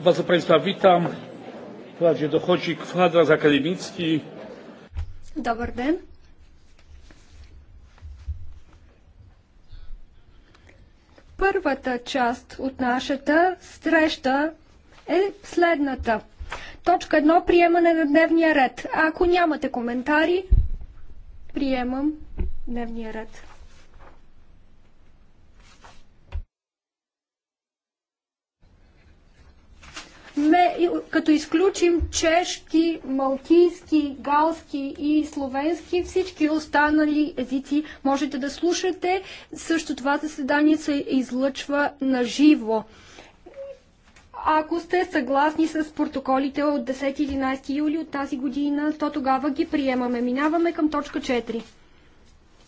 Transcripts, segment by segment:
Bardzo Państwa witam. Wprawdzie dochodzi kwadrans akademicki. Dobry dzień. Първата част от нашата среща е следната. Точка 1. Приемане на дневния ред. ако нямате коментари, приемам дневния ред. ме, като изключим чешки, малтийски, галски и словенски, всички останали езици можете да слушате. Също това заседание се излъчва на живо. Ако сте съгласни с протоколите от 10-11 юли от тази година, то тогава ги приемаме. Минаваме към точка 4.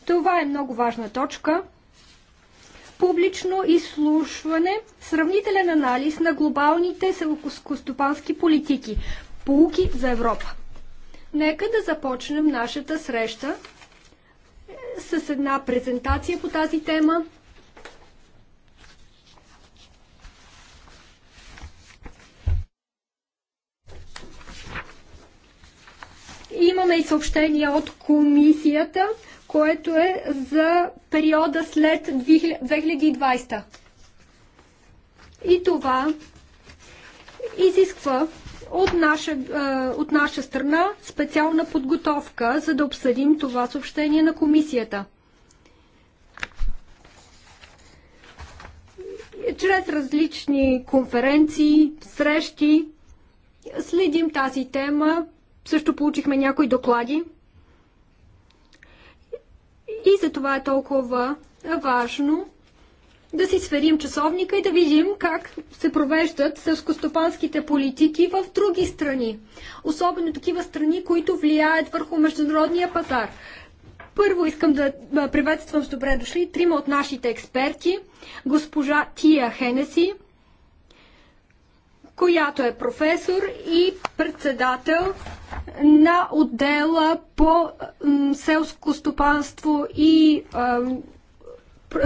Това е много важна точка публично изслушване, сравнителен анализ на глобалните селскостопански политики. Полуки за Европа. Нека да започнем нашата среща е, с една презентация по тази тема. Имаме и съобщения от комисията което е за периода след 2020. И това изисква от наша, от наша страна специална подготовка, за да обсъдим това съобщение на комисията. Чрез различни конференции, срещи, следим тази тема. Също получихме някои доклади и за това е толкова важно да си сверим часовника и да видим как се провеждат сълскостопанските политики в други страни. Особено такива страни, които влияят върху международния пазар. Първо искам да приветствам с добре дошли трима от нашите експерти. Госпожа Тия Хенеси, която е професор и председател на отдела по селско стопанство и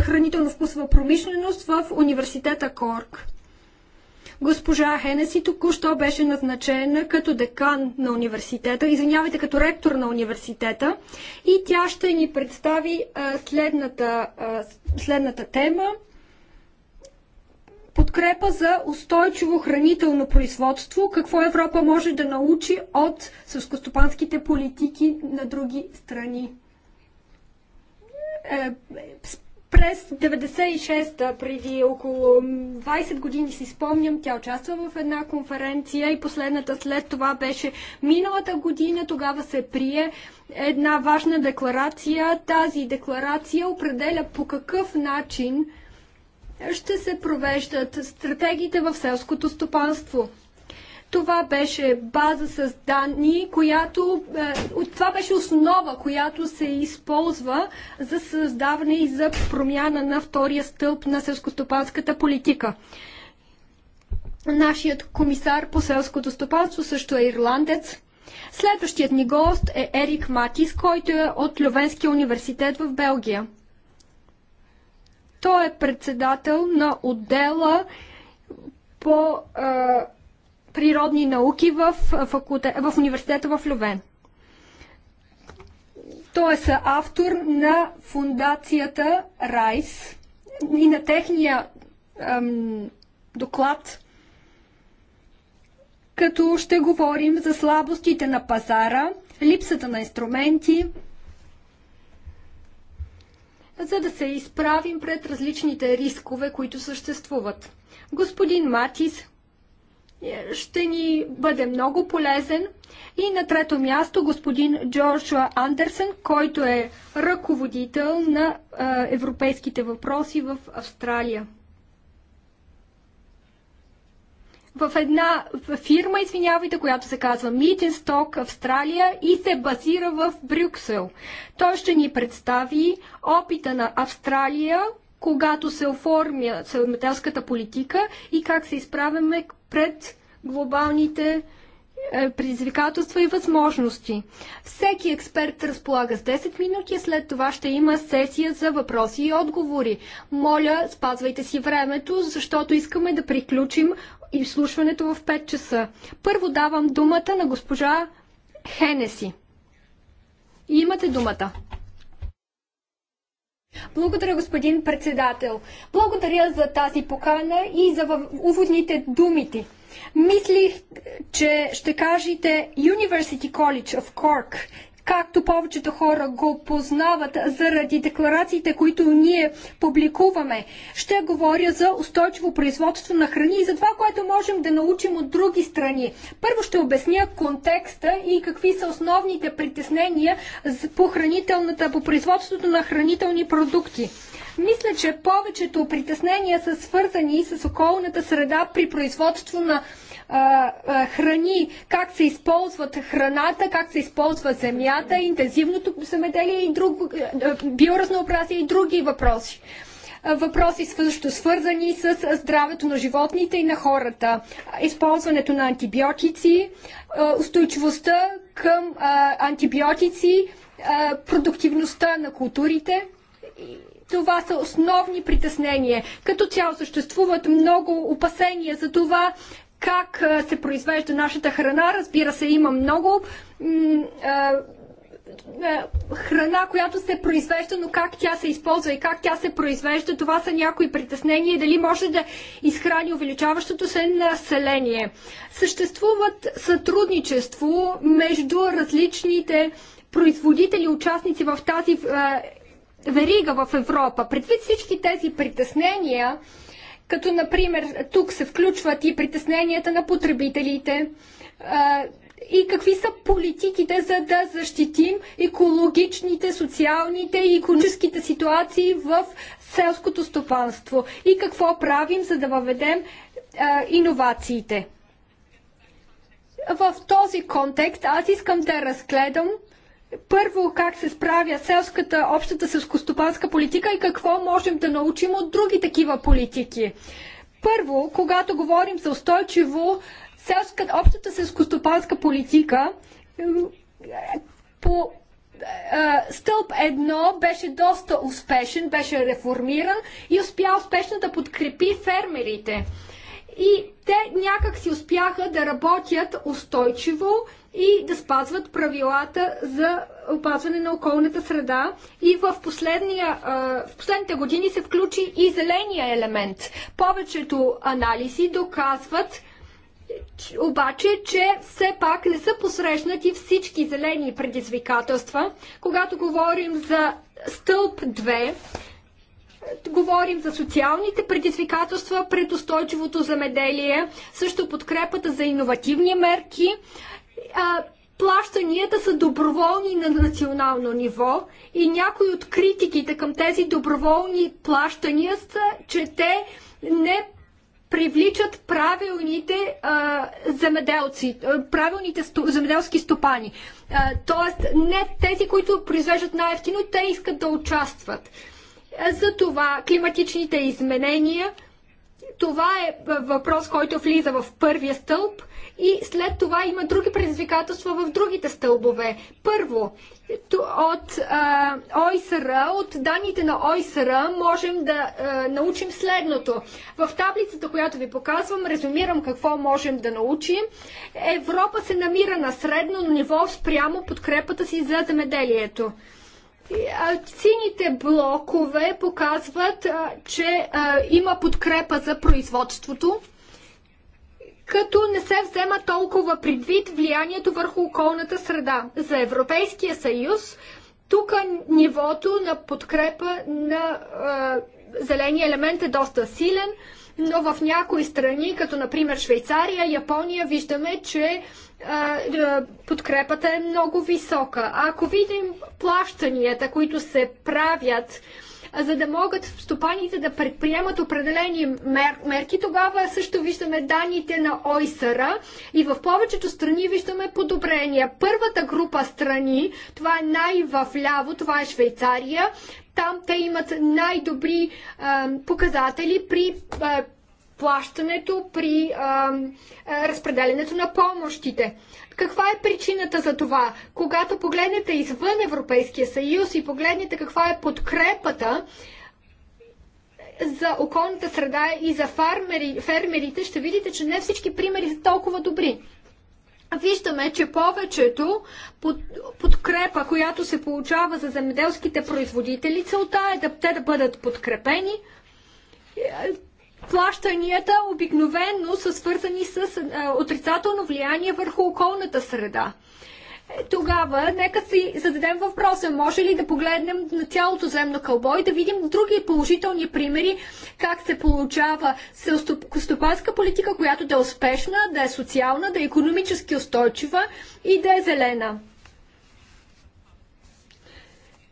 хранително-вкусова промишленост в университета Корк. Госпожа Хенеси току-що беше назначена като декан на университета, извинявайте, като ректор на университета и тя ще ни представи следната, следната тема – подкрепа за устойчиво хранително производство, какво Европа може да научи от сълскостопанските политики на други страни. Е, през 96-та, преди около 20 години си спомням, тя участва в една конференция и последната след това беше миналата година. Тогава се прие една важна декларация. Тази декларация определя по какъв начин ще се провеждат стратегиите в селското стопанство. Това беше база с данни, която. Е, това беше основа, която се използва за създаване и за промяна на втория стълб на селскостопанската политика. Нашият комисар по селското стопанство също е ирландец. Следващият ни гост е Ерик Матис, който е от Лювенския университет в Белгия. Той е председател на отдела по а, природни науки в, факулте, в университета в Лювен. Той е автор на фундацията Райс и на техния ам, доклад, като ще говорим за слабостите на пазара, липсата на инструменти, за да се изправим пред различните рискове, които съществуват. Господин Матис е, ще ни бъде много полезен. И на трето място господин Джошуа Андерсен, който е ръководител на е, европейските въпроси в Австралия. в една фирма, извинявайте, която се казва Митинсток Австралия и се базира в Брюксел. Той ще ни представи опита на Австралия, когато се оформя целометелската политика и как се изправяме пред глобалните е, предизвикателства и възможности. Всеки експерт разполага с 10 минути, след това ще има сесия за въпроси и отговори. Моля, спазвайте си времето, защото искаме да приключим изслушването в 5 часа. Първо давам думата на госпожа Хенеси. И имате думата. Благодаря, господин председател. Благодаря за тази покана и за уводните думите. Мислих, че ще кажете University College of Cork както повечето хора го познават заради декларациите, които ние публикуваме. Ще говоря за устойчиво производство на храни и за това, което можем да научим от други страни. Първо ще обясня контекста и какви са основните притеснения по, хранителната, по производството на хранителни продукти. Мисля, че повечето притеснения са свързани с околната среда при производство на храни, как се използват храната, как се използва земята, интензивното земеделие и друг, биоразнообразие и други въпроси въпроси също свързани с здравето на животните и на хората, използването на антибиотици, устойчивостта към антибиотици, продуктивността на културите. Това са основни притеснения. Като цяло съществуват много опасения за това как се произвежда нашата храна. Разбира се, има много храна, която се произвежда, но как тя се използва и как тя се произвежда, това са някои притеснения и дали може да изхрани увеличаващото се население. Съществуват сътрудничество между различните производители, участници в тази верига в Европа. Предвид всички тези притеснения, като например тук се включват и притесненията на потребителите и какви са политиките за да защитим екологичните, социалните и економическите ситуации в селското стопанство и какво правим за да въведем иновациите. В този контекст аз искам да разгледам първо как се справя селската, общата селскостопанска политика и какво можем да научим от други такива политики. Първо, когато говорим за устойчиво селска, общата селскостопанска политика, по стълб едно беше доста успешен, беше реформиран и успя успешно да подкрепи фермерите. И те някак си успяха да работят устойчиво и да спазват правилата за опазване на околната среда. И в, последния, в последните години се включи и зеления елемент. Повечето анализи доказват, обаче, че все пак не са посрещнати всички зелени предизвикателства. Когато говорим за стълб 2, говорим за социалните предизвикателства пред устойчивото замеделие, също подкрепата за иновативни мерки а, плащанията са доброволни на национално ниво и някои от критиките към тези доброволни плащания са, че те не привличат правилните а, земеделци, правилните сто, земеделски стопани. А, тоест, не тези, които произвеждат най-ефтино, те искат да участват. За това климатичните изменения, това е въпрос, който влиза в първия стълб и след това има други предизвикателства в другите стълбове. Първо, от а, ОИСР, от данните на ОИСР можем да а, научим следното. В таблицата, която ви показвам, резюмирам какво можем да научим. Европа се намира на средно ниво спрямо подкрепата си за замеделието. Сините блокове показват, че има подкрепа за производството, като не се взема толкова предвид влиянието върху околната среда. За Европейския съюз тук нивото на подкрепа на е, зеления елемент е доста силен, но в някои страни, като например Швейцария, Япония, виждаме, че е, подкрепата е много висока. А ако видим плащанията, които се правят, за да могат стопаните да предприемат определени мер, мерки. Тогава също виждаме данните на ОИСР и в повечето страни виждаме подобрения. Първата група страни, това е най-вляво, това е Швейцария. Там те имат най-добри показатели при а, плащането при а, разпределенето на помощите. Каква е причината за това? Когато погледнете извън Европейския съюз и погледнете каква е подкрепата за околната среда и за фермери, фермерите, ще видите, че не всички примери са толкова добри. Виждаме, че повечето под, подкрепа, която се получава за земеделските производители, целта е да те да бъдат подкрепени е, плащанията обикновенно са свързани с е, отрицателно влияние върху околната среда. Е, тогава нека си зададем въпроса, може ли да погледнем на цялото земно кълбо и да видим други положителни примери, как се получава селстопанска политика, която да е успешна, да е социална, да е економически устойчива и да е зелена.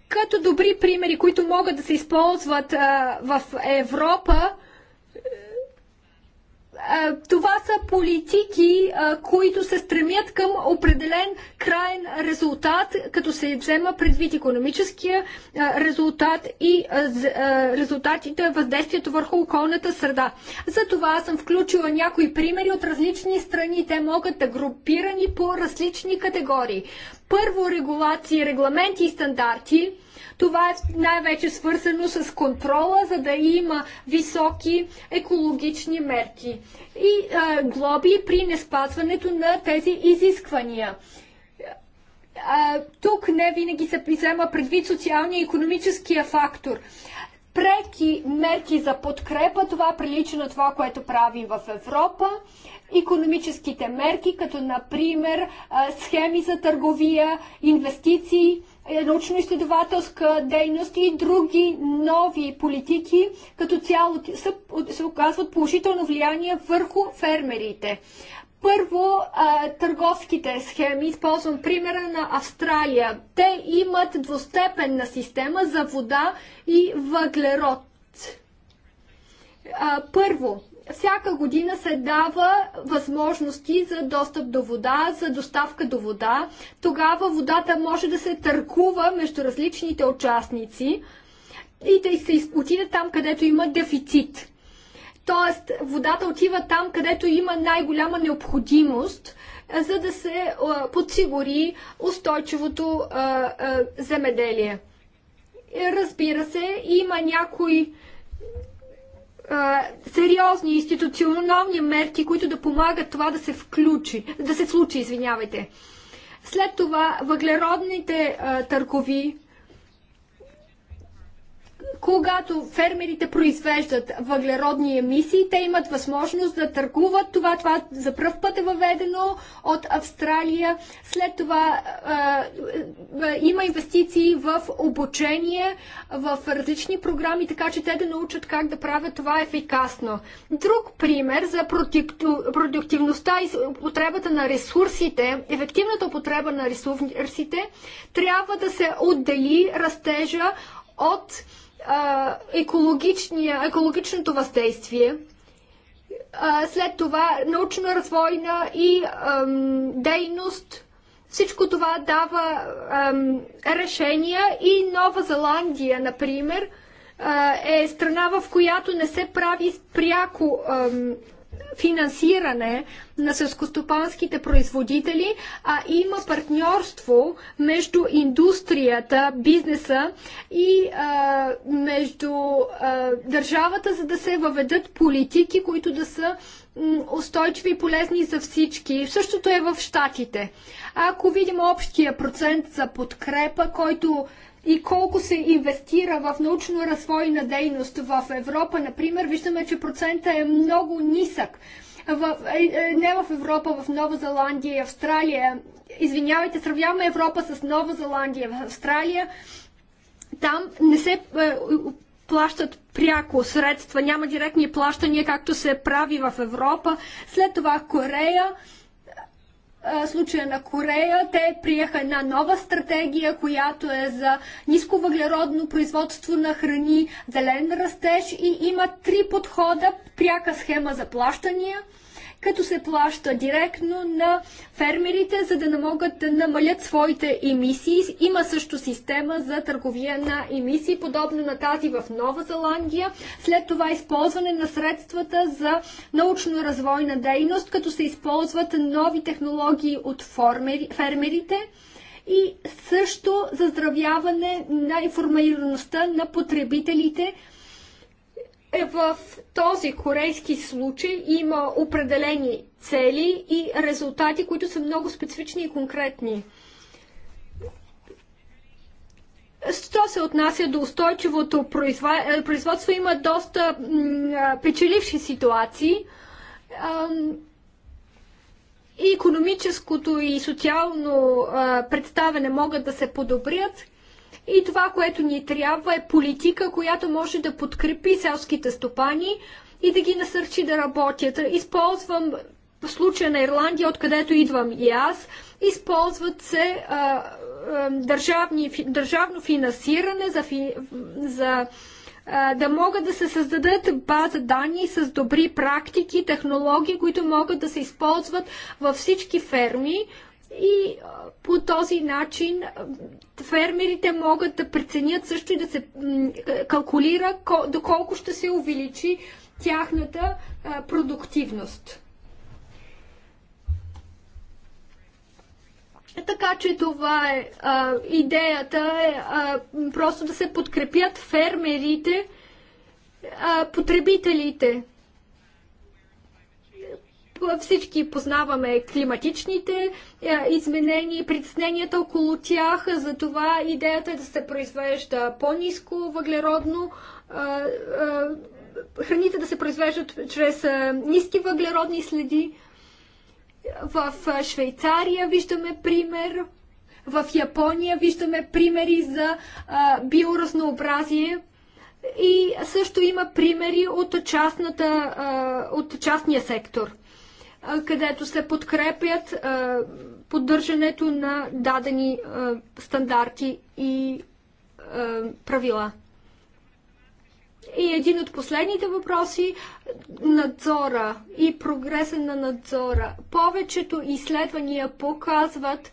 Като добри примери, които могат да се използват а, е, в Европа, това са политики, които се стремят към определен крайен резултат, като се взема предвид економическия резултат и резултатите, въздействието върху околната среда. За това съм включила някои примери от различни страни. Те могат да групирани по различни категории първо регулации, регламенти и стандарти. Това е най-вече свързано с контрола, за да има високи екологични мерки и а, глоби при неспазването на тези изисквания. А, тук не винаги се взема предвид социалния и економическия фактор преки мерки за подкрепа. Това прилича на това, което прави в Европа економическите мерки, като например схеми за търговия, инвестиции, е, научно-изследователска дейност и други нови политики, като цяло се оказват положително влияние върху фермерите. Първо, търговските схеми. Използвам примера на Австралия. Те имат двустепенна система за вода и въглерод. първо, всяка година се дава възможности за достъп до вода, за доставка до вода. Тогава водата може да се търкува между различните участници и да се отиде там, където има дефицит. Тоест, водата отива там, където има най-голяма необходимост, за да се подсигури устойчивото земеделие. Разбира се, има някои сериозни институционални мерки, които да помагат това да се включи, да се случи, извинявайте. След това въглеродните а, търгови, когато фермерите произвеждат въглеродни емисии, те имат възможност да търгуват. Това, това за първ път е въведено от Австралия. След това е, е, има инвестиции в обучение, в различни програми, така че те да научат как да правят това ефикасно. Друг пример за продуктивността и употребата на ресурсите, ефективната употреба на ресурсите, трябва да се отдели растежа от екологичното въздействие, след това научно-развойна и дейност. Всичко това дава решения и Нова Зеландия, например, е страна, в която не се прави пряко финансиране на сълскостопанските производители, а има партньорство между индустрията, бизнеса и а, между а, държавата, за да се въведат политики, които да са устойчиви и полезни за всички. Същото е в Штатите. Ако видим общия процент за подкрепа, който и колко се инвестира в научно-развойна дейност в Европа, например, виждаме, че процента е много нисък. В, е, е, не в Европа, в Нова Зеландия и Австралия. Извинявайте, сравняваме Европа с Нова Зеландия. В Австралия там не се е, плащат пряко средства, няма директни плащания, както се прави в Европа. След това Корея, случая на Корея, те приеха една нова стратегия, която е за нисковъглеродно производство на храни, зелен растеж и има три подхода, пряка схема за плащания – като се плаща директно на фермерите, за да не могат да намалят своите емисии. Има също система за търговия на емисии, подобна на тази в Нова Зеландия. След това използване на средствата за научно-развойна дейност, като се използват нови технологии от фермерите и също заздравяване на информираността на потребителите е в този корейски случай има определени цели и резултати, които са много специфични и конкретни. Що се отнася до устойчивото е, производство, има доста печеливши ситуации. И економическото и социално представяне могат да се подобрят и това, което ни трябва е политика, която може да подкрепи селските стопани и да ги насърчи да работят. Използвам случая на Ирландия, откъдето идвам и аз. Използват се а, а, държавни, държавно финансиране за, фи, за да могат да се създадат база данни с добри практики, технологии, които могат да се използват във всички ферми. И по този начин фермерите могат да преценят също и да се калкулира доколко ще се увеличи тяхната продуктивност. Така че това е а, идеята, е а, просто да се подкрепят фермерите, а, потребителите. Всички познаваме климатичните е, изменения, притесненията около тях. Затова идеята е да се произвежда по-низко въглеродно е, е, храните да се произвеждат чрез ниски въглеродни следи. В Швейцария виждаме пример, в Япония виждаме примери за биоразнообразие. И също има примери от, частната, от частния сектор където се подкрепят поддържането на дадени стандарти и правила. И един от последните въпроси надзора и прогреса на надзора. Повечето изследвания показват,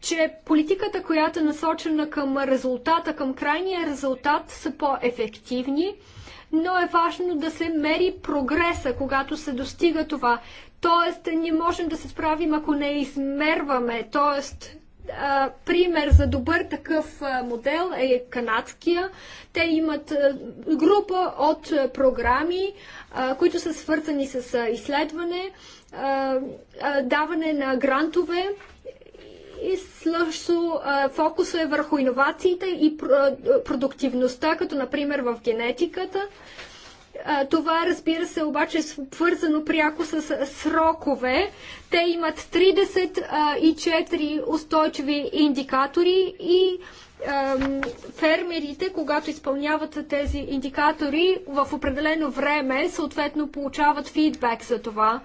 че политиката, която е насочена към резултата, към крайния резултат, са по-ефективни, но е важно да се мери прогреса, когато се достига това. Тоест, не можем да се справим, ако не измерваме. Тоест, пример за добър такъв модел е канадския. Те имат група от програми, които са свързани с изследване, даване на грантове и също фокуса е върху иновациите и продуктивността, като например в генетиката. Това, разбира се, обаче е свързано пряко с срокове. Те имат 34 устойчиви индикатори и фермерите, когато изпълняват тези индикатори, в определено време съответно получават фидбек за това.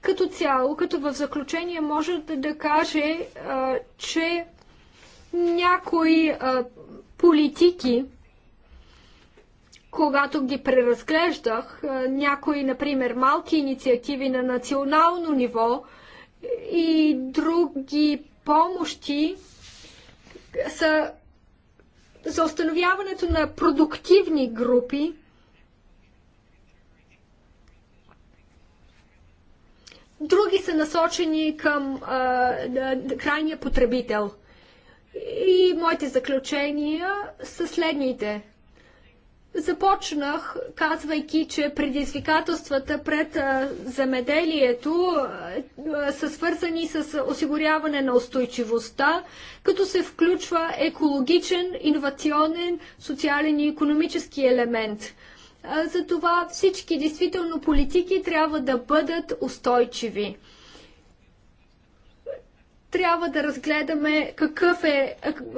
Като цяло, като в заключение може да, да каже, че някои политики когато ги преразглеждах, някои, например, малки инициативи на национално ниво и други помощи са за установяването на продуктивни групи, други са насочени към а, да, крайния потребител. И моите заключения са следните – Започнах, казвайки, че предизвикателствата пред замеделието са свързани с осигуряване на устойчивостта, като се включва екологичен, иновационен, социален и економически елемент. Затова всички действително политики трябва да бъдат устойчиви трябва да разгледаме какъв е,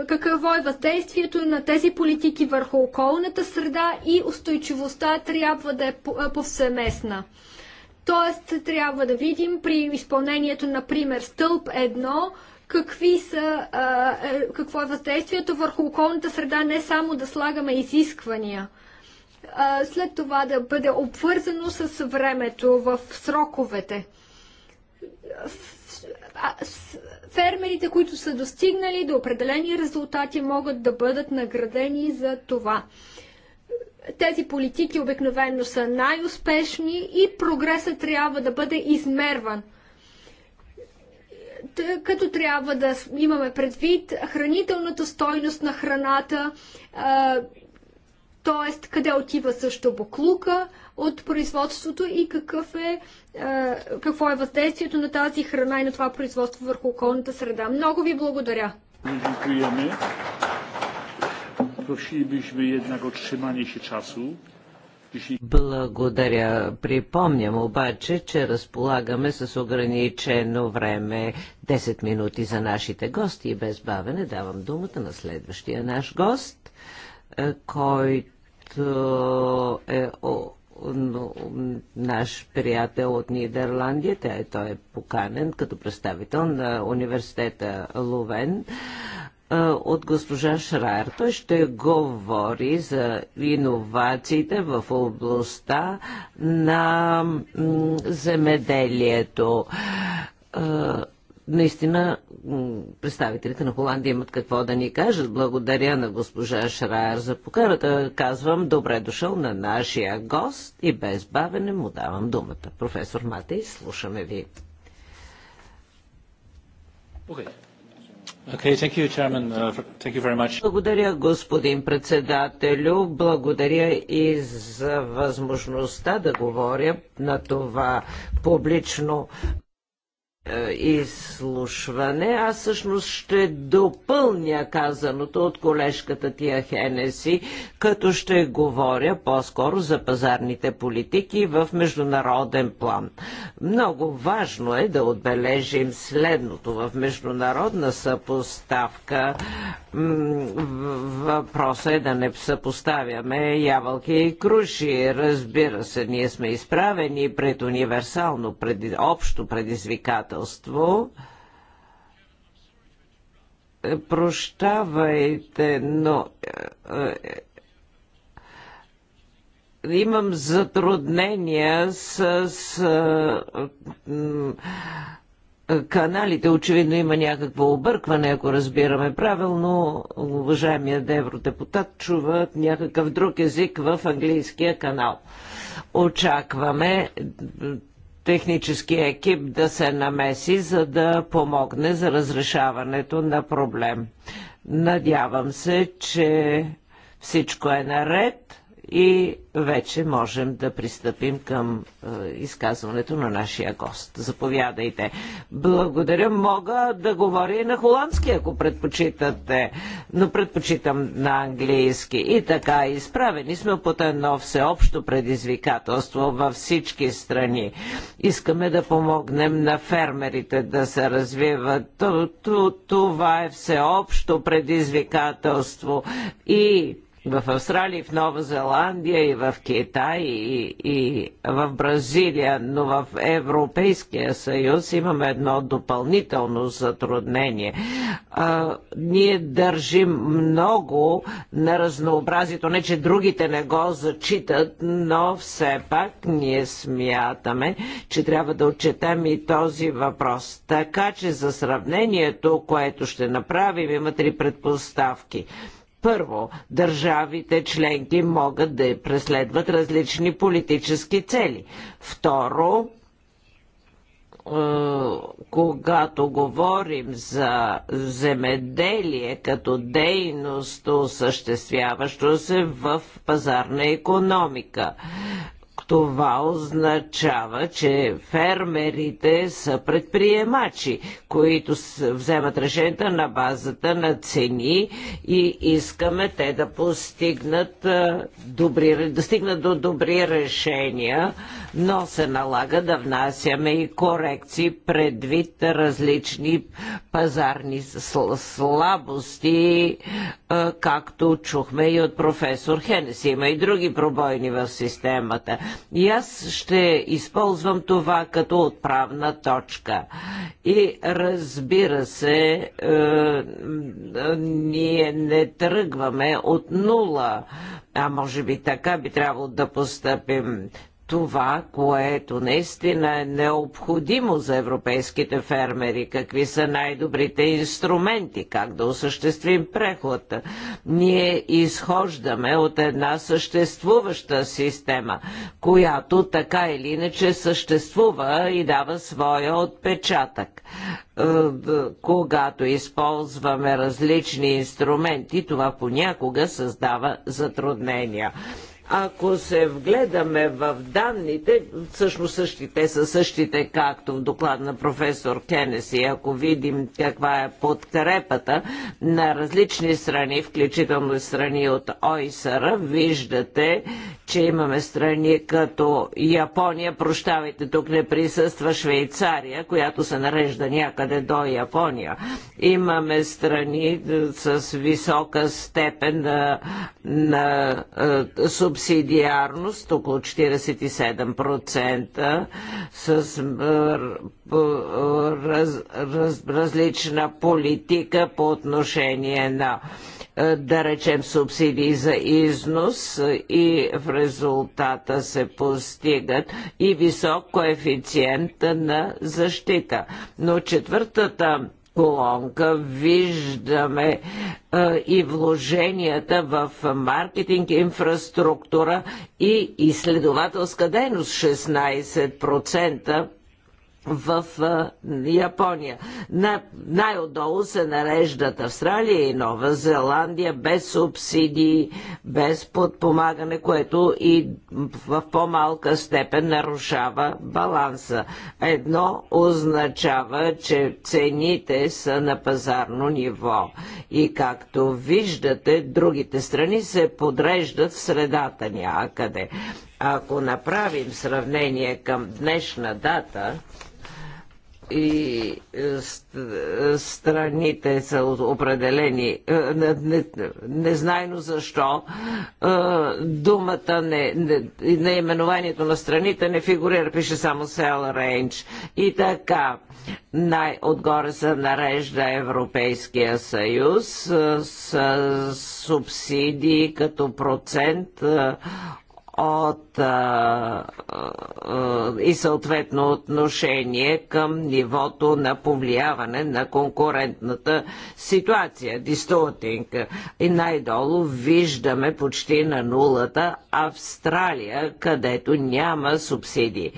какво е въздействието на тези политики върху околната среда и устойчивостта трябва да е повсеместна. Тоест, трябва да видим при изпълнението, например, стълб 1, какви са, а, е, какво е въздействието върху околната среда, не само да слагаме изисквания. А, след това да бъде обвързано с времето в сроковете фермерите, които са достигнали до определени резултати, могат да бъдат наградени за това. Тези политики обикновено са най-успешни и прогресът трябва да бъде измерван като трябва да имаме предвид хранителната стойност на храната, т.е. къде отива също буклука, от производството и какъв е, какво е въздействието на тази храна и на това производство върху околната среда. Много ви благодаря. Dziękujemy. Prosilibyśmy jednak o trzymanie się czasu. Благодаря. Припомням обаче, че разполагаме с ограничено време 10 минути за нашите гости и без бавене давам думата на следващия наш гост, е, който е наш приятел от Нидерландия. Тя, е, той е поканен като представител на университета Ловен от госпожа Шрайер. Той ще говори за иновациите в областта на земеделието наистина представителите на Холандия имат какво да ни кажат. Благодаря на госпожа Шраер за покарата. Казвам добре дошъл на нашия гост и без бавене му давам думата. Професор Матей, слушаме ви. Okay. Okay, you, uh, благодаря, господин председателю. Благодаря и за възможността да говоря на това публично е, изслушване. Аз всъщност ще допълня казаното от колежката Тия Хенеси, като ще говоря по-скоро за пазарните политики в международен план. Много важно е да отбележим следното в международна съпоставка. Въпросът е да не съпоставяме ябълки и круши. Разбира се, ние сме изправени пред универсално, пред, общо предизвикателство правителство. Е, прощавайте, но е, е, имам затруднения с, с каналите. Очевидно има някакво объркване, ако разбираме правилно. Уважаемият евродепутат чува някакъв друг език в английския канал. Очакваме техническия екип да се намеси, за да помогне за разрешаването на проблем. Надявам се, че всичко е наред и вече можем да пристъпим към е, изказването на нашия гост. Заповядайте. Благодаря. Мога да говоря и на холандски, ако предпочитате, но предпочитам на английски. И така, изправени сме под едно всеобщо предизвикателство във всички страни. Искаме да помогнем на фермерите да се развиват. Това е всеобщо предизвикателство и в Австралия, в Нова Зеландия, и в Китай, и, и в Бразилия, но в Европейския съюз имаме едно допълнително затруднение. А, ние държим много на разнообразието, не че другите не го зачитат, но все пак ние смятаме, че трябва да отчетем и този въпрос. Така че за сравнението, което ще направим, има три предпоставки – първо, държавите членки могат да преследват различни политически цели. Второ, е, когато говорим за земеделие като дейност, осъществяващо се в пазарна економика. Това означава, че фермерите са предприемачи, които вземат решенията на базата на цени и искаме те да постигнат добри, да стигнат до добри решения но се налага да внасяме и корекции предвид различни пазарни слабости, както чухме и от професор Хенес. Има и други пробойни в системата. И аз ще използвам това като отправна точка. И разбира се, ние не тръгваме от нула, а може би така би трябвало да постъпим това, което наистина е необходимо за европейските фермери, какви са най-добрите инструменти, как да осъществим прехода. Ние изхождаме от една съществуваща система, която така или иначе съществува и дава своя отпечатък. Е, когато използваме различни инструменти, това понякога създава затруднения. Ако се вгледаме в данните, всъщност същите са същите, както в доклад на професор Кенеси. Ако видим каква е подкрепата на различни страни, включително и страни от ОИСР, виждате, че имаме страни като Япония, прощавайте, тук не присъства Швейцария, която се нарежда някъде до Япония. Имаме страни е, с висока степен е, на, на е, субсидиарност, около 47%, с раз, раз, различна политика по отношение на е, да речем субсидии за износ е, и в резултата се постигат и висок коефициент на защита. Но четвъртата колонка виждаме е, и вложенията в маркетинг, инфраструктура и изследователска дейност 16% в Япония. На, най-отдолу се нареждат Австралия и Нова Зеландия без субсидии, без подпомагане, което и в по-малка степен нарушава баланса. Едно означава, че цените са на пазарно ниво. И както виждате, другите страни се подреждат в средата някъде. Ако направим сравнение към днешна дата, и е, е, страните са определени. Е, не, не, незнайно защо думата не, не, наименованието на страните не фигурира, пише само Сел Рейндж. И така, най-отгоре се нарежда Европейския съюз с субсидии като процент от а, а, и съответно отношение към нивото на повлияване на конкурентната ситуация, дистотинг. И най-долу виждаме почти на нулата Австралия, където няма субсидии.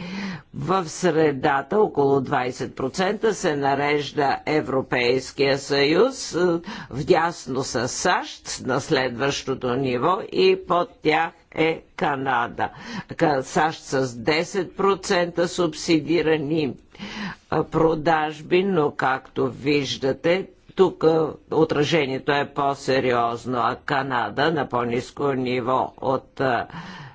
В средата около 20% се нарежда Европейския съюз, вдясно с САЩ на следващото ниво и под тях е Канада. САЩ с 10% субсидирани продажби, но както виждате, тук отражението е по-сериозно, а Канада на по-низко ниво от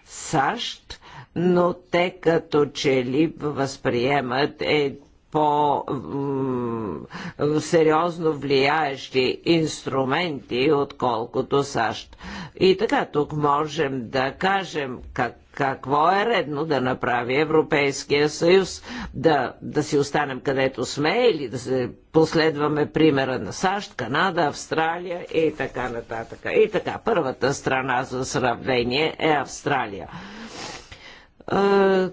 САЩ но те като че ли възприемат е по-сериозно влияещи инструменти, отколкото САЩ. И така, тук можем да кажем как какво е редно да направи Европейския съюз, да, да си останем където сме или да се последваме примера на САЩ, Канада, Австралия и така нататък. И така, първата страна за сравнение е Австралия.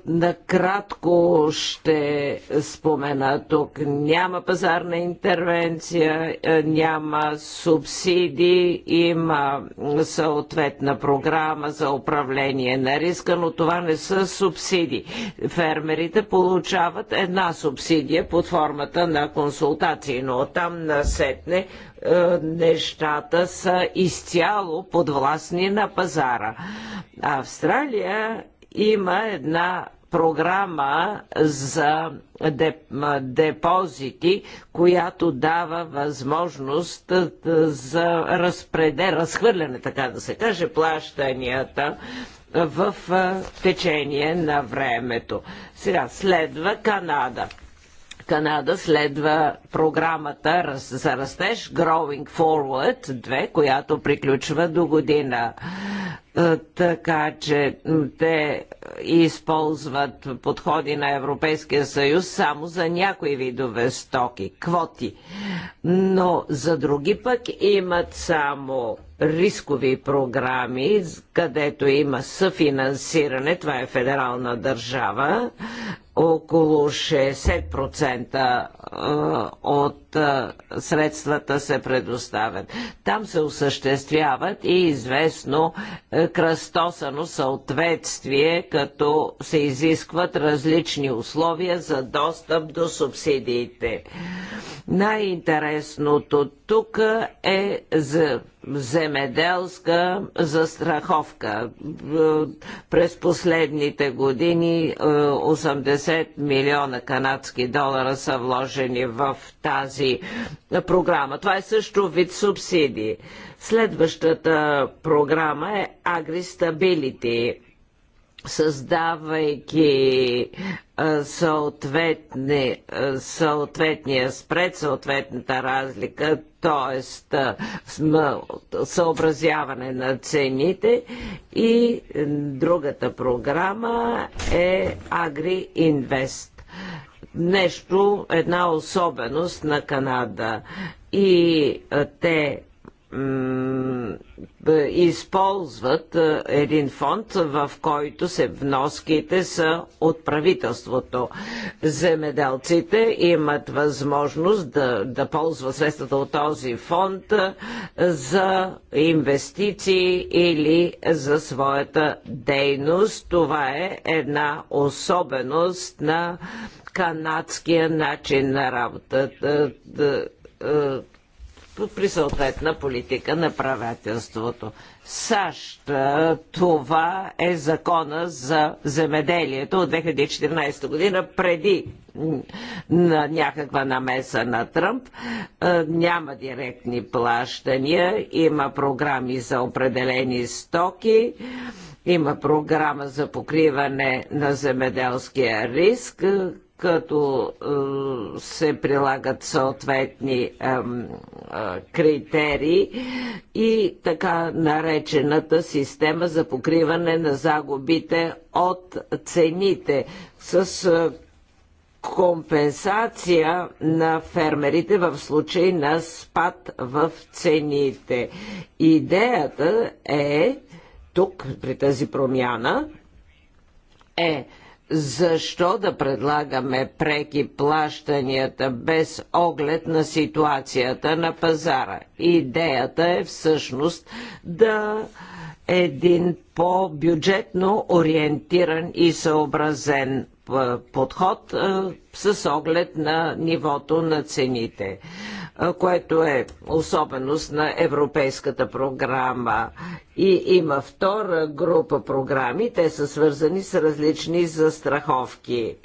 Накратко ще спомена тук. Няма пазарна интервенция, няма субсидии, има съответна програма за управление на риска, но това не са субсидии. Фермерите получават една субсидия под формата на консултации, но там насетне нещата са изцяло подвластни на пазара. Австралия има една програма за депозити, която дава възможност за разпреде, разхвърляне, така да се каже, плащанията в течение на времето. Сега следва Канада. Канада следва програмата за растеж Growing Forward 2, която приключва до година. Е, така че те използват подходи на Европейския съюз само за някои видове стоки, квоти. Но за други пък имат само рискови програми, където има съфинансиране, това е федерална държава, около 60% от средствата се предоставят. Там се осъществяват и известно е, кръстосано съответствие, като се изискват различни условия за достъп до субсидиите. Най-интересното тук е за земеделска застраховка. Е, през последните години 80 е, милиона канадски долара са вложени в тази тази програма. Това е също вид субсидии. Следващата програма е AgriStability, създавайки съответни, съответния спред, съответната разлика, т.е. съобразяване на цените и другата програма е Agri Invest нещо, една особеност на Канада. И те използват един фонд, в който се вноските са от правителството. Земеделците имат възможност да, да ползват средствата от този фонд за инвестиции или за своята дейност. Това е една особеност на канадския начин на работа е, при съответна политика на правителството. САЩ, е, това е закона за земеделието от 2014 година, преди на някаква намеса на Тръмп. Е, няма директни плащания, има програми за определени стоки, има програма за покриване на земеделския риск, като е, се прилагат съответни е, критерии и така наречената система за покриване на загубите от цените с е, компенсация на фермерите в случай на спад в цените. Идеята е тук при тази промяна е защо да предлагаме преки плащанията без оглед на ситуацията на пазара? Идеята е всъщност да един по-бюджетно ориентиран и съобразен подход с оглед на нивото на цените което е особеност на Европейската програма. И има втора група програми, те са свързани с различни застраховки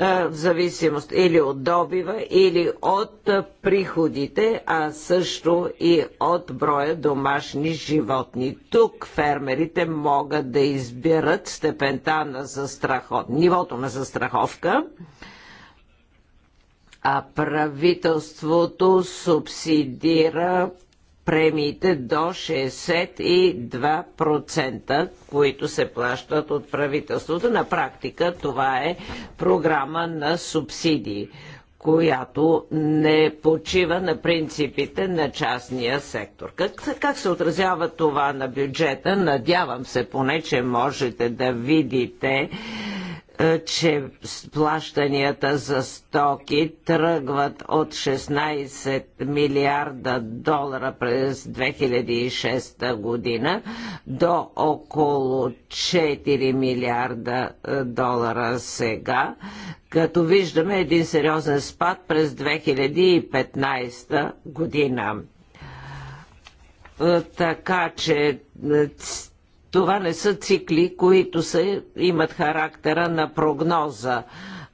в зависимост или от добива, или от приходите, а също и от броя домашни животни. Тук фермерите могат да избират степента на застрахов... нивото на застраховка а правителството субсидира премиите до 62%, които се плащат от правителството. На практика това е програма на субсидии, която не почива на принципите на частния сектор. Как, как се отразява това на бюджета? Надявам се поне, че можете да видите е, че плащанията за стоки тръгват от 16 милиарда долара през 2006 година до около 4 милиарда е, долара сега, като виждаме един сериозен спад през 2015 година. Е, така че това не са цикли, които са, имат характера на прогноза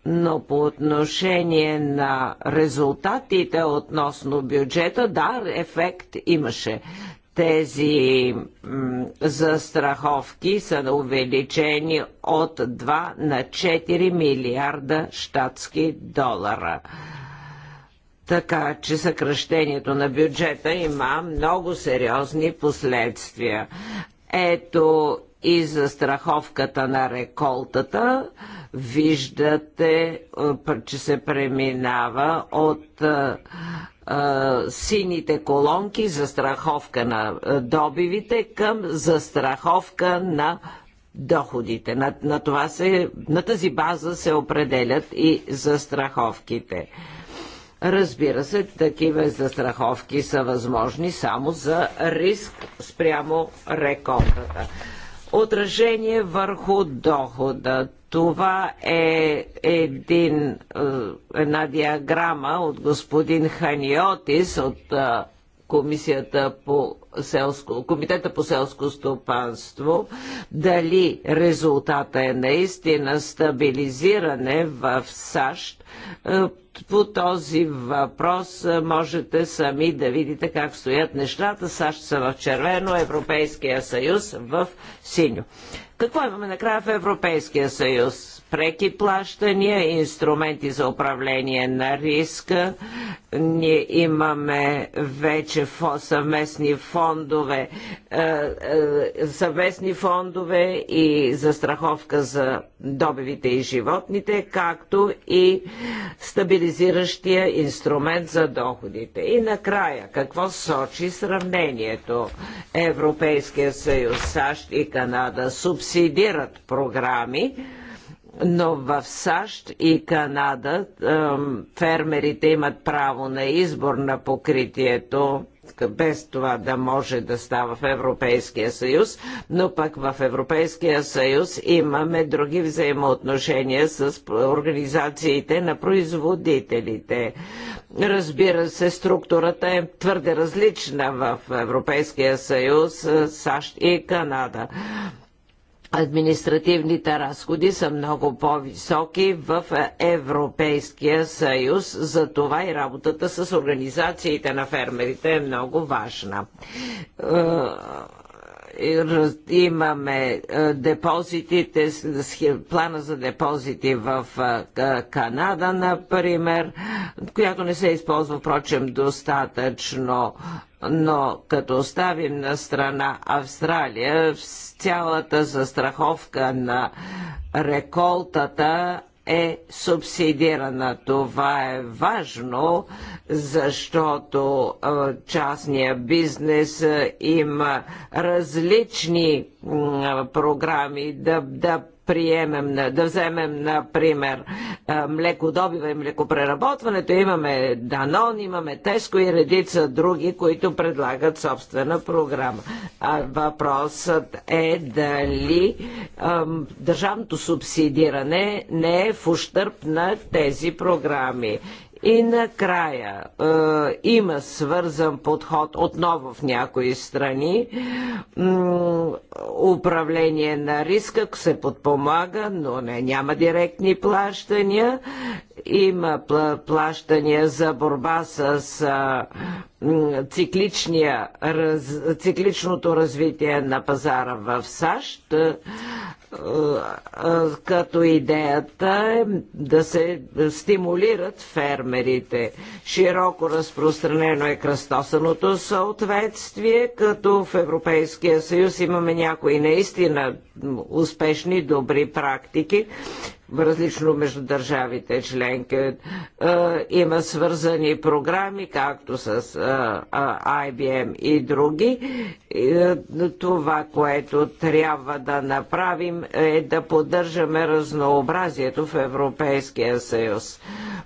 но по отношение на резултатите относно бюджета, да, ефект имаше. Тези застраховки са увеличени от 2 на 4 милиарда щатски долара. Така че съкръщението на бюджета има много сериозни последствия. Ето и за страховката на реколтата виждате, е, че се преминава от е, е, сините колонки за страховка на добивите към застраховка на доходите. На, на, това се, на тази база се определят и застраховките. страховките Разбира се, такива застраховки са възможни само за риск спрямо рекордата. Отражение върху дохода. Това е един, е, една диаграма от господин Ханиотис от е, Комисията по селско, Комитета по селско стопанство, дали резултата е наистина стабилизиране в САЩ. Е, по този въпрос е, можете сами да видите как стоят нещата. САЩ са в червено, Европейския съюз в синьо. Какво имаме накрая в Европейския съюз? преки плащания, инструменти за управление на риска. Ние имаме вече съвместни фондове, е, е, съвместни фондове и застраховка за добивите и животните, както и стабилизиращия инструмент за доходите. И накрая, какво сочи сравнението? Европейския съюз, САЩ и Канада субсидират програми, но в САЩ и Канада фермерите имат право на избор на покритието, без това да може да става в Европейския съюз, но пък в Европейския съюз имаме други взаимоотношения с организациите на производителите. Разбира се, структурата е твърде различна в Европейския съюз, САЩ и Канада. Административните разходи са много по-високи в Европейския съюз, затова и работата с организациите на фермерите е много важна е, имаме е, депозитите, плана за депозити в е, Канада, например, която не се използва, впрочем, достатъчно но като оставим на страна Австралия, цялата застраховка на реколтата е субсидирана. Това е важно, защото частния бизнес има различни програми да, да приемем, да вземем, например, млекодобива и млекопреработването, имаме Данон, имаме Теско и редица други, които предлагат собствена програма. А въпросът е дали ам, държавното субсидиране не е в ущърп на тези програми. И накрая е, има свързан подход отново в някои страни. М- управление на риска се подпомага, но не, няма директни плащания. Има плащания за борба с а, цикличния, раз, цикличното развитие на пазара в САЩ. Е, е, като идеята е да се стимулират фермерите. Широко разпространено е кръстосаното съответствие, като в Европейския съюз имаме някои наистина успешни, добри практики, различно между държавите членки. Е, има свързани програми, както с е, е, IBM и други. Това, което трябва да направим е да поддържаме разнообразието в Европейския съюз.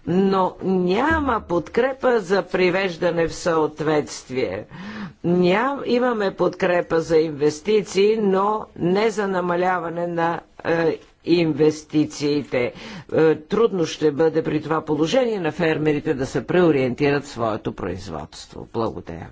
Но няма подкрепа за привеждане в съответствие. Ням, имаме подкрепа за инвестиции, но не за намаляване на инвестициите. Е, трудно ще бъде при това положение на фермерите да се преориентират своето производство. Благодаря.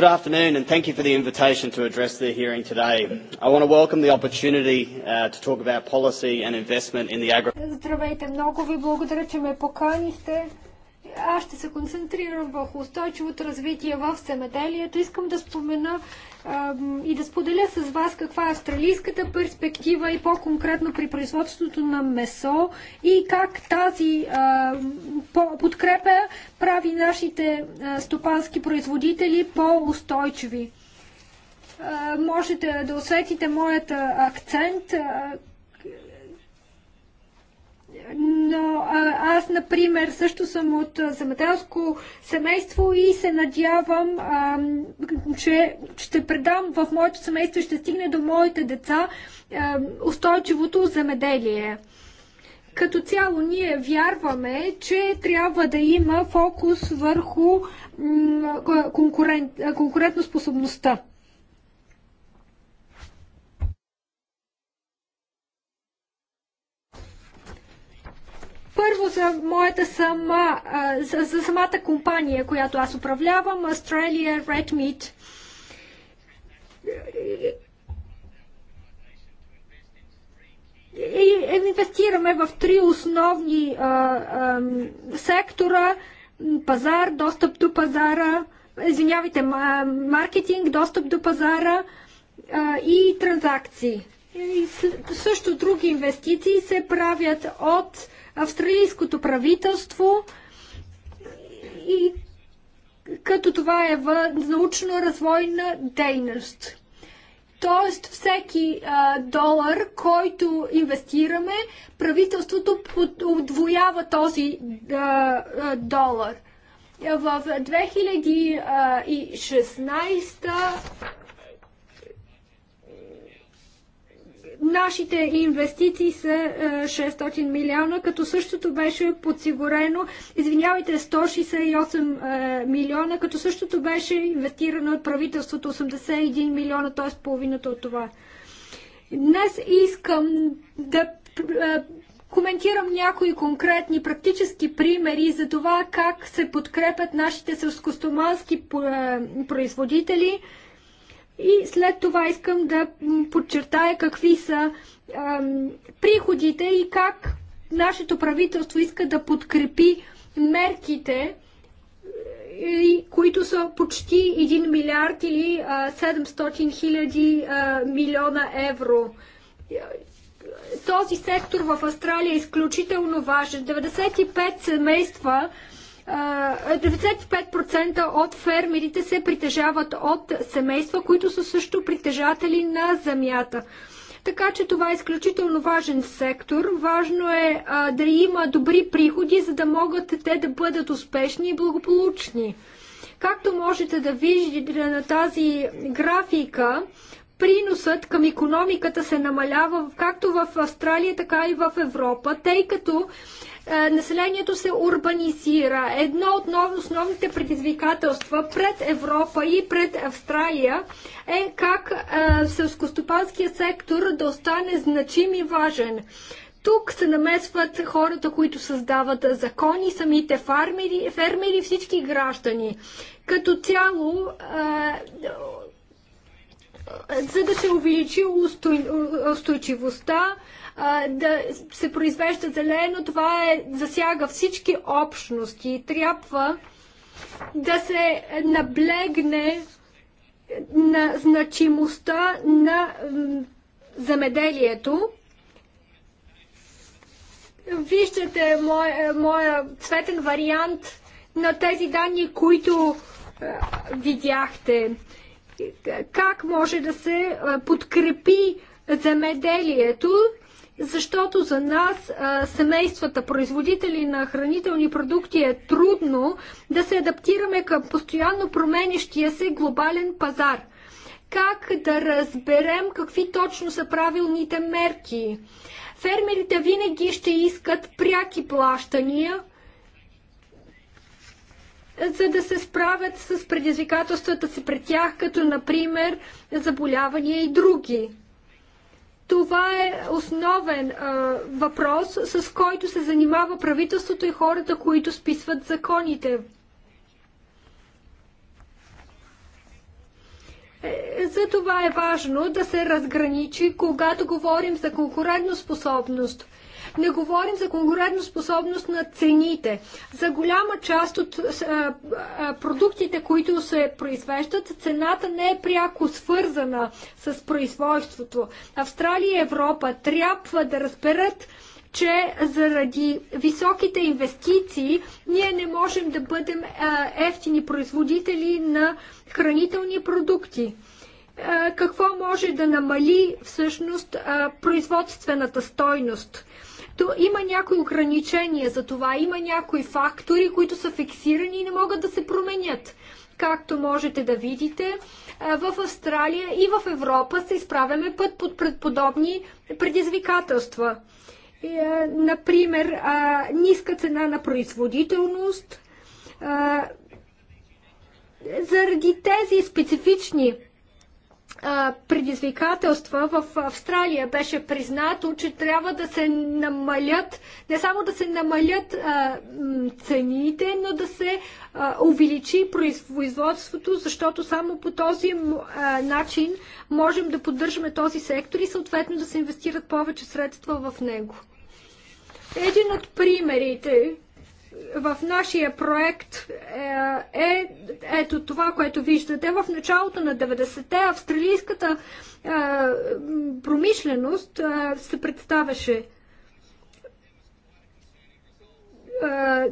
Good afternoon, and thank you for the invitation to address the hearing today. I want to welcome the opportunity uh, to talk about policy and investment in the agri... Здравейте, много ви благодаря, че ме поканихте. Аз ще се концентрирам върху устойчивото развитие в земеделието. Искам да спомена и да споделя с вас каква е австралийската перспектива и по-конкретно при производството на месо и как тази подкрепа прави нашите стопански производители по-устойчиви можете да усетите моят акцент но а, аз, например, също съм от земеделско семейство и се надявам, а, че ще предам в моето семейство и ще стигне до моите деца а, устойчивото земеделие. Като цяло ние вярваме, че трябва да има фокус върху конкурент, конкурентоспособността. Първо за моята сама, за, за самата компания, която аз управлявам, Australia Red Meat. И инвестираме в три основни а, а, сектора пазар, достъп до пазара, извинявайте, маркетинг, достъп до пазара а, и транзакции. И също други инвестиции се правят от австралийското правителство и като това е в научно-развойна дейност. Тоест всеки а, долар, който инвестираме, правителството отвоява този а, а, долар. В 2016 Нашите инвестиции са 600 е, милиона, като същото беше подсигурено, извинявайте, 168 е, милиона, като същото беше инвестирано от правителството 81 милиона, т.е. половината от това. Днес искам да е, коментирам някои конкретни практически примери за това как се подкрепят нашите селскостомански производители – и след това искам да подчертая какви са ам, приходите и как нашето правителство иска да подкрепи мерките, е, които са почти 1 милиард или 700 хиляди милиона евро. Този сектор в Австралия е изключително важен. 95 семейства 95% от фермерите се притежават от семейства, които са също притежатели на земята. Така че това е изключително важен сектор. Важно е а, да има добри приходи, за да могат те да бъдат успешни и благополучни. Както можете да виждате на тази графика, приносът към економиката се намалява както в Австралия, така и в Европа, тъй като е, населението се урбанизира. Едно от основните предизвикателства пред Европа и пред Австралия е как е, селскостопанския сектор да остане значим и важен. Тук се намесват хората, които създават закони, самите фермери, фермери всички граждани. Като цяло, е, за да се увеличи устойчивостта, да се произвежда зелено, това е, засяга всички общности. Трябва да се наблегне на значимостта на замеделието. Виждате моя, е, моя цветен вариант на тези данни, които е, видяхте. Как може да се е, подкрепи замеделието защото за нас а, семействата, производители на хранителни продукти е трудно да се адаптираме към постоянно променящия се глобален пазар. Как да разберем какви точно са правилните мерки? Фермерите винаги ще искат пряки плащания, за да се справят с предизвикателствата си пред тях, като например заболявания и други. Това е основен а, въпрос, с който се занимава правителството и хората, които списват законите. Е, за това е важно да се разграничи, когато говорим за конкурентоспособност. Не говорим за конкурентоспособност на цените. За голяма част от продуктите, които се произвеждат, цената не е пряко свързана с производството. Австралия и Европа трябва да разберат, че заради високите инвестиции ние не можем да бъдем ефтини производители на хранителни продукти какво може да намали всъщност производствената стойност. То има някои ограничения за това, има някои фактори, които са фиксирани и не могат да се променят. Както можете да видите, в Австралия и в Европа се изправяме път под предподобни предизвикателства. Например, ниска цена на производителност. Заради тези специфични предизвикателства в Австралия. Беше признато, че трябва да се намалят, не само да се намалят цените, но да се увеличи производството, защото само по този начин можем да поддържаме този сектор и съответно да се инвестират повече средства в него. Един от примерите, в нашия проект е, е ето това, което виждате. В началото на 90-те австралийската е, промишленост е, се представяше е,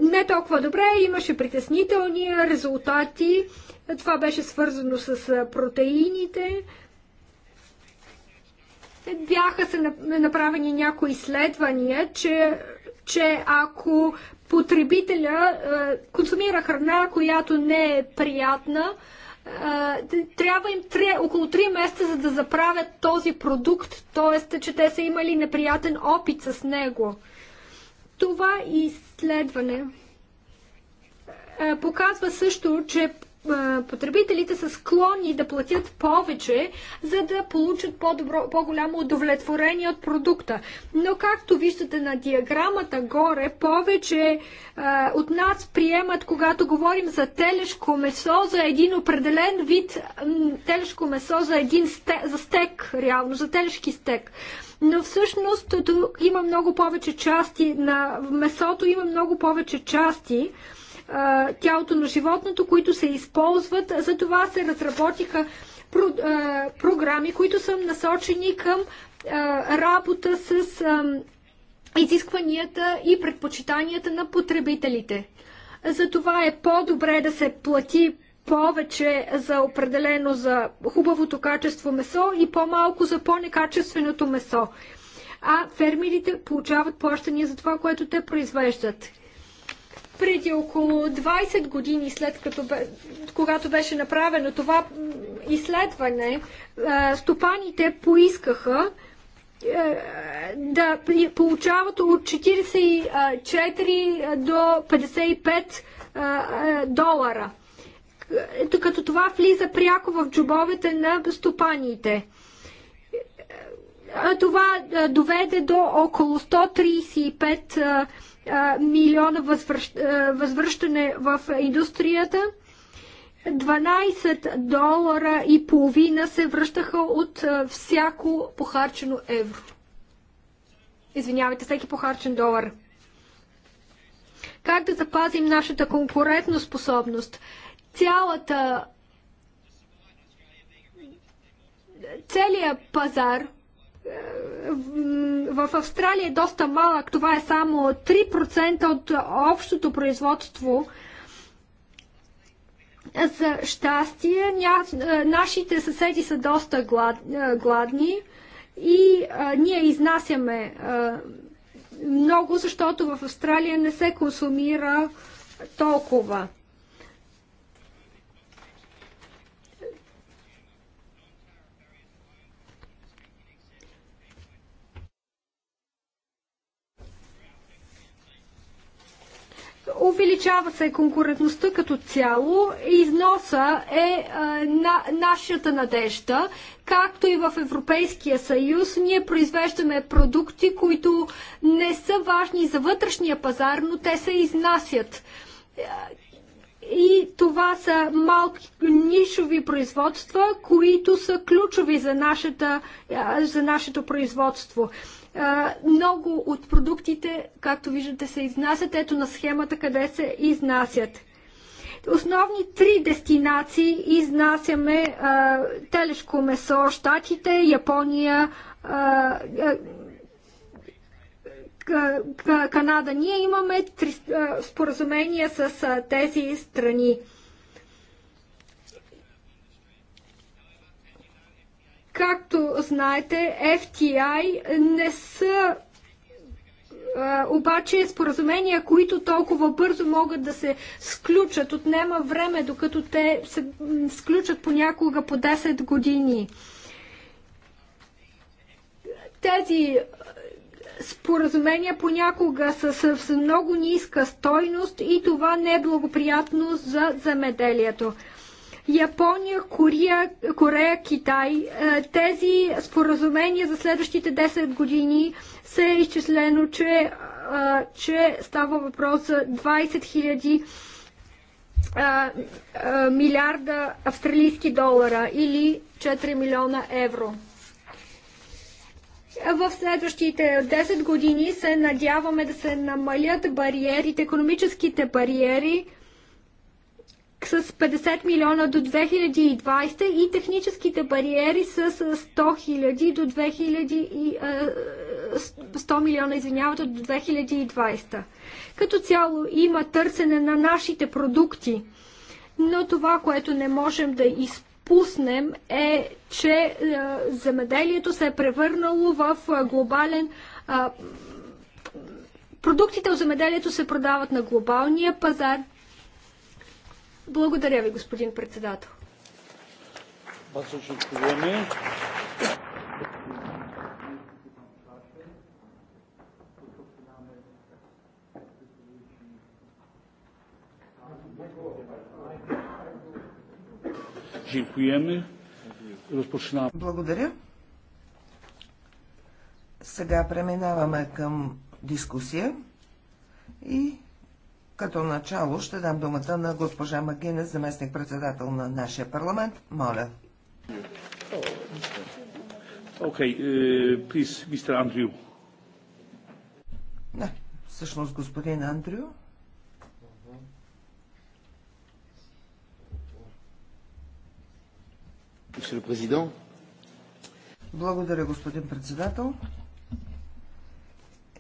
не толкова добре, имаше притеснителни резултати. Това беше свързано с е, протеините. Бяха се направени някои изследвания, че че ако потребителя консумира храна, която не е приятна, трябва им 3, около 3 месеца, за да заправят този продукт, т.е. че те са имали неприятен опит с него. Това изследване показва също, че потребителите са склонни да платят повече, за да получат по-добро, по-голямо удовлетворение от продукта. Но както виждате на диаграмата горе, повече а, от нас приемат, когато говорим за телешко месо, за един определен вид телешко месо, за един сте, за стек, реално, за телешки стек но всъщност тук има много повече части на месото, има много повече части тялото на животното, които се използват. За това се разработиха програми, които са насочени към работа с изискванията и предпочитанията на потребителите. За това е по-добре да се плати повече за определено за хубавото качество месо и по-малко за по-некачественото месо. А фермерите получават плащания за това, което те произвеждат преди около 20 години след като бе, когато беше направено това изследване, стопаните поискаха да получават от 44 до 55 долара. Като това влиза пряко в джобовете на стопаните. Това доведе до около 135 милиона възвръщане в индустрията. 12 долара и половина се връщаха от всяко похарчено евро. Извинявайте, всеки похарчен долар. Как да запазим нашата конкурентна способност? Цялата целият пазар в Австралия е доста малък. Това е само 3% от общото производство. За щастие, ня... Е, нашите съседи са доста глад... Е, гладни и а, е, ние изнасяме а, много, защото в Австралия не се консумира толкова. увеличава се конкурентността като цяло. Износа е, е на, нашата надежда, както и в Европейския съюз. Ние произвеждаме продукти, които не са важни за вътрешния пазар, но те се изнасят. И това са малки нишови производства, които са ключови за, нашата, е, за нашето производство. Много от продуктите, както виждате, се изнасят. Ето на схемата къде се изнасят основни три дестинации изнасяме а, телешко месо Штатите, Япония, а, а, Канада. Ние имаме три, а, споразумения с а, тези страни. Както знаете, FTI не са обаче споразумения, които толкова бързо могат да се сключат. Отнема време, докато те се сключат понякога по 10 години. Тези споразумения понякога са с много ниска стойност и това не е благоприятно за замеделието. Япония, Корея, Корея, Китай. Е, тези споразумения за следващите 10 години се е изчислено, че, е, че става въпрос за 20 000 е, милиарда австралийски долара или 4 милиона евро. В следващите 10 години се надяваме да се намалят бариерите, економическите бариери, с 50 милиона до 2020 и техническите бариери с 100 хиляди до 2000, 100 милиона, извинявате, до 2020. Като цяло има търсене на нашите продукти, но това, което не можем да изпуснем е, че земеделието се е превърнало в глобален Продуктите от земеделието се продават на глобалния пазар, благодаря ви, господин председател. Благодаря. Сега преминаваме към дискусия и като начало ще дам думата на госпожа Магина, заместник-председател на нашия парламент. Моля. Окей, плиз, е, мистер Андрю. Не, всъщност господин Андрю. Благодаря, господин председател.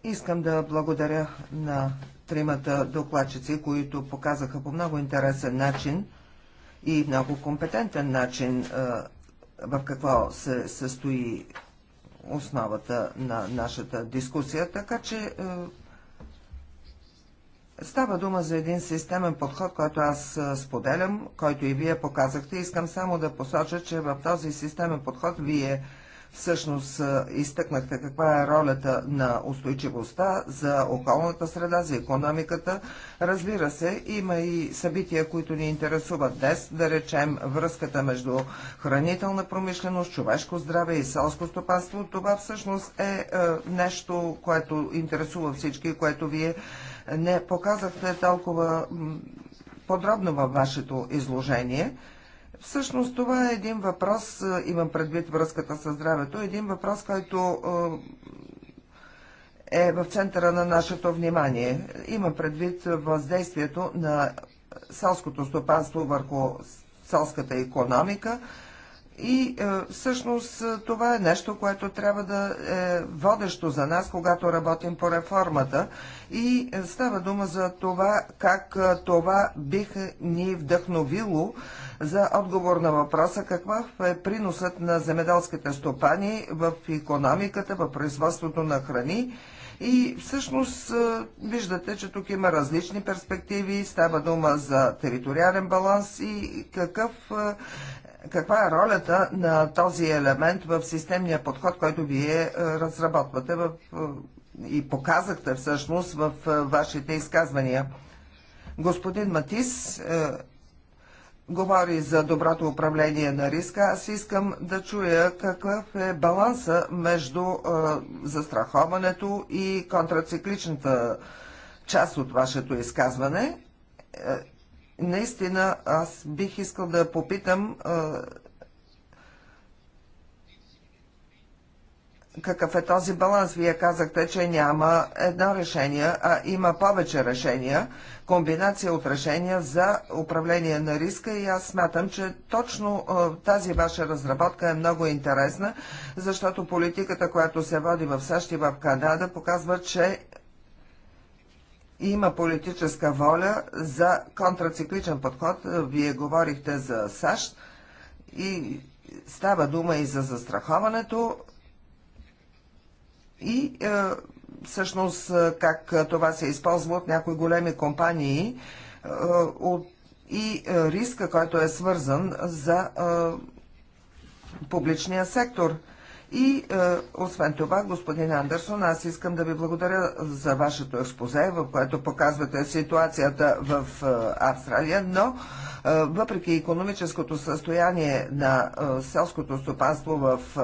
Искам да благодаря на тримата докладчици, които показаха по много интересен начин и много компетентен начин е, в какво се състои основата на нашата дискусия, така че е, става дума за един системен подход, който аз е, споделям, който и вие показахте. Искам само да посоча, че в този системен подход вие Всъщност изтъкнахте каква е ролята на устойчивостта за околната среда, за економиката. Разбира се, има и събития, които ни интересуват днес, да речем връзката между хранителна промишленост, човешко здраве и селско стопанство. Това всъщност е нещо, което интересува всички, което вие не показахте толкова подробно във вашето изложение. Всъщност това е един въпрос, имам предвид връзката с здравето, един въпрос, който е в центъра на нашето внимание. Има предвид въздействието на селското стопанство върху селската економика. И всъщност това е нещо, което трябва да е водещо за нас, когато работим по реформата. И става дума за това, как това бих ни вдъхновило за отговор на въпроса каква е приносът на земеделските стопани в економиката, в производството на храни. И всъщност виждате, че тук има различни перспективи, става дума за териториален баланс и какъв каква е ролята на този елемент в системния подход, който вие разработвате в, и показахте всъщност в вашите изказвания. Господин Матис, говори за доброто управление на риска, аз искам да чуя какъв е баланса между е, застраховането и контрацикличната част от вашето изказване. Е, наистина, аз бих искал да попитам е, какъв е този баланс. Вие казахте, че няма едно решение, а има повече решения, комбинация от решения за управление на риска и аз смятам, че точно тази ваша разработка е много интересна, защото политиката, която се води в САЩ и в Канада, показва, че има политическа воля за контрацикличен подход. Вие говорихте за САЩ и става дума и за застраховането и е, всъщност е, как е, това се използва от някои големи компании от, и риска, който е свързан за публичния сектор. И е, освен това, господин Андерсон, аз искам да ви благодаря за вашето експозе, в което показвате ситуацията в е, Австралия, но е, въпреки економическото състояние на е, селското стопанство в е,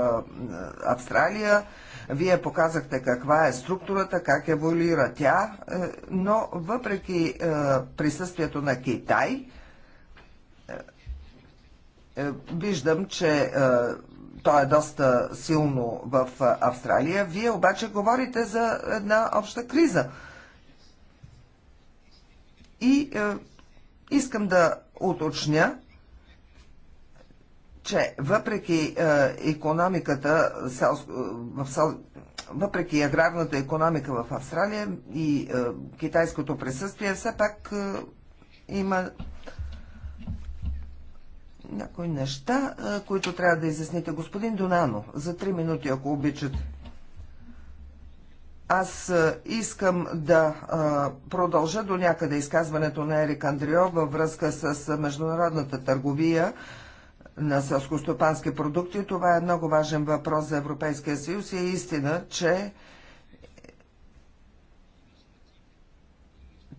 Австралия, вие показахте каква е структурата, как еволюира тя, е, но въпреки е, присъствието на Китай, е, виждам, че той е доста силно в Австралия. Вие обаче говорите за една обща криза. И искам да уточня, че въпреки економиката, въпреки аграрната економика в Австралия и е, китайското присъствие, все пак е, има някои неща, е, които трябва да изясните. Господин Донано, за три минути, ако обичате. Аз искам да продължа до някъде изказването на Ерик Андрио във връзка с международната търговия на селскостопански продукти. Това е много важен въпрос за Европейския съюз и е истина, че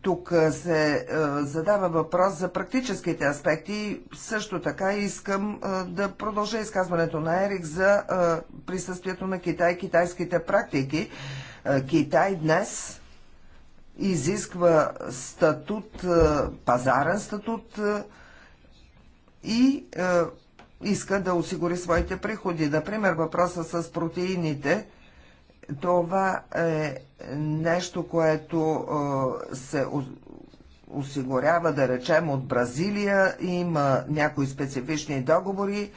Тук се е, задава въпрос за практическите аспекти. Също така искам е, да продължа изказването на Ерик за е, присъствието на Китай, китайските практики. Китай днес изисква статут, пазарен статут, и е, иска да осигури своите приходи. Например, въпроса с протеините, това е нещо, което е, се осигурява, да речем, от Бразилия. Има някои специфични договори,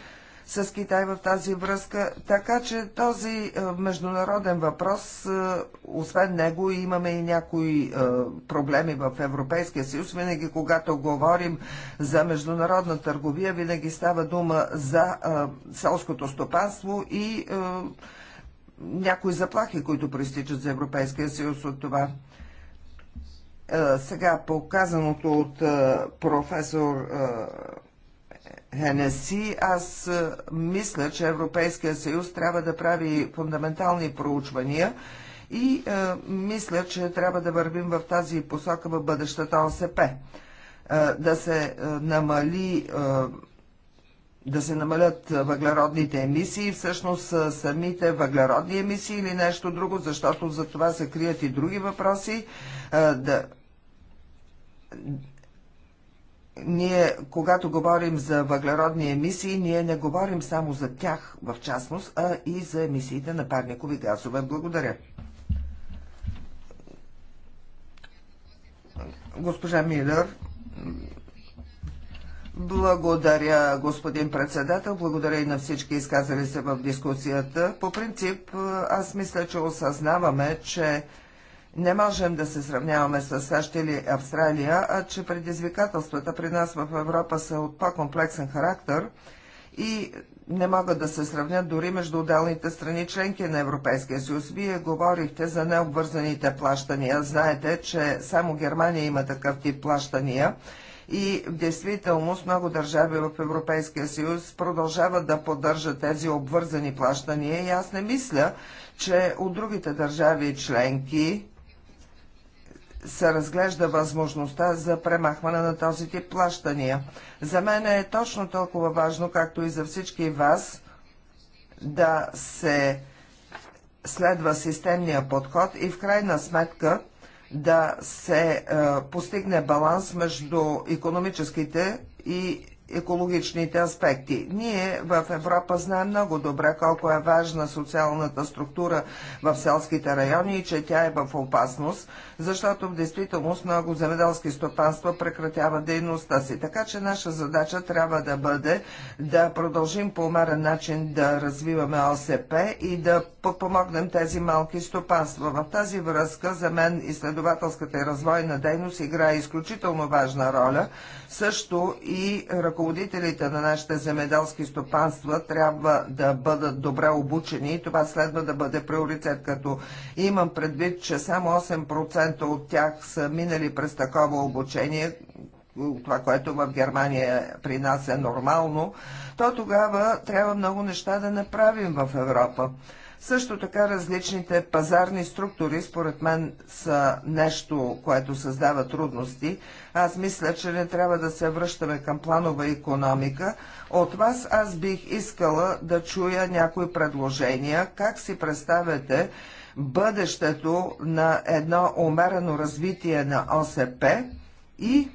с Китай в тази връзка. Така че този е, международен въпрос, е, освен него, имаме и някои е, проблеми в Европейския съюз. Винаги, когато говорим за международна търговия, винаги става дума за селското стопанство и някои заплахи, които проистичат за Европейския съюз от това. Сега показаното от професор Хенеси, аз мисля, че Европейския съюз трябва да прави фундаментални проучвания и е, мисля, че трябва да вървим в тази посока в бъдещата ОСП. Е, да се намали е, да се намалят въглеродните емисии, всъщност самите въглеродни емисии или нещо друго, защото за това се крият и други въпроси. да, ние, когато говорим за въглеродни емисии, ние не говорим само за тях в частност, а и за емисиите на парникови газове. Благодаря. Госпожа Милер, благодаря, господин председател. Благодаря и на всички изказали се в дискусията. По принцип, аз мисля, че осъзнаваме, че не можем да се сравняваме с САЩ или Австралия, а че предизвикателствата при нас в Европа са от по-комплексен характер и не могат да се сравнят дори между отделните страни членки на Европейския съюз. Вие говорихте за необвързаните плащания. Знаете, че само Германия има такъв тип плащания. И в действителност много държави в Европейския съюз продължават да поддържат тези обвързани плащания. И аз не мисля, че от другите държави членки се разглежда възможността за премахване на този тип плащания. За мен е точно толкова важно, както и за всички вас, да се следва системния подход и в крайна сметка да се е, постигне баланс между економическите и екологичните аспекти. Ние в Европа знаем много добре колко е важна социалната структура в селските райони и че тя е в опасност, защото в действителност много земеделски стопанства прекратяват дейността си. Така че наша задача трябва да бъде да продължим по умерен начин да развиваме ОСП и да подпомогнем тези малки стопанства. В тази връзка за мен изследователската и развойна дейност играе изключително важна роля, също и ръководителите на нашите земеделски стопанства трябва да бъдат добре обучени и това следва да бъде приоритет, като имам предвид, че само 8% от тях са минали през такова обучение, това, което в Германия при нас е нормално, то тогава трябва много неща да направим в Европа. Също така различните пазарни структури, според мен, са нещо, което създава трудности. Аз мисля, че не трябва да се връщаме към планова економика. От вас аз бих искала да чуя някои предложения. Как си представяте бъдещето на едно умерено развитие на ОСП и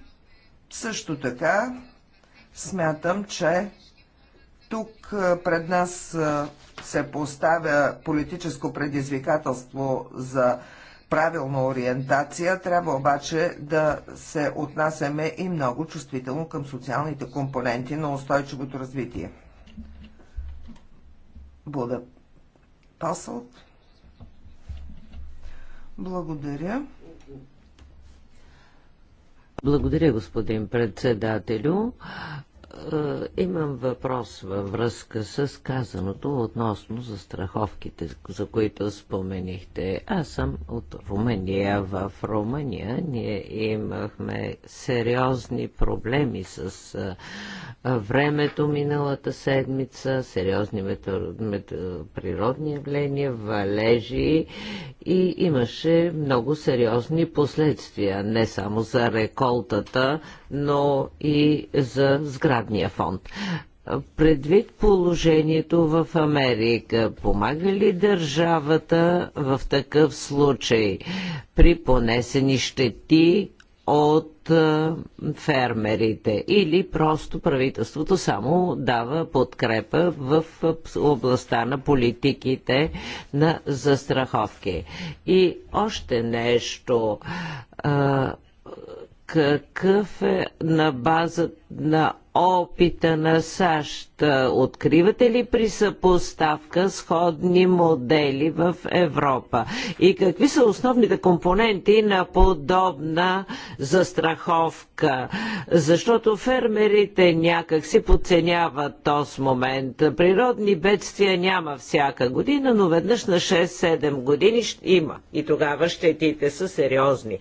също така смятам, че тук пред нас се поставя политическо предизвикателство за правилна ориентация, трябва обаче да се отнасяме и много чувствително към социалните компоненти на устойчивото развитие. Буда Пасълт. Благодаря. Благодаря, господин председателю. Е, имам въпрос във връзка с казаното относно застраховките, за които споменихте. Аз съм от Румъния. В Румъния ние имахме сериозни проблеми с времето миналата седмица, сериозни метеор... Метеор... природни явления, валежи и имаше много сериозни последствия, не само за реколтата, но и за сградния фонд. Предвид положението в Америка, помага ли държавата в такъв случай при понесени щети от фермерите или просто правителството само дава подкрепа в областта на политиките на застраховки. И още нещо какъв е на база на опита на САЩ. Откривате ли при съпоставка сходни модели в Европа? И какви са основните компоненти на подобна застраховка? Защото фермерите някак си подценяват този момент. Природни бедствия няма всяка година, но веднъж на 6-7 години ще има. И тогава щетите са сериозни.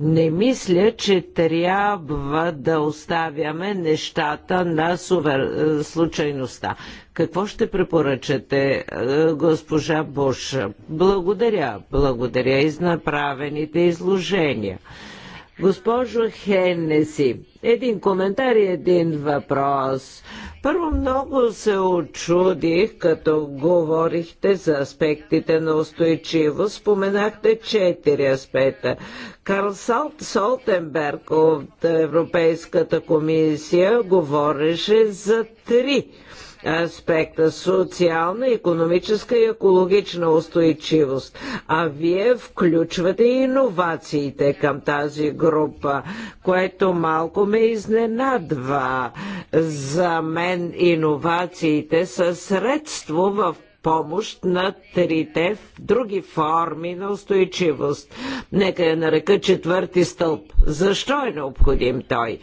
Не мисля, че трябва да оставяме неща нещата на сувер... случайността. Какво ще препоръчате, е, госпожа Буш? Благодаря, благодаря и за направените изложения. Госпожо Хенеси, един коментар и един въпрос. Първо много се очудих, като говорихте за аспектите на устойчивост. Споменахте четири аспекта. Карл Салт Солтенберг от Европейската комисия говореше за три аспекта социална, економическа и екологична устойчивост. А вие включвате и иновациите към тази група, което малко ме изненадва. За мен иновациите са средство в помощ на трите други форми на устойчивост. Нека я нарека четвърти стълб. Защо е необходим той?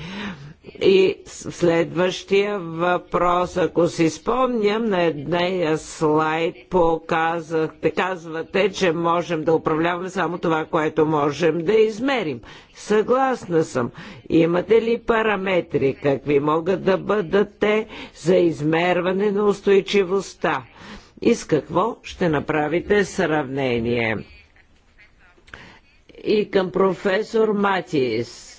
И следващия въпрос, ако си спомням, на едния слайд показахте, казвате, че можем да управляваме само това, което можем да измерим. Съгласна съм. Имате ли параметри? Какви могат да бъдат те за измерване на устойчивостта? И с какво ще направите сравнение? И към професор Матис.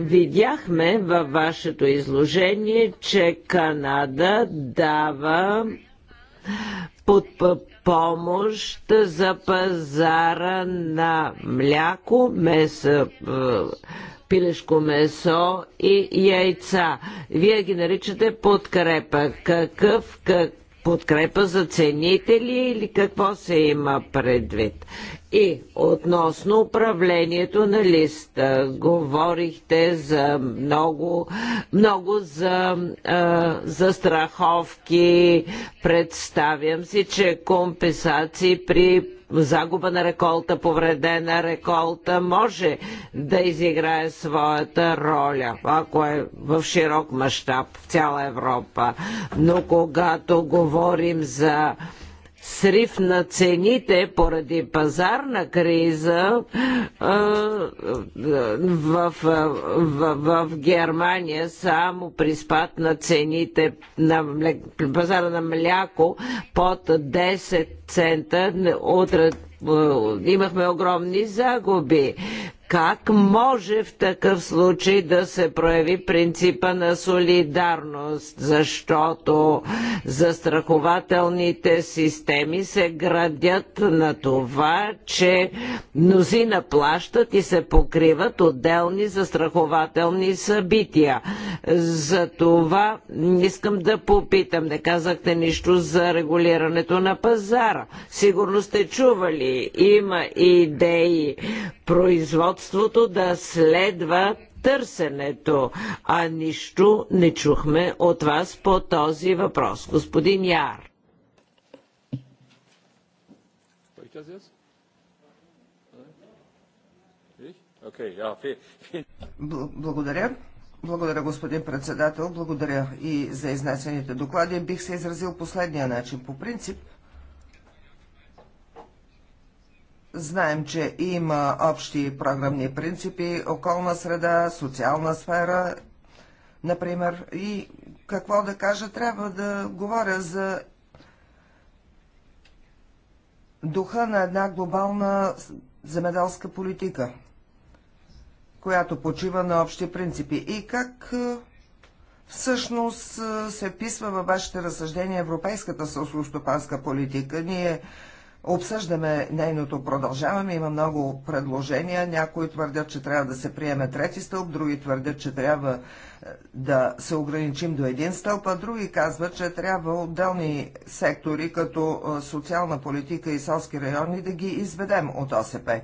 Видяхме във вашето изложение, че Канада дава под помощ за пазара на мляко, месо, пилешко месо и яйца. Вие ги наричате подкрепа. Какъв, как, подкрепа за цените ли е или какво се има предвид? И относно управлението на листа, говорихте за много, много за, а, за страховки. Представям си, че компенсации при загуба на реколта, повредена реколта може да изиграе своята роля, ако е в широк мащаб в цяла Европа. Но когато говорим за срив на цените поради пазарна криза в, в, в, в Германия само при спад на цените на пазара на мляко под 10 цента. Утре имахме огромни загуби. Как може в такъв случай да се прояви принципа на солидарност? Защото застрахователните системи се градят на това, че мнозина плащат и се покриват отделни застрахователни събития. За това искам да попитам, не казахте нищо за регулирането на пазара. Сигурно сте чували, има идеи производство богатството да следва търсенето, а нищо не чухме от вас по този въпрос. Господин Яр. Благодаря. Благодаря, господин председател. Благодаря и за изнесените доклади. Бих се изразил последния начин. По принцип, Знаем, че има общи програмни принципи, околна среда, социална сфера, например. И какво да кажа, трябва да говоря за духа на една глобална земеделска политика, която почива на общи принципи. И как е, всъщност е, се вписва във вашите разсъждения европейската сълскостопанска политика? Ние Обсъждаме нейното продължаване. Има много предложения. Някои твърдят, че трябва да се приеме трети стълб, други твърдят, че трябва е, да се ограничим до един стълб, а други казват, че трябва отделни сектори, като е, социална политика и селски райони, да ги изведем от ОСП.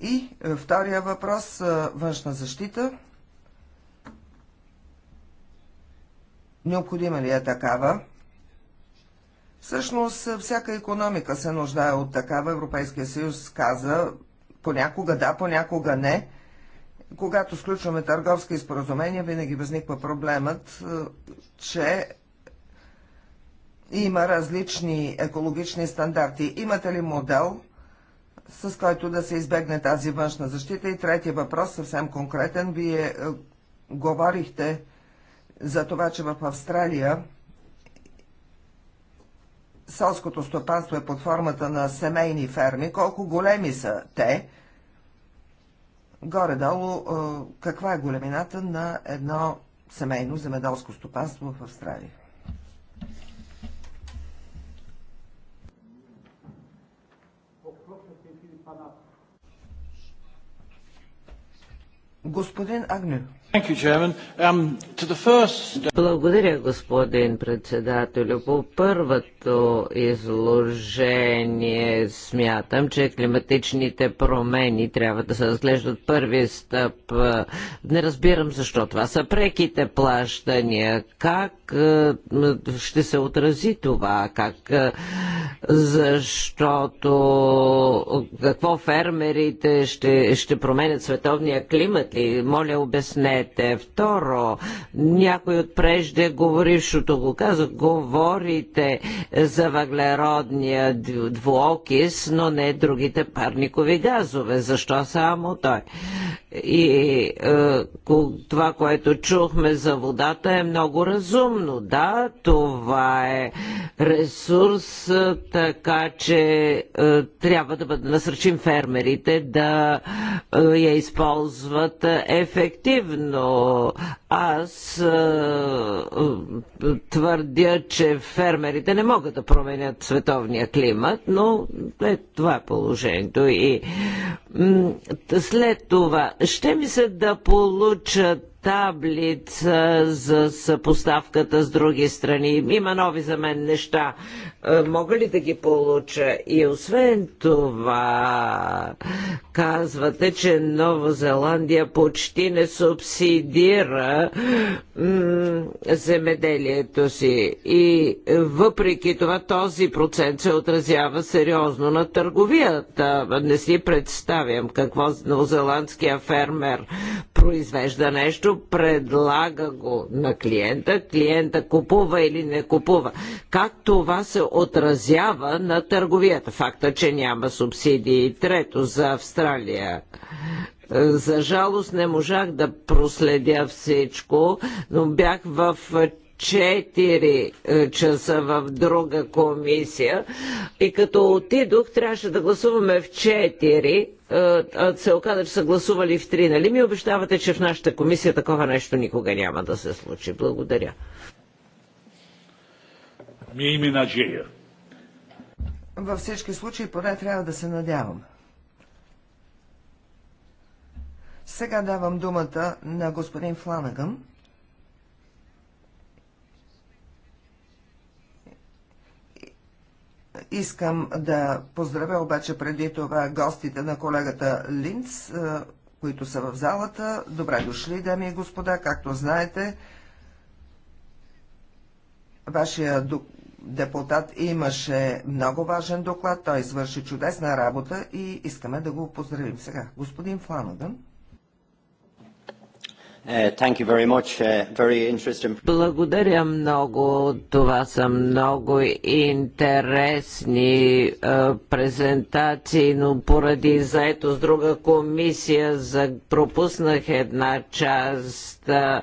И е, втория въпрос – външна защита. Необходима ли е такава? Всъщност е, всяка економика се нуждае от такава. Европейския съюз каза понякога да, понякога не. Когато сключваме търговски споразумения, винаги възниква проблемът, е, че има различни екологични стандарти. Имате ли модел, с който да се избегне тази външна защита? И третия въпрос, съвсем конкретен, вие е, говорихте за това, че в Австралия селското стопанство е под формата на семейни ферми, колко големи са те, горе-долу е, каква е големината на едно семейно земеделско стопанство в Австралия? Господин Агню. Um, Благодаря, господин председател, По първото изложение смятам, че климатичните промени трябва да се разглеждат първи стъп. Не разбирам защо това са преките плащания. Как е, ще се отрази това? Как? Е, защото какво фермерите ще, ще променят световния климат? И моля обяснете направете. Второ, някой от говорившото го каза, говорите за въглеродния двуокис, но не другите парникови газове. Защо само той? И е, това, което чухме за водата е много разумно. Да, това е ресурс, е, така че е, трябва да бъде, насръчим фермерите да е, я използват е, ефективно. Аз е, е, твърдя, че фермерите не могат да променят световния климат, но е, това е положението. И след това ще ми се да получат таблица за съпоставката с други страни. Има нови за мен неща. Е, мога ли да ги получа? И освен това, казвате, че Нова Зеландия почти не субсидира земеделието си. И въпреки това този процент се отразява сериозно на търговията. Не си представям какво новозеландския фермер произвежда нещо, предлага го на клиента, клиента купува или не купува. Как това се отразява на търговията? Факта, че няма субсидии. Трето, за Австралия. За жалост не можах да проследя всичко, но бях в 4 е, часа в друга комисия и като отидох, трябваше да гласуваме в 4, е, а се оказа, че са гласували в 3. Нали ми обещавате, че в нашата комисия такова нещо никога няма да се случи? Благодаря. Ми име надежда. Във всички случаи поне трябва да се надявам. Сега давам думата на господин Фланагъм. Искам да поздравя обаче преди това гостите на колегата Линц, които са в залата. Добре дошли, дами и господа. Както знаете, вашия депутат имаше много важен доклад. Той извърши чудесна работа и искаме да го поздравим сега. Господин Фланаган. Uh, uh, Благодаря много. Това са много интересни е, презентации, но поради заето с друга комисия за... пропуснах една част е, е,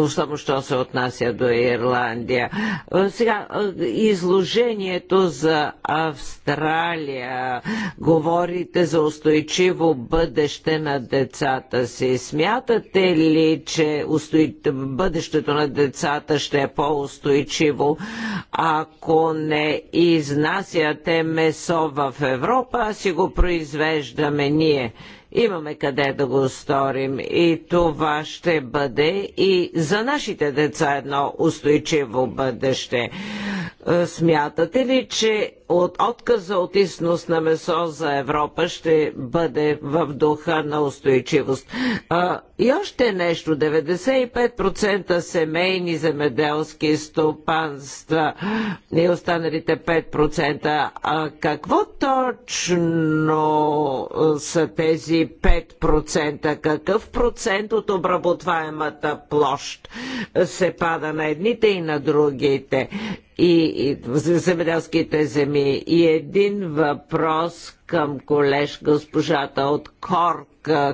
особено що се отнася до Ирландия. Е, сега, е, изложението за Австралия. Говорите за устойчиво бъдеще на децата си. Смятате ли, че устой... бъдещето на децата ще е по-устойчиво, ако не изнасяте месо в Европа, а си го произвеждаме ние? Имаме къде да го сторим и това ще бъде и за нашите деца едно устойчиво бъдеще. Е, смятате ли, че от отказа от износ на месо за Европа ще бъде в духа на устойчивост. А, и още нещо, 95% семейни земеделски стопанства и останалите 5%. А какво точно са тези 5%? Какъв процент от обработваемата площ се пада на едните и на другите? и, и земеделските земи. И един въпрос към колеж госпожата от Корк.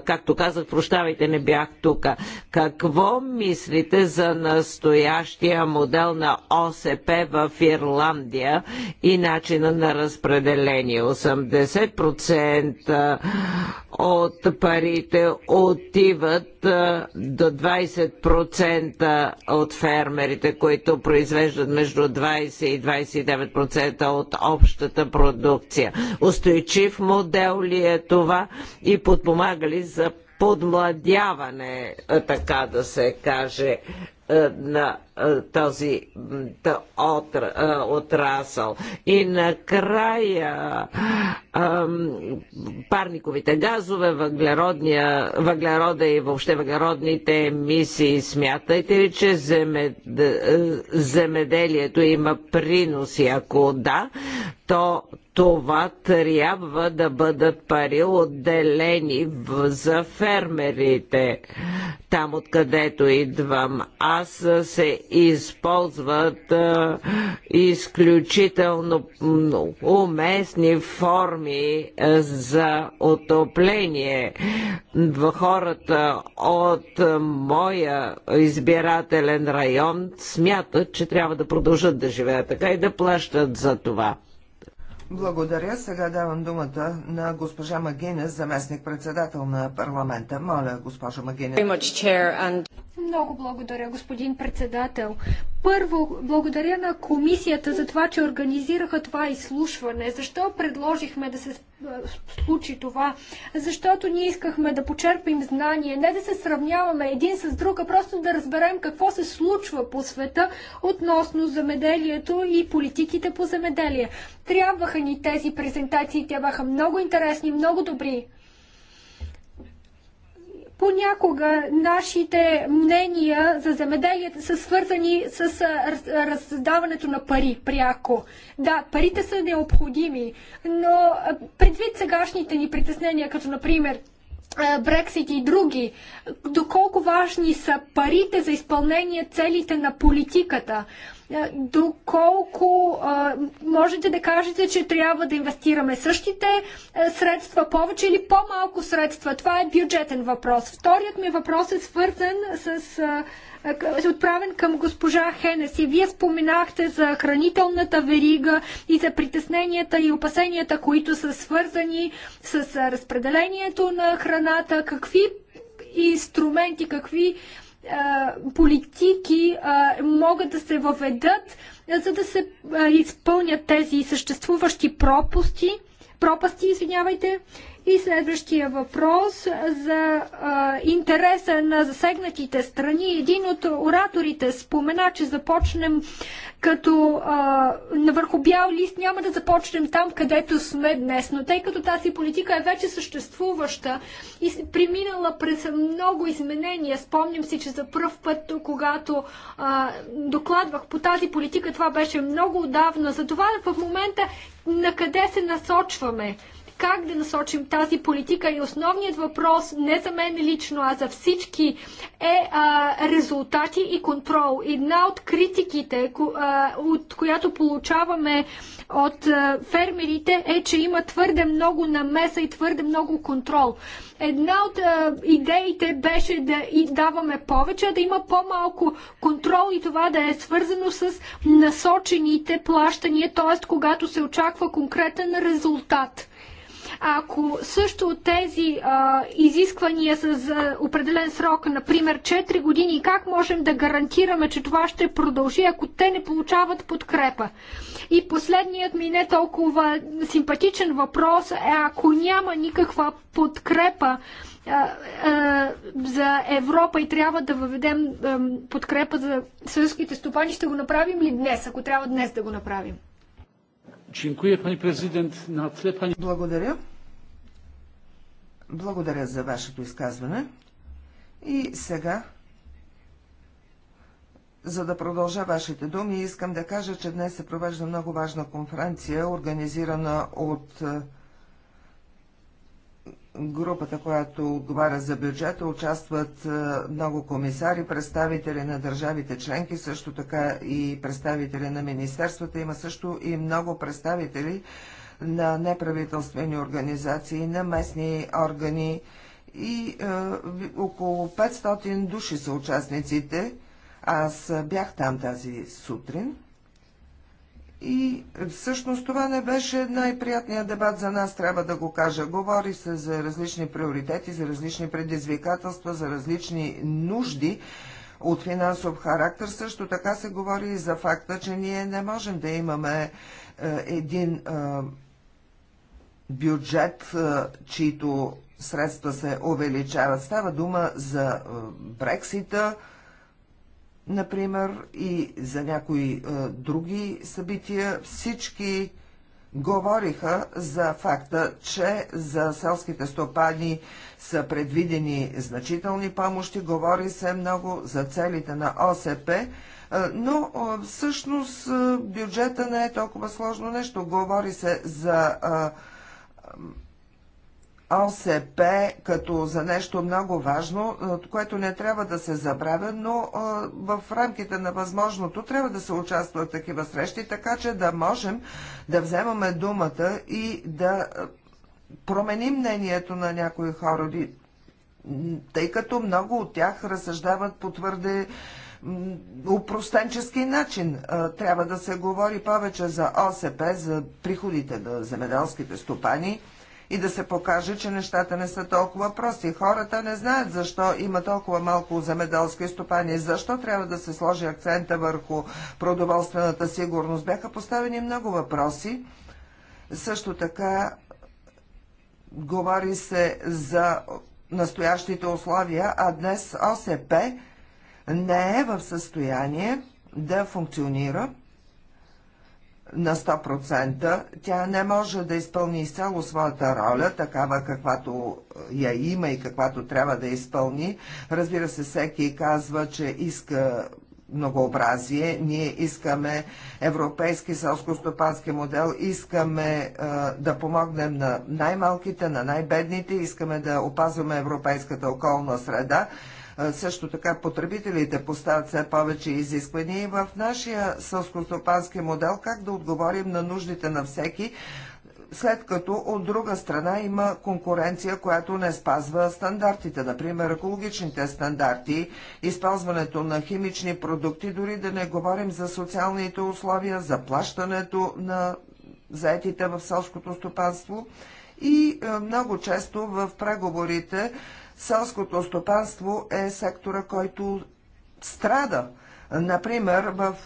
Както казах, прощавайте, не бях тук. Какво мислите за настоящия модел на ОСП в Ирландия и начина на разпределение? 80% от парите отиват до 20% от фермерите, които произвеждат между 20 и 29% от общата продукция. Устойчив модел ли е това и подпомага ли за подмладяване, така да се каже, е, на е, този е, отрасъл. И накрая парниковите газове, въглерода и въобще въглеродните емисии. Смятайте ли, че земеделието има приноси? Ако да, то това трябва да бъдат пари отделени за фермерите. Там откъдето идвам а нас се използват изключително уместни форми за отопление. Хората от моя избирателен район смятат, че трябва да продължат да живеят така и да плащат за това. Благодаря. Сега давам думата на госпожа Магина, заместник-председател на парламента. Моля, госпожа Магина. Много благодаря, господин председател. Първо, благодаря на комисията за това, че организираха това изслушване. Защо предложихме да се случи това, защото ние искахме да почерпим знание, не да се сравняваме един с друг, а просто да разберем какво се случва по света относно замеделието и политиките по замеделие. Трябваха ни тези презентации, те бяха много интересни, много добри. Понякога нашите мнения за земеделието са свързани с раздаването на пари пряко. Да, парите са необходими, но предвид сегашните ни притеснения, като например Брексит и други, доколко важни са парите за изпълнение целите на политиката – доколко а, можете да кажете, че трябва да инвестираме същите а, е, средства, повече или по-малко средства? Това е бюджетен въпрос. Вторият ми въпрос е свързан с. А, е отправен към госпожа Хенес. И вие споменахте за хранителната верига и за притесненията и опасенията, които са свързани с разпределението на храната. Какви инструменти, какви политики могат да се въведат, за да се изпълнят тези съществуващи пропусти, пропасти, извинявайте, и следващия въпрос за а, интереса на засегнатите страни. Един от ораторите спомена, че започнем като а, върху бял лист няма да започнем там, където сме днес. Но тъй като тази политика е вече съществуваща и преминала през много изменения, спомням си, че за първ път, когато а, докладвах по тази политика, това беше много отдавна. Затова в момента на къде се насочваме? как да насочим тази политика и основният въпрос не за мен лично, а за всички е а, резултати и контрол. Една от критиките, ко, а, от която получаваме от а, фермерите е, че има твърде много намеса и твърде много контрол. Една от а, идеите беше да и даваме повече, да има по-малко контрол и това да е свързано с насочените плащания, т.е. когато се очаква конкретен резултат. Ако също тези а, изисквания са за определен срок, например 4 години, как можем да гарантираме, че това ще продължи, ако те не получават подкрепа? И последният ми не толкова симпатичен въпрос е, ако няма никаква подкрепа, за Европа и трябва да въведем подкрепа за съюзските стопани, ще го направим ли днес, ако трябва днес да го направим? Благодаря. Благодаря за вашето изказване. И сега, за да продължа вашите думи, искам да кажа, че днес се провежда много важна конференция, организирана от групата, която отговаря за бюджета, участват е, много комисари, представители на държавите членки, също така и представители на министерствата. Има също и много представители на неправителствени организации, на местни органи и е, около 500 души са участниците. Аз е, бях там тази сутрин. И всъщност това не беше най-приятният дебат за нас, трябва да го кажа. Говори се за различни приоритети, за различни предизвикателства, за различни нужди от финансов характер. Също така се говори и за факта, че ние не можем да имаме е, един е, бюджет, е, чието средства се увеличават. Става дума за Брексита, например, и за някои е, други събития, всички говориха за факта, че за селските стопани са предвидени значителни помощи, говори се много за целите на ОСП, е, но е, всъщност е, бюджета не е толкова сложно нещо. Говори се за е, ОСП като за нещо много важно, е, което не трябва да се забравя, но е, в рамките на възможното трябва да се участва в такива срещи, така че да можем да вземаме думата и да е, променим мнението на някои хора, тъй като много от тях разсъждават по твърде упростенчески начин. Трябва да се говори повече за ОСП, за приходите на земеделските стопани – и да се покаже, че нещата не са толкова прости. Хората не знаят защо има толкова малко земеделски стопани, защо трябва да се сложи акцента върху продоволствената сигурност. Бяха поставени много въпроси. Също така говори се за настоящите условия, а днес ОСП не е в състояние да функционира на 100%. Тя не може да изпълни изцяло своята роля, такава каквато я има и каквато трябва да изпълни. Разбира се, всеки казва, че иска многообразие. Ние искаме европейски селско-стопански модел, искаме а, е, да помогнем на най-малките, на най-бедните, искаме да опазваме европейската околна среда също така потребителите поставят все повече изисквания и в нашия сълскостопански модел как да отговорим на нуждите на всеки, след като от друга страна има конкуренция, която не спазва стандартите, например екологичните стандарти, използването на химични продукти, дори да не говорим за социалните условия, за плащането на заетите в селското стопанство. И е, много често в преговорите селското стопанство е сектора, който страда. Например, в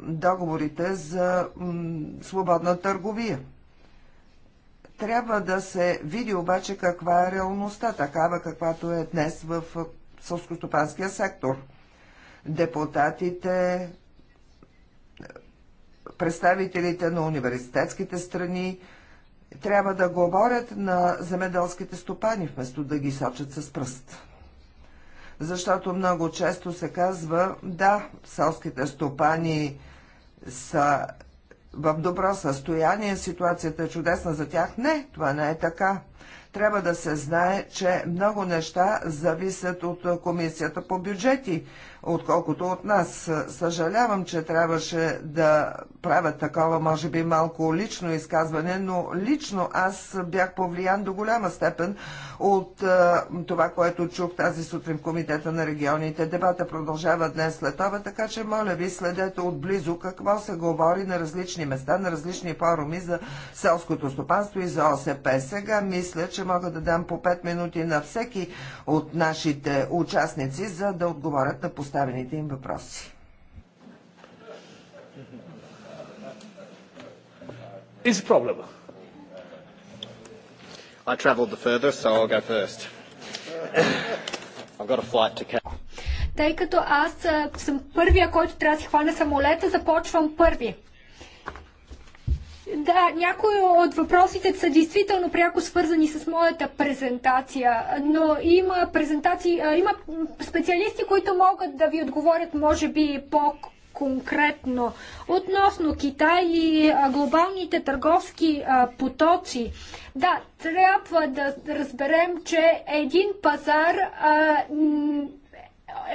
договорите за свободна търговия. Трябва да се види обаче каква е реалността, такава каквато е днес в сълскостопанския сектор. Депутатите, представителите на университетските страни, трябва да говорят на земеделските стопани, вместо да ги сочат с пръст. Защото много често се казва, да, селските стопани са в добро състояние, ситуацията е чудесна за тях. Не, това не е така. Трябва да се знае, че много неща зависят от комисията по бюджети отколкото от нас. Съжалявам, че трябваше да правя такова, може би, малко лично изказване, но лично аз бях повлиян до голяма степен от а, е, това, което чух тази сутрин в Комитета на регионите. Дебата продължава днес след това, така че, моля ви, следете отблизо какво се говори на различни места, на различни форуми за селското стопанство и за ОСП. Сега мисля, че мога да дам по 5 минути на всеки от нашите участници, за да отговорят на постъпването поставените им въпроси. Is a problem. I traveled the further, so I'll go first. I've got a flight to catch. Тъй като аз съм първия, който трябва да си хвана самолета, започвам първи. Да, някои от въпросите са действително пряко свързани с моята презентация, но има презентации, има специалисти, които могат да ви отговорят, може би, по конкретно относно Китай и глобалните търговски потоци. Да, трябва да разберем, че един пазар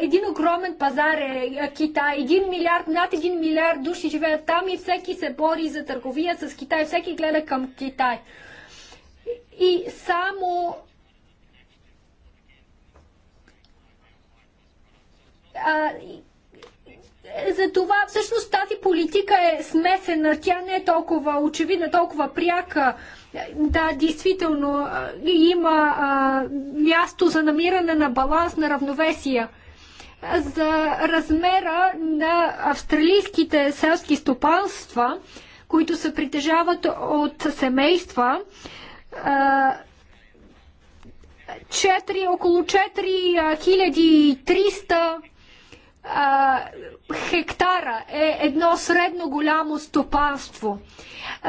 един огромен пазар е, е Китай. Един милиард, над един милиард души живеят там и всеки се бори за търговия с Китай. Всеки гледа към Китай. И само а, за това всъщност тази политика е смесена, тя не е толкова очевидна, толкова пряка. Да, действително има а, място за намиране на баланс, на равновесия за размера на австралийските селски стопанства, които се притежават от семейства. Четири, около 4300 хектара е едно средно голямо стопанство.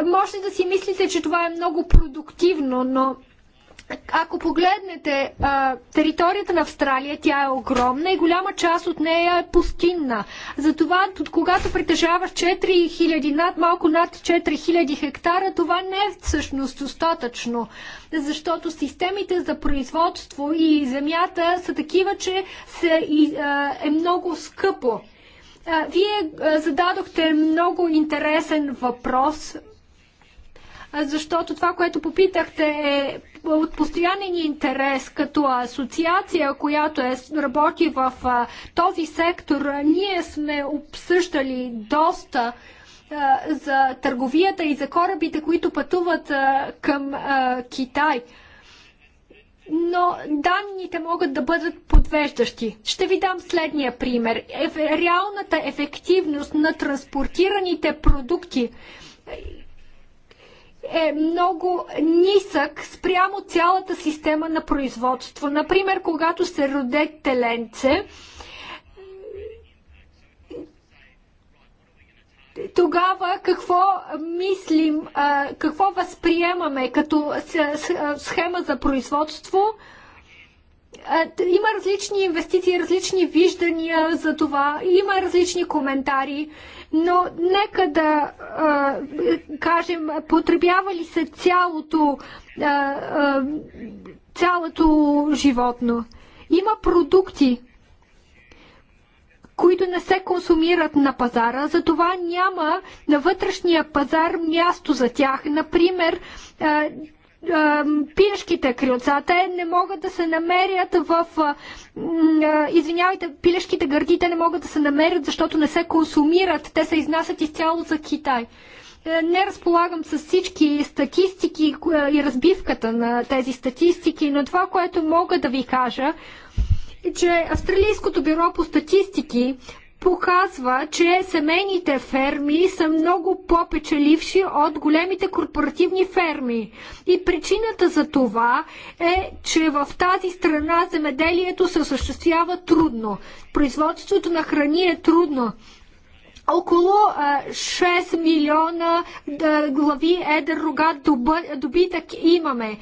Може да си мислите, че това е много продуктивно, но ако погледнете а, територията на Австралия, тя е огромна и голяма част от нея е пустинна. Затова, когато притежаваш 4000, над, малко над 4000 хектара, това не е всъщност достатъчно, защото системите за производство и земята са такива, че се, и, а, е много скъпо. Вие зададохте много интересен въпрос защото това, което попитахте е от постоянен интерес като асоциация, която е, работи в а, този сектор. Ние сме обсъждали доста а, за търговията и за корабите, които пътуват а, към Китай. Но данните могат да бъдат подвеждащи. Ще ви дам следния пример. реалната ефективност на транспортираните продукти е много нисък спрямо цялата система на производство. Например, когато се роде теленце, тогава какво мислим, какво възприемаме като схема за производство? Има различни инвестиции, различни виждания за това, има различни коментари но нека да а, кажем, потребява ли се цялото, а, а, цялото животно. Има продукти, които не се консумират на пазара, затова няма на вътрешния пазар място за тях. Например, пилешките, крилца, те не могат да се намерят в... Извинявайте, пилешките гърдите не могат да се намерят, защото не се консумират. Те се изнасят изцяло за Китай. Е, не разполагам с всички статистики е, и разбивката на тези статистики, но това, което мога да ви кажа, е, че Австралийското бюро по статистики показва, че семейните ферми са много по-печеливши от големите корпоративни ферми. И причината за това е, че в тази страна земеделието се осъществява трудно. Производството на храни е трудно. Около 6 милиона глави едър рогат добитък имаме.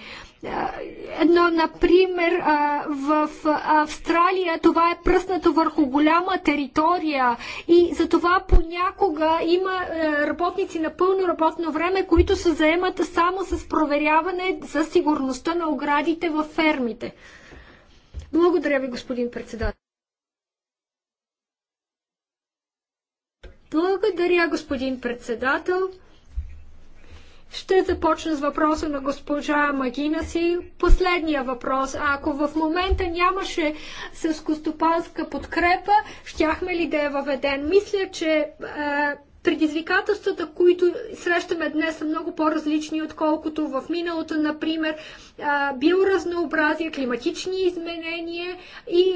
Е, едно, например, в Австралия това е пръснато върху голяма територия и затова понякога има е, работници на пълно работно време, които се заемат само с проверяване за сигурността на оградите във фермите. Благодаря ви, господин председател. Благодаря, господин председател. Ще започна с въпроса на госпожа Магина си. Последния въпрос. А ако в момента нямаше сълскостопанска подкрепа, щяхме ли да я въведем? Мисля, че е, предизвикателствата, които срещаме днес, са много по-различни, отколкото в миналото, например, биоразнообразие, климатични изменения и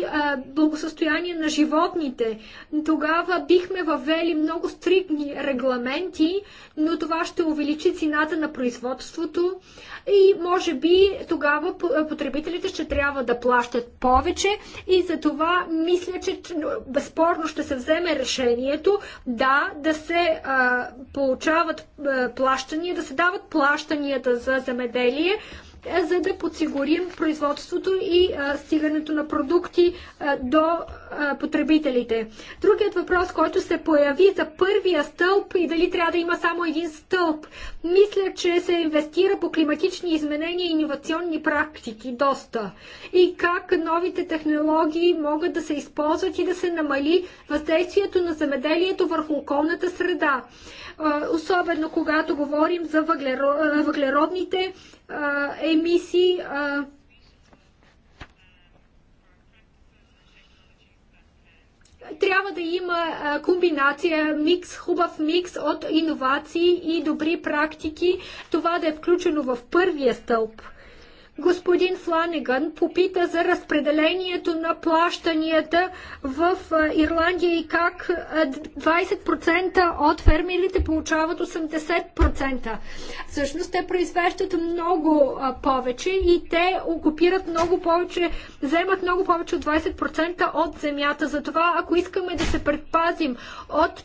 благосъстояние на животните. Тогава бихме въвели много стриктни регламенти, но това ще увеличи цената на производството, и може би тогава потребителите ще трябва да плащат повече и за това мисля, че безспорно ще се вземе решението да, да се а, получават а, плащания, да се дават плащанията за замеделие, е, за да подсигурим производството и а, стигането на продукти а, до потребителите. Другият въпрос, който се появи за първия стълб и дали трябва да има само един стълб. Мисля, че се инвестира по климатични изменения и иновационни практики доста. И как новите технологии могат да се използват и да се намали въздействието на земеделието върху околната среда. Особено когато говорим за въглеродните емисии, трябва да има комбинация, микс, хубав микс от иновации и добри практики, това да е включено в първия стълб – Господин Фланеган попита за разпределението на плащанията в Ирландия и как 20% от фермерите получават 80%. Всъщност те произвеждат много повече и те окупират много повече, вземат много повече от 20% от земята. Затова, ако искаме да се предпазим от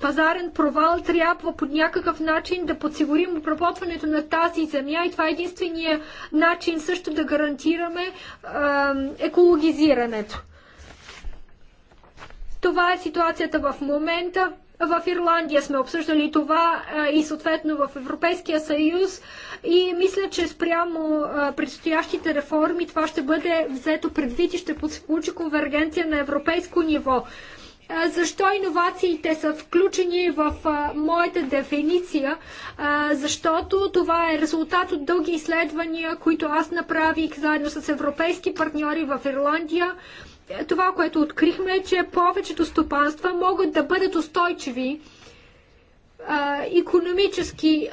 пазарен провал, трябва по някакъв начин да подсигурим обработването на тази земя и това е единствения начин начин също да гарантираме а, екологизирането. Това е ситуацията в момента. В Ирландия сме обсъждали това а, и съответно в Европейския съюз и мисля, че спрямо а, предстоящите реформи това ще бъде взето предвид и ще получи конвергенция на европейско ниво. А, защо иновациите са включени в моята дефиниция, защото това е резултат от дълги изследвания, които аз направих заедно с европейски партньори в Ирландия. Това, което открихме е, че повечето стопанства могат да бъдат устойчиви економически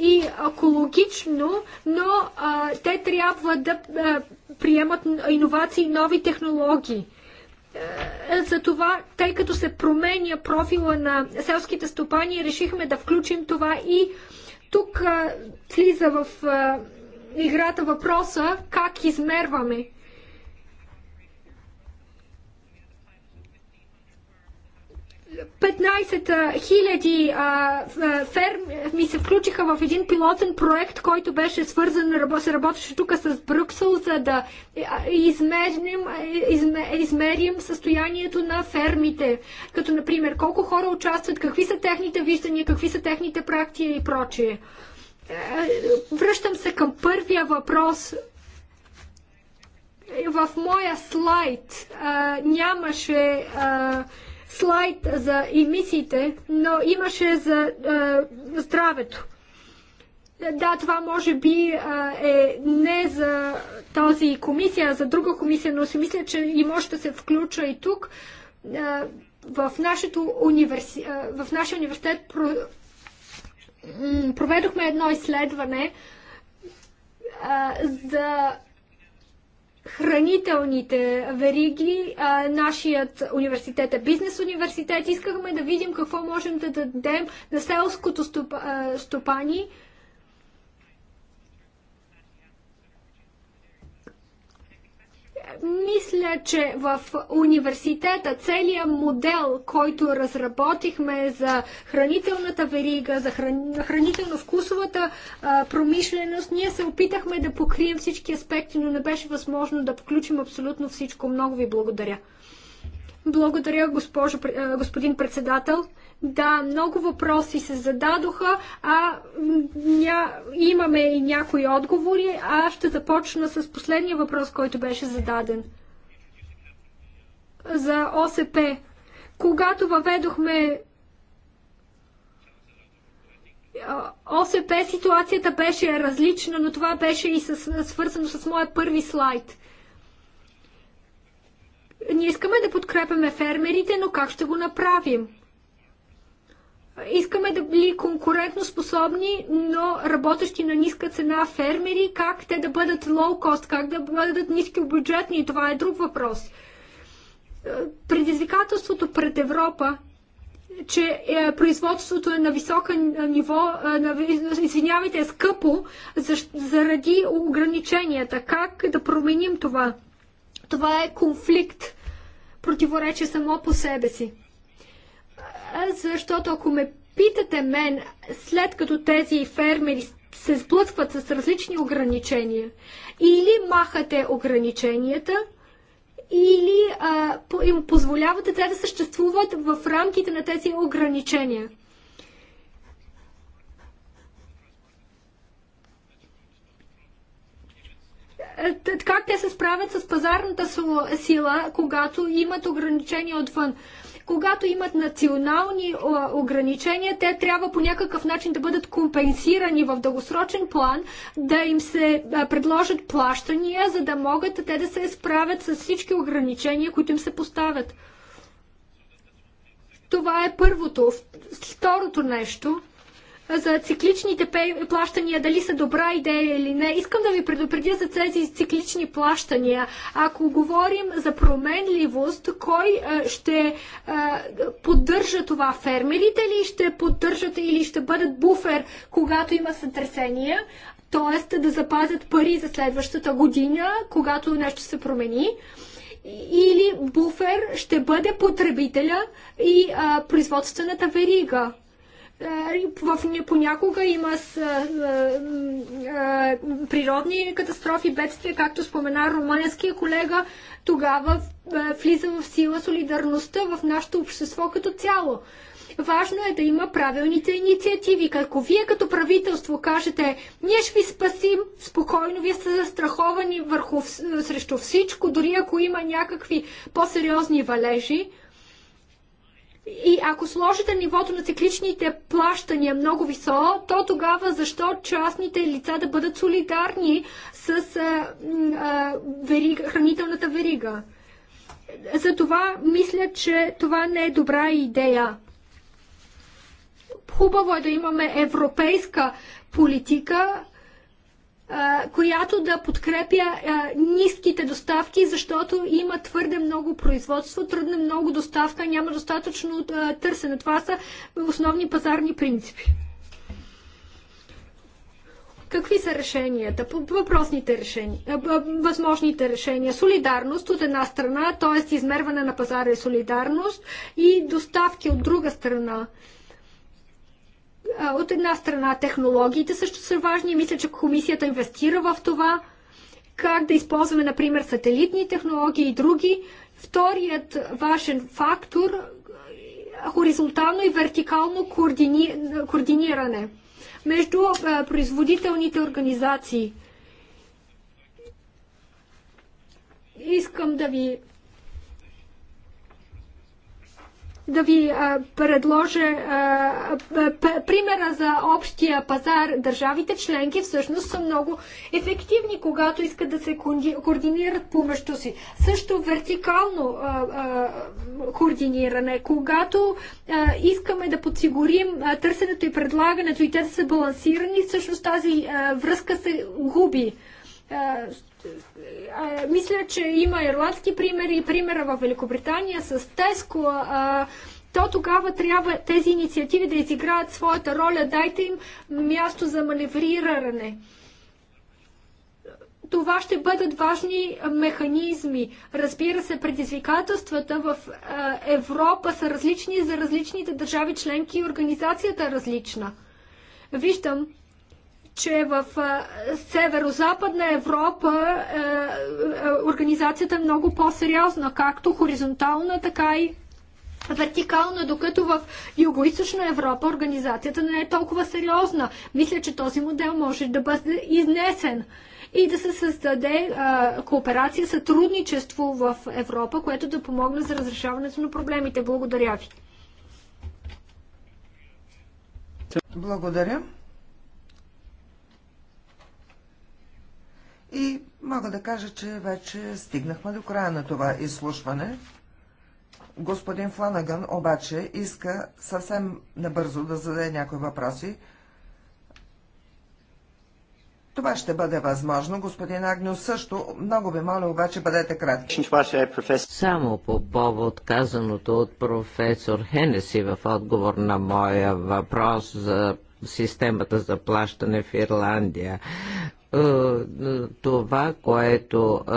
и екологично, но те трябва да приемат иновации и нови технологии. Е, за това, тъй като се променя профила на селските стопани, решихме да включим това и тук влиза в играта въпроса как измерваме 15 хиляди ферми се включиха в един пилотен проект, който беше свързан, се работеше тук с Брюксел, за да измерим, измерим състоянието на фермите. Като, например, колко хора участват, какви са техните виждания, какви са техните практики и прочие. Е, връщам се към първия въпрос е, в моя слайд а, нямаше а, слайд за емисиите, но имаше за а, здравето. Да, това може би е не за този комисия, а за друга комисия, но си мисля, че и може да се включа и тук. В, нашето универси... в нашия университет про... проведохме едно изследване за хранителните вериги. А, нашият университет е бизнес университет. Искахме да видим какво можем да дадем на селското стопани. Мисля, че в университета целият модел, който разработихме за хранителната верига, за хран... хранително-вкусовата промишленост, ние се опитахме да покрием всички аспекти, но не беше възможно да включим абсолютно всичко. Много ви благодаря. Благодаря, госпожо, господин председател. Да, много въпроси се зададоха, а ня... имаме и някои отговори, а ще започна с последния въпрос, който беше зададен. За ОСП. Когато въведохме ОСП ситуацията беше различна, но това беше и с, свързано с моя първи слайд. Ние искаме да подкрепяме фермерите, но как ще го направим? искаме да били конкурентно способни, но работещи на ниска цена фермери, как те да бъдат лоу-кост, как да бъдат ниски бюджетни, това е друг въпрос. Е, предизвикателството пред Европа че е, производството е на висока ниво, е, на, извинявайте, е скъпо за, заради ограниченията. Как да променим това? Това е конфликт, противоречие само по себе си защото ако ме питате мен, след като тези фермери се сблъскват с различни ограничения, или махате ограниченията, или а, им позволявате те да съществуват в рамките на тези ограничения. Е, как те се справят с пазарната сила, когато имат ограничения отвън? когато имат национални ограничения, те трябва по някакъв начин да бъдат компенсирани в дългосрочен план, да им се предложат плащания, за да могат те да се справят с всички ограничения, които им се поставят. Това е първото. Второто нещо за цикличните плащания, дали са добра идея или не. Искам да ви предупредя за тези циклични плащания. Ако говорим за променливост, кой е, ще е, поддържа това? Фермерите ли ще поддържат или ще бъдат буфер, когато има сътресения? т.е. да запазят пари за следващата година, когато нещо се промени. Или буфер ще бъде потребителя и а, е, производствената верига. Е, в, понякога има с, а, е, а, е, природни катастрофи, бедствия, както спомена румънския колега, тогава влиза в сила солидарността в нашето общество като цяло. Важно е да има правилните инициативи. Ако вие като правителство кажете, ние ще ви спасим, спокойно, вие сте застраховани върху, срещу всичко, дори ако има някакви по-сериозни валежи, и ако сложите нивото на цикличните плащания много високо, то тогава защо частните лица да бъдат солидарни с а, а, верига, хранителната верига? Затова мисля, че това не е добра идея. Хубаво е да имаме европейска политика, която да подкрепя ниските доставки, защото има твърде много производство, трудно много доставка, няма достатъчно търсене. Това са основни пазарни принципи. Какви са решенията? Въпросните решения, възможните решения. Солидарност от една страна, т.е. измерване на пазара и е солидарност и доставки от друга страна. От една страна технологиите също са важни. Мисля, че комисията инвестира в това. Как да използваме, например, сателитни технологии и други. Вторият важен фактор хоризонтално и вертикално координи... координиране между производителните организации. Искам да ви да ви предложа примера за общия пазар. Държавите членки всъщност са много ефективни, когато искат да се координират помежду си. Също вертикално координиране, когато искаме да подсигурим търсенето и предлагането и те да са балансирани, всъщност тази връзка се губи мисля, че има ирландски примери и примера в Великобритания с Теско. то тогава трябва тези инициативи да изиграят своята роля. Дайте им място за маневриране. Това ще бъдат важни механизми. Разбира се, предизвикателствата в Европа са различни за различните държави членки и организацията е различна. Виждам, че в Северо-Западна Европа организацията е много по-сериозна, както хоризонтална, така и вертикална, докато в Юго-Источна Европа организацията не е толкова сериозна. Мисля, че този модел може да бъде изнесен и да се създаде кооперация, сътрудничество в Европа, което да помогне за разрешаването на проблемите. Благодаря ви. Благодаря. И мога да кажа, че вече стигнахме до края на това изслушване. Господин Фланаган обаче иска съвсем набързо да зададе някои въпроси. Това ще бъде възможно. Господин Агнио също. Много ви моля, обаче бъдете кратки. Само по повод казаното от професор Хенеси в отговор на моя въпрос за системата за плащане в Ирландия. Е, това, което е,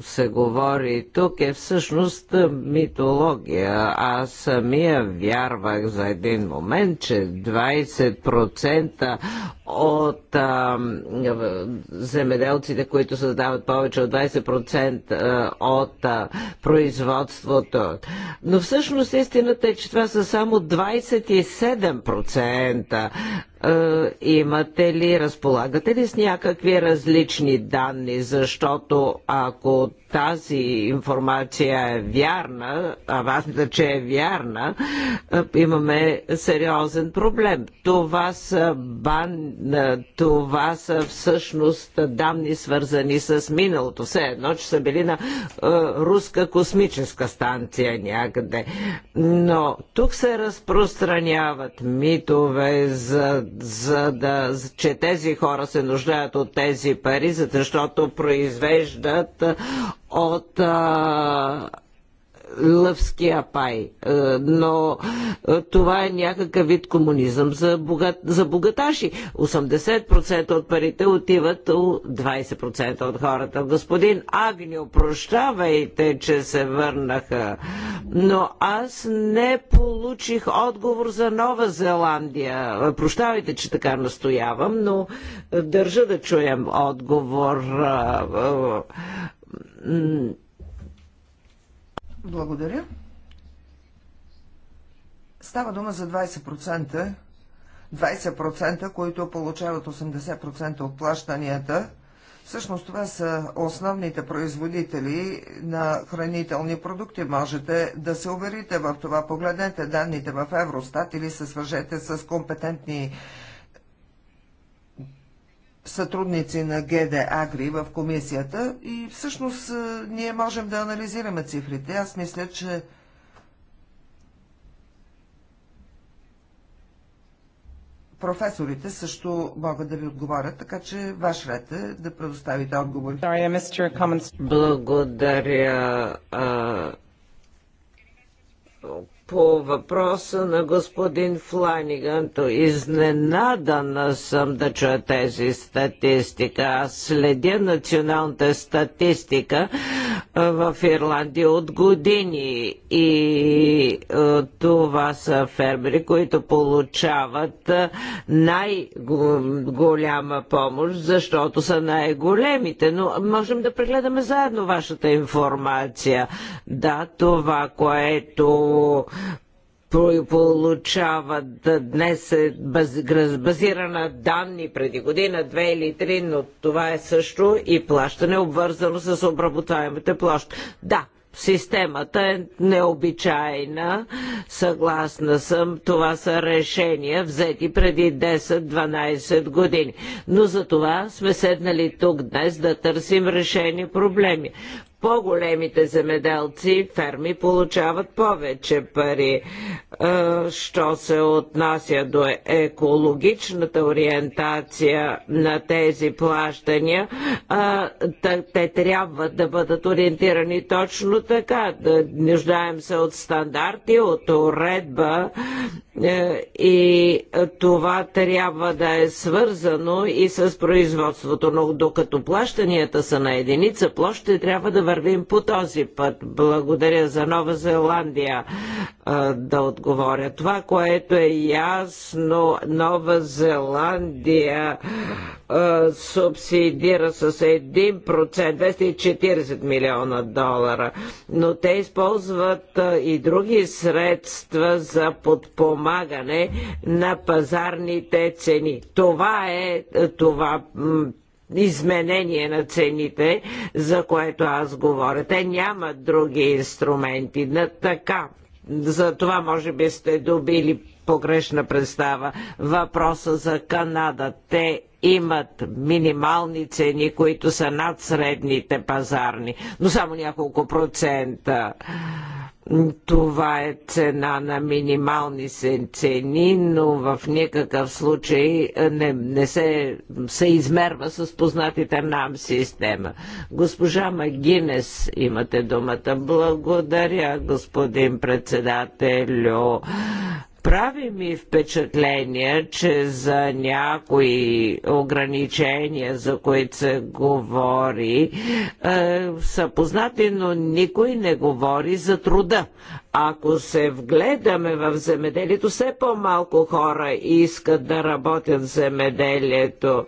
се говори тук е всъщност митология. Аз самия вярвах за един момент, че 20% от а, е, земеделците, които създават повече от 20% от а, производството. Но всъщност истината е, че това са само 27%. Е, имате ли, разполагате ли с някакви различни данни, защото ако тази информация е вярна, а важната, че е вярна, имаме сериозен проблем. Това са, бан, това са всъщност данни свързани с миналото. Все едно, че са били на руска космическа станция някъде. Но тук се разпространяват митове, за, за да, че тези хора се нуждаят от тези пари, защото произвеждат от а, лъвския пай. Е, но е, това е някакъв вид комунизъм за, богат, за богаташи. 80% от парите отиват у 20% от хората. Господин Агнио, прощавайте, че се върнаха, но аз не получих отговор за Нова Зеландия. Прощавайте, че така настоявам, но е, държа да чуем отговор. Благодаря. Става дума за 20%, 20%, които получават 80% от плащанията. Всъщност това са основните производители на хранителни продукти. Можете да се уверите в това. Погледнете данните в Евростат или се свържете с компетентни сътрудници на ГД Агри в комисията и всъщност ние можем да анализираме цифрите. Аз мисля, че професорите също могат да ви отговорят, така че ваш ред е да предоставите отговори. Благодаря. По въпроса на господин Фланиганто, изненадана съм да чуя тези статистика. Аз следя националната статистика в Ирландия от години и е, това са фермери, които получават е, най-голяма помощ, защото са най-големите. Но можем да прегледаме заедно вашата информация. Да, това, което той получава днес е базира на данни преди година, две или три, но това е също и плащане обвързано с обработаемите площ. Да, Системата е необичайна. Съгласна съм, това са решения взети преди 10-12 години. Но за това сме седнали тук днес да търсим решени проблеми. По-големите земеделци, ферми получават повече пари. Е, що се отнася до екологичната ориентация на тези плащания, е, те трябва да бъдат ориентирани точно така. Нуждаем се от стандарти, от уредба е, и това трябва да е свързано и с производството. Но докато плащанията са на единица площите ще трябва да вървим по този път. Благодаря за Нова Зеландия да отговоря. Това, което е ясно, Нова Зеландия субсидира с 1%, 240 милиона долара, но те използват и други средства за подпомагане на пазарните цени. Това е това изменение на цените, за което аз говоря. Те нямат други инструменти. На така. За това може би сте добили погрешна представа. Въпроса за Канада. Те имат минимални цени, които са над средните пазарни, но само няколко процента. Това е цена на минимални цени, но в никакъв случай не, не се, се измерва с познатите нам система. Госпожа Магинес, имате думата. Благодаря, господин председателю. Прави ми впечатление, че за някои ограничения, за които се говори, е, са познати, но никой не говори за труда. Ако се вгледаме в земеделието, все по-малко хора искат да работят в земеделието.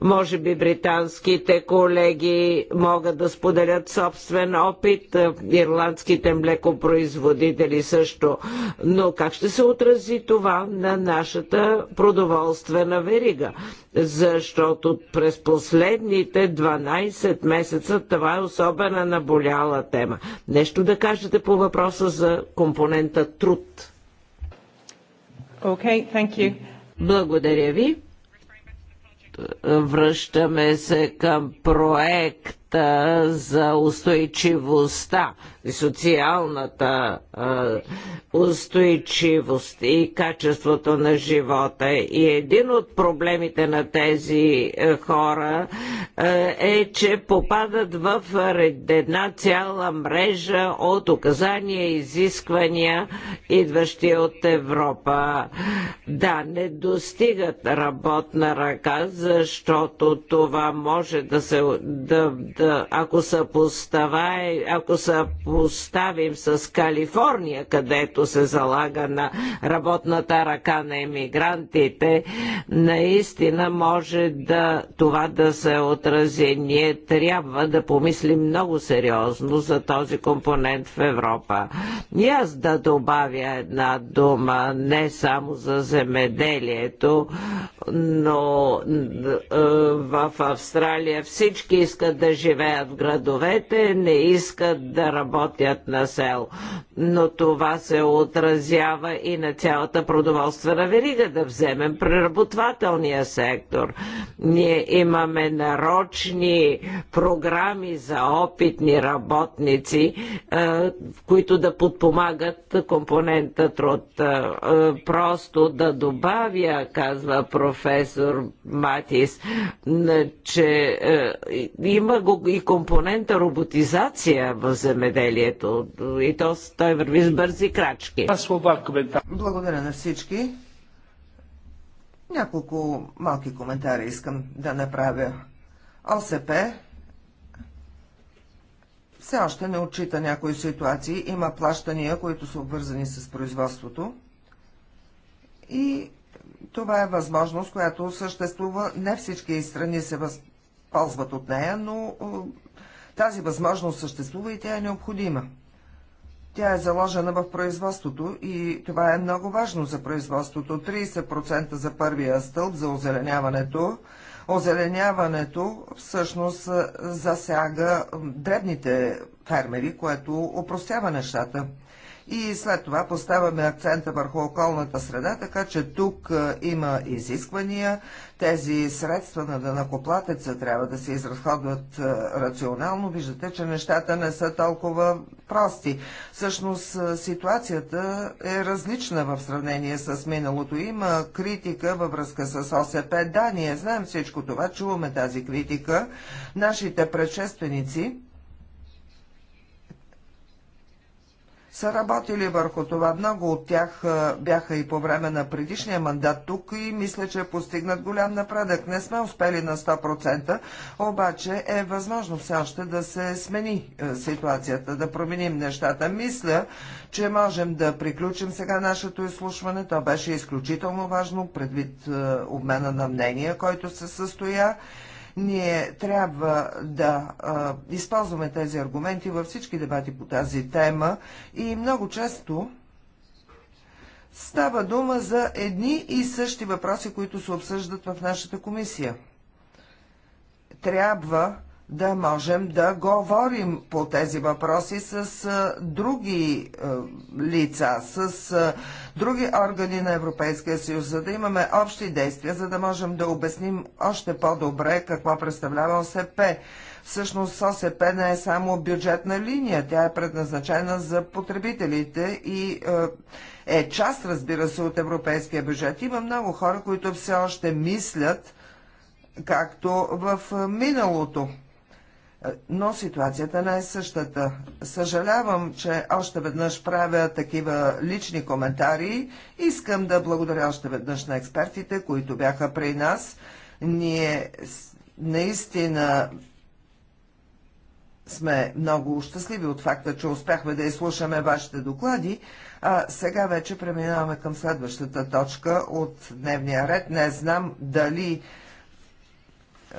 Може би британските колеги могат да споделят собствен опит, ирландските млекопроизводители също. Но как ще се отрази това на нашата продоволствена верига? защото през последните 12 месеца това е особена наболяла тема. Нещо да кажете по въпроса за компонента труд. Okay, thank you. Благодаря ви. Връщаме се към проект пакта за устойчивостта, и социалната устойчивост и качеството на живота. И един от проблемите на тези е, хора е, е, че попадат в една цяла мрежа от указания и изисквания, идващи от Европа. Да, не достигат работна ръка, защото това може да, се, да, ако са, ако поставим с Калифорния, където се залага на работната ръка на емигрантите, наистина може да това да се отрази. Ние трябва да помислим много сериозно за този компонент в Европа. И аз да добавя една дума не само за земеделието, но е, в Австралия всички искат да живеят живеят в градовете, не искат да работят на село. Но това се отразява и на цялата продоволствена верига, да вземем преработвателния сектор. Ние имаме нарочни програми за опитни работници, е, които да подпомагат компонента труд. Е, е, просто да добавя, казва професор Матис, че има го и компонента роботизация в земеделието. И то той върви с бързи крачки. Благодаря на всички. Няколко малки коментари искам да направя. ОСП все още не отчита някои ситуации. Има плащания, които са обвързани с производството. И това е възможност, която съществува. Не всички страни се въз ползват от нея, но тази възможност съществува и тя е необходима. Тя е заложена в производството и това е много важно за производството. 30% за първия стълб за озеленяването. Озеленяването всъщност засяга дребните фермери, което опростява нещата и след това поставяме акцента върху околната среда, така че тук е, има изисквания. Тези средства на дънакоплатеца трябва да се изразходват е, рационално. Виждате, че нещата не са толкова прости. Всъщност е, ситуацията е различна в сравнение с миналото. Има критика във връзка с ОСП. Да, ние знаем всичко това, чуваме тази критика. Нашите предшественици са работили върху това. Много от тях бяха и по време на предишния мандат тук и мисля, че е постигнат голям напредък. Не сме успели на 100%, обаче е възможно все още да се смени ситуацията, да променим нещата. Мисля, че можем да приключим сега нашето изслушване. То беше изключително важно предвид обмена на мнения, който се състоя. Ние трябва да а, използваме тези аргументи във всички дебати по тази тема и много често става дума за едни и същи въпроси, които се обсъждат в нашата комисия. Трябва да можем да говорим по тези въпроси с други лица, с други органи на Европейския съюз, за да имаме общи действия, за да можем да обясним още по-добре какво представлява ОСП. Всъщност ОСП не е само бюджетна линия, тя е предназначена за потребителите и е част, разбира се, от европейския бюджет. Има много хора, които все още мислят, както в миналото но ситуацията не е същата. Съжалявам, че още веднъж правя такива лични коментари. Искам да благодаря още веднъж на експертите, които бяха при нас. Ние наистина сме много щастливи от факта, че успяхме да изслушаме вашите доклади. А сега вече преминаваме към следващата точка от дневния ред. Не знам дали е,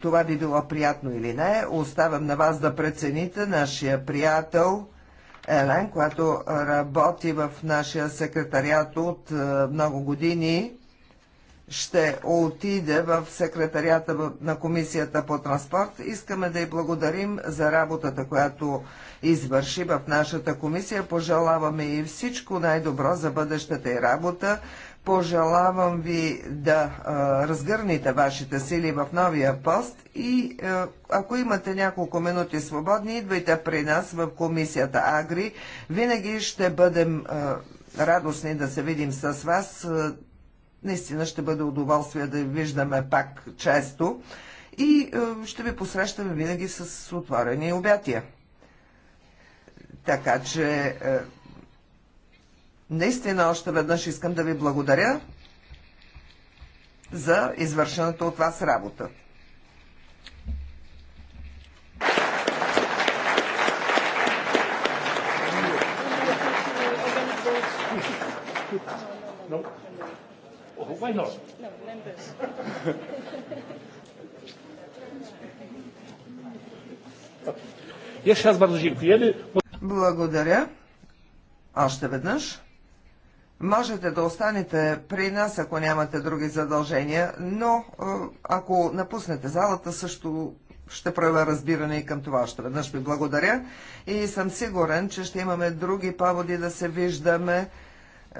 това би било приятно или не. Оставам на вас да прецените нашия приятел Елен, която работи в нашия секретариат от е, много години. Ще отиде в секретарията на Комисията по транспорт. Искаме да й благодарим за работата, която извърши в нашата комисия. Пожелаваме и всичко най-добро за бъдещата й работа Пожелавам ви да а, разгърнете вашите сили в новия пост и а, ако имате няколко минути свободни, идвайте при нас в комисията Агри. Винаги ще бъдем а, радостни да се видим с вас. А, наистина ще бъде удоволствие да ви виждаме пак често и а, ще ви посрещаме винаги с отворени обятия. Така че. А, Наистина още веднъж искам да ви благодаря за извършената от вас работа. Jeszcze raz bardzo dziękujemy. Благодаря. Още веднъж. Можете да останете при нас, ако нямате други задължения, но е, ако напуснете залата, също ще проявя разбиране и към това. Още веднъж ви благодаря и съм сигурен, че ще имаме други поводи да се виждаме е,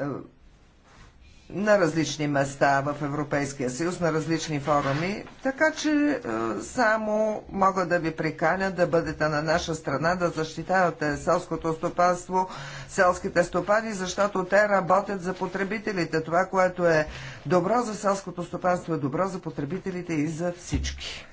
на различни места в Европейския съюз, на различни форуми, така че е, само мога да ви приканя да бъдете на наша страна, да защитавате селското стопанство, селските стопани, защото те работят за потребителите. Това, което е добро за селското стопанство, е добро за потребителите и за всички.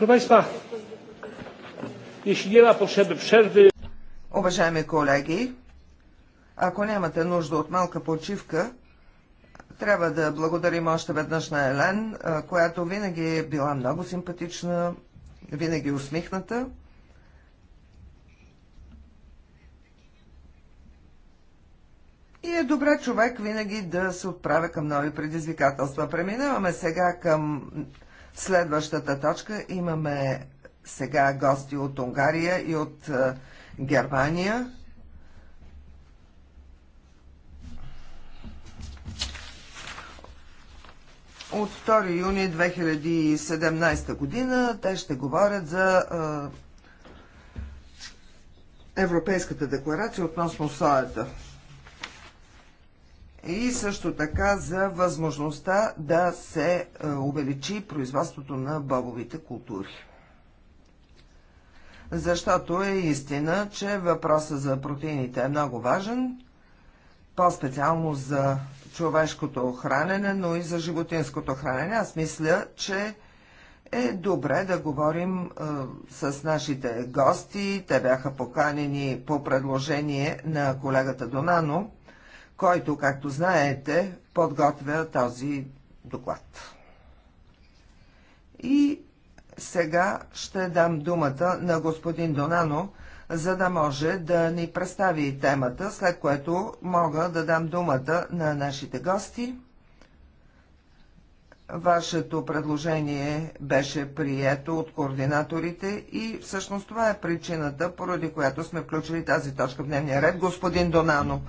Proszę Państwa, jeśli nie ma potrzeby przerwy... Уважаеми колеги, ако нямате нужда от малка почивка, трябва да благодарим още веднъж на Елен, която винаги е била много симпатична, винаги е усмихната. И е добре човек винаги да се отправя към нови предизвикателства. Преминаваме сега към Следващата точка имаме сега гости от Унгария и от е, Германия. От 2 юни 2017 година те ще говорят за е, Европейската декларация относно соята и също така за възможността да се е, увеличи производството на бобовите култури. Защото е истина, че въпросът за протеините е много важен, по-специално за човешкото хранене, но и за животинското хранене. Аз мисля, че е добре да говорим е, с нашите гости. Те бяха поканени по предложение на колегата Донано който, както знаете, подготвя този доклад. И сега ще дам думата на господин Донано, за да може да ни представи темата, след което мога да дам думата на нашите гости. Вашето предложение беше прието от координаторите и всъщност това е причината, поради която сме включили тази точка в дневния ред. Господин Донано,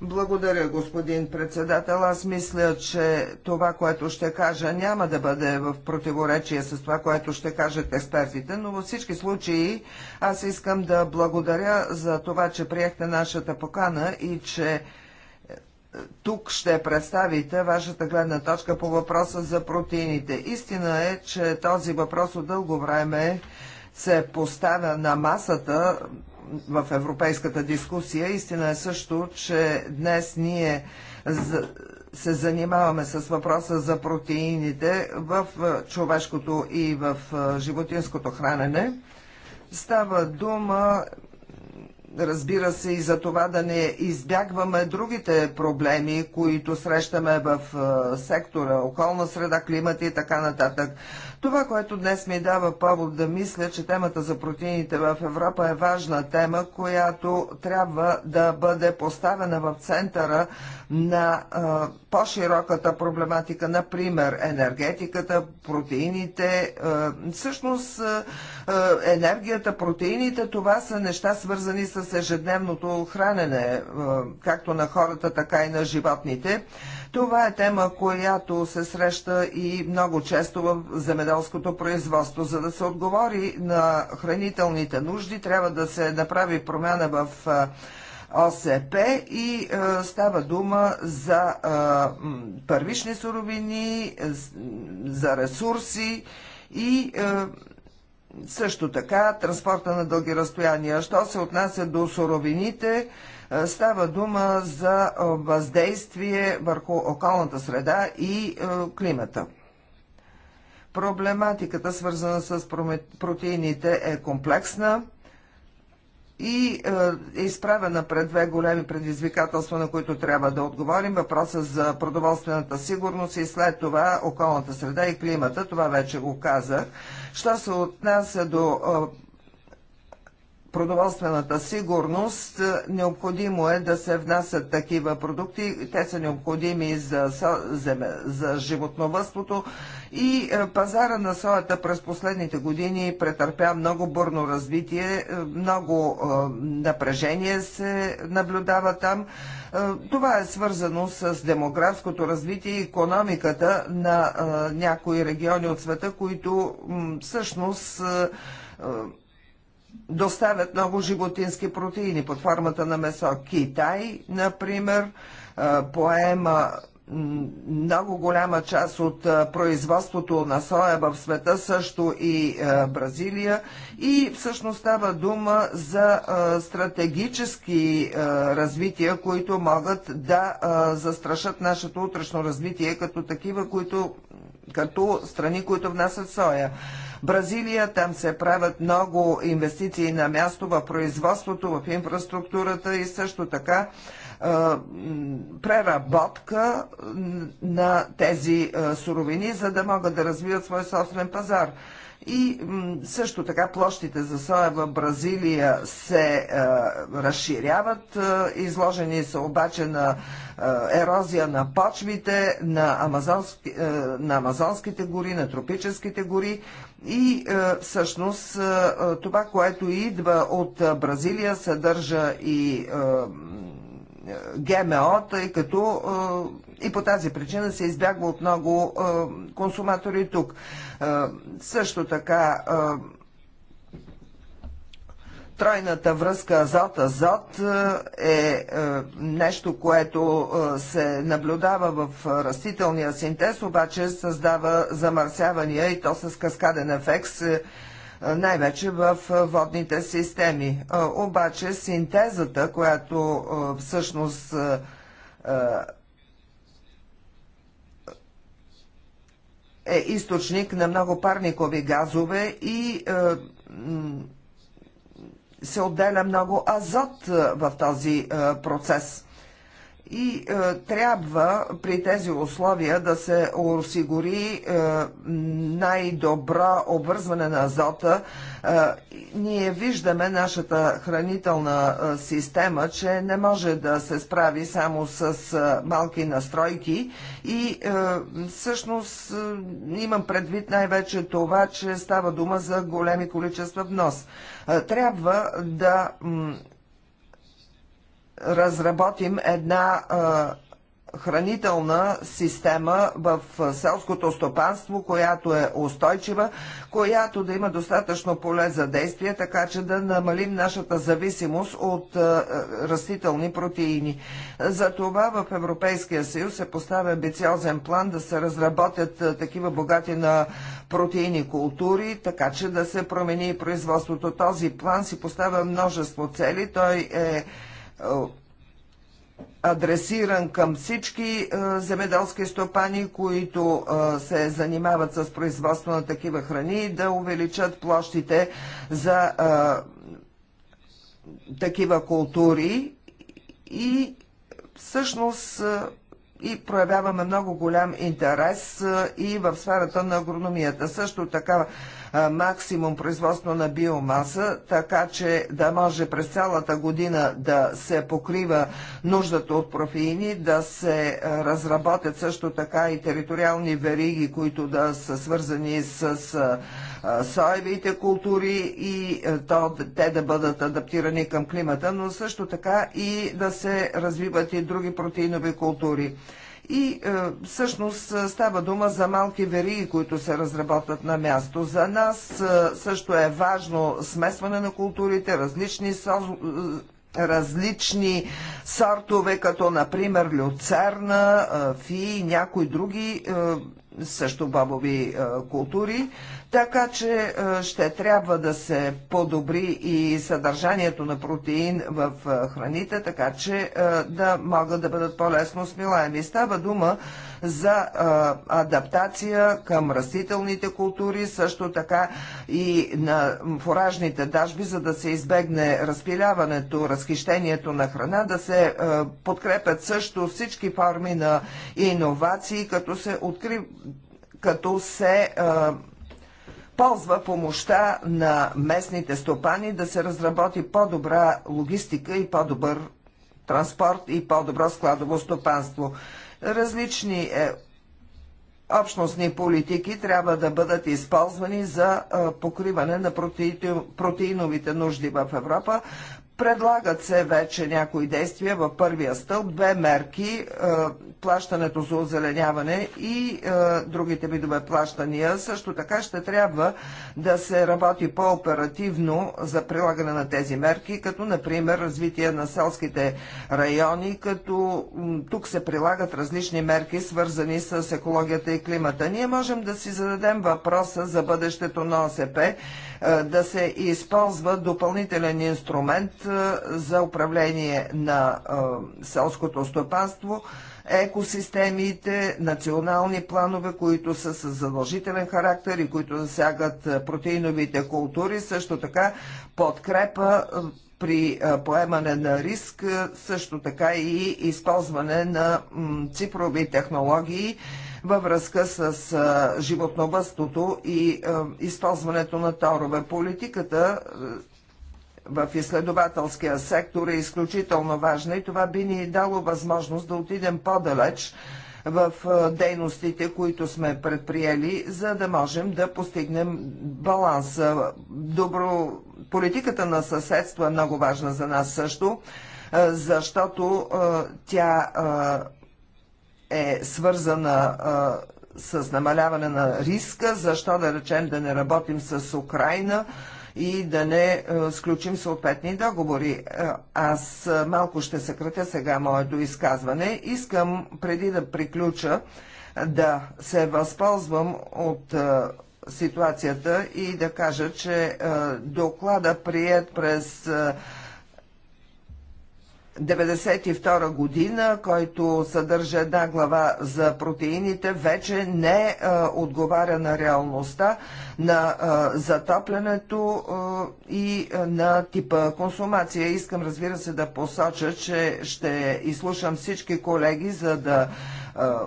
благодаря, господин председател. Аз мисля, че това, което ще кажа, няма да бъде в противоречие с това, което ще кажат експертите, но във всички случаи аз искам да благодаря за това, че приехте нашата покана и че тук ще представите вашата гледна точка по въпроса за протеините. Истина е, че този въпрос от дълго време се поставя на масата в европейската дискусия. Истина е също, че днес ние се занимаваме с въпроса за протеините в човешкото и в животинското хранене. Става дума разбира се, и за това да не избягваме другите проблеми, които срещаме в е, сектора околна среда, климата и така нататък. Това, което днес ми дава повод да мисля, че темата за протеините в Европа е важна тема, която трябва да бъде поставена в центъра на по-широката проблематика, например енергетиката, протеините. А, всъщност а, енергията, протеините, това са неща свързани с ежедневното хранене, а, както на хората, така и на животните. Това е тема, която се среща и много често в земеделското производство. За да се отговори на хранителните нужди, трябва да се направи промяна в ОСП и е, става дума за е, първични суровини, за ресурси и е, също така транспорта на дълги разстояния. Що се отнася до суровините, е, става дума за е, въздействие върху околната среда и е, климата. Проблематиката, свързана с протеините, е комплексна и е, е изправена пред две големи предизвикателства, на които трябва да отговорим. Въпроса за продоволствената сигурност и след това околната среда и климата. Това вече го казах. Що се отнася до е, продоволствената сигурност, необходимо е да се внасят такива продукти. Те са необходими за, земе, за животновътството и е, пазара на соята през последните години претърпя много бурно развитие, е, много е, напрежение се наблюдава там. Това е свързано с демографското развитие и економиката на някои региони от света, които всъщност доставят много животински протеини под формата на месо. Китай, например, поема много голяма част от производството на соя в света, също и Бразилия. И всъщност става дума за стратегически развития, които могат да застрашат нашето утрешно развитие като такива, които като страни, които внасят соя. Бразилия. Там се правят много инвестиции на място в производството, в инфраструктурата и също така преработка на тези суровини, за да могат да развиват свой собствен пазар. И също така площите за соя в Бразилия се е, разширяват, е, изложени са обаче на е, ерозия на почвите, на, амазонски, е, на амазонските гори, на тропическите гори. И е, всъщност е, е това, което идва от е, Бразилия, съдържа и е, ГМО, тъй като е, и по тази причина се избягва от много е, консуматори тук. Е, също така тройната връзка азот-азот е нещо, което се наблюдава в растителния синтез, обаче създава замърсявания и то с каскаден ефект най-вече в водните системи. Обаче синтезата, която всъщност е източник на много парникови газове и се отделя много азот в този процес и е, трябва при тези условия да се осигури е, най добра обвързване на азота. Е, ние виждаме нашата хранителна е, система, че не може да се справи само с е, малки настройки и е, всъщност е, имам предвид най-вече това, че става дума за големи количества внос. Е, трябва да разработим една хранителна система в селското стопанство, която е устойчива, която да има достатъчно поле за действие, така че да намалим нашата зависимост от растителни протеини. Затова в Европейския съюз се поставя амбициозен план да се разработят такива богати на протеини култури, така че да се промени производството. Този план си поставя множество цели. Той е е, адресиран към всички е, земеделски стопани, които е, се занимават с производство на такива храни, да увеличат площите за такива култури и всъщност и проявяваме много голям интерес и в сферата на агрономията. Също така максимум производство на биомаса, така че да може през цялата година да се покрива нуждата от профеини, да се разработят също така и териториални вериги, които да са свързани с соевите култури и то, те да бъдат адаптирани към климата, но също така и да се развиват и други протеинови култури. И е, всъщност е, става дума за малки вериги, които се разработват на място. За нас е, също е важно смесване на културите, различни со е, различни сортове, като например люцерна, е, фи и някои други също бабови култури. Така че е, ще трябва да се подобри и съдържанието на протеин в е, храните, така че е, да могат да бъдат по-лесно смилаеми. Става дума за адаптация към растителните култури, също така и на фуражните дажби, за да се избегне разпиляването, разхищението на храна, да се подкрепят също всички форми на иновации, като се откри като се а, ползва помощта на местните стопани да се разработи по-добра логистика и по-добър транспорт и по-добро складово стопанство. Различни е, общностни политики трябва да бъдат използвани за е, покриване на протеиновите нужди в Европа, Предлагат се вече някои действия в първия стълб, две мерки, е, плащането за озеленяване и е, другите видове плащания. Също така ще трябва да се работи по-оперативно за прилагане на тези мерки, като например развитие на селските райони, като тук се прилагат различни мерки, свързани с екологията и климата. Ние можем да си зададем въпроса за бъдещето на ОСП е, да се използва допълнителен инструмент е, за управление на е, селското стопанство, екосистемите, национални планове, които са с задължителен характер и които засягат протеиновите култури, също така подкрепа при поемане на риск, също така и използване на цифрови технологии във връзка с а, животновътството и а, използването на торове. Политиката в изследователския сектор е изключително важна и това би ни дало възможност да отидем по-далеч в дейностите, които сме предприели, за да можем да постигнем баланс. Добро... Политиката на съседство е много важна за нас също, защото тя е свързана с намаляване на риска, защо да речем да не работим с Украина и да не сключим съответни договори. Аз малко ще съкратя сега моето изказване. Искам, преди да приключа, да се възползвам от ситуацията и да кажа, че доклада прият през 1992 година, който съдържа една глава за протеините, вече не а, е, отговаря на реалността на а, е, затоплянето а, е, и на типа консумация. Искам, разбира се, да посоча, че ще изслушам всички колеги, за да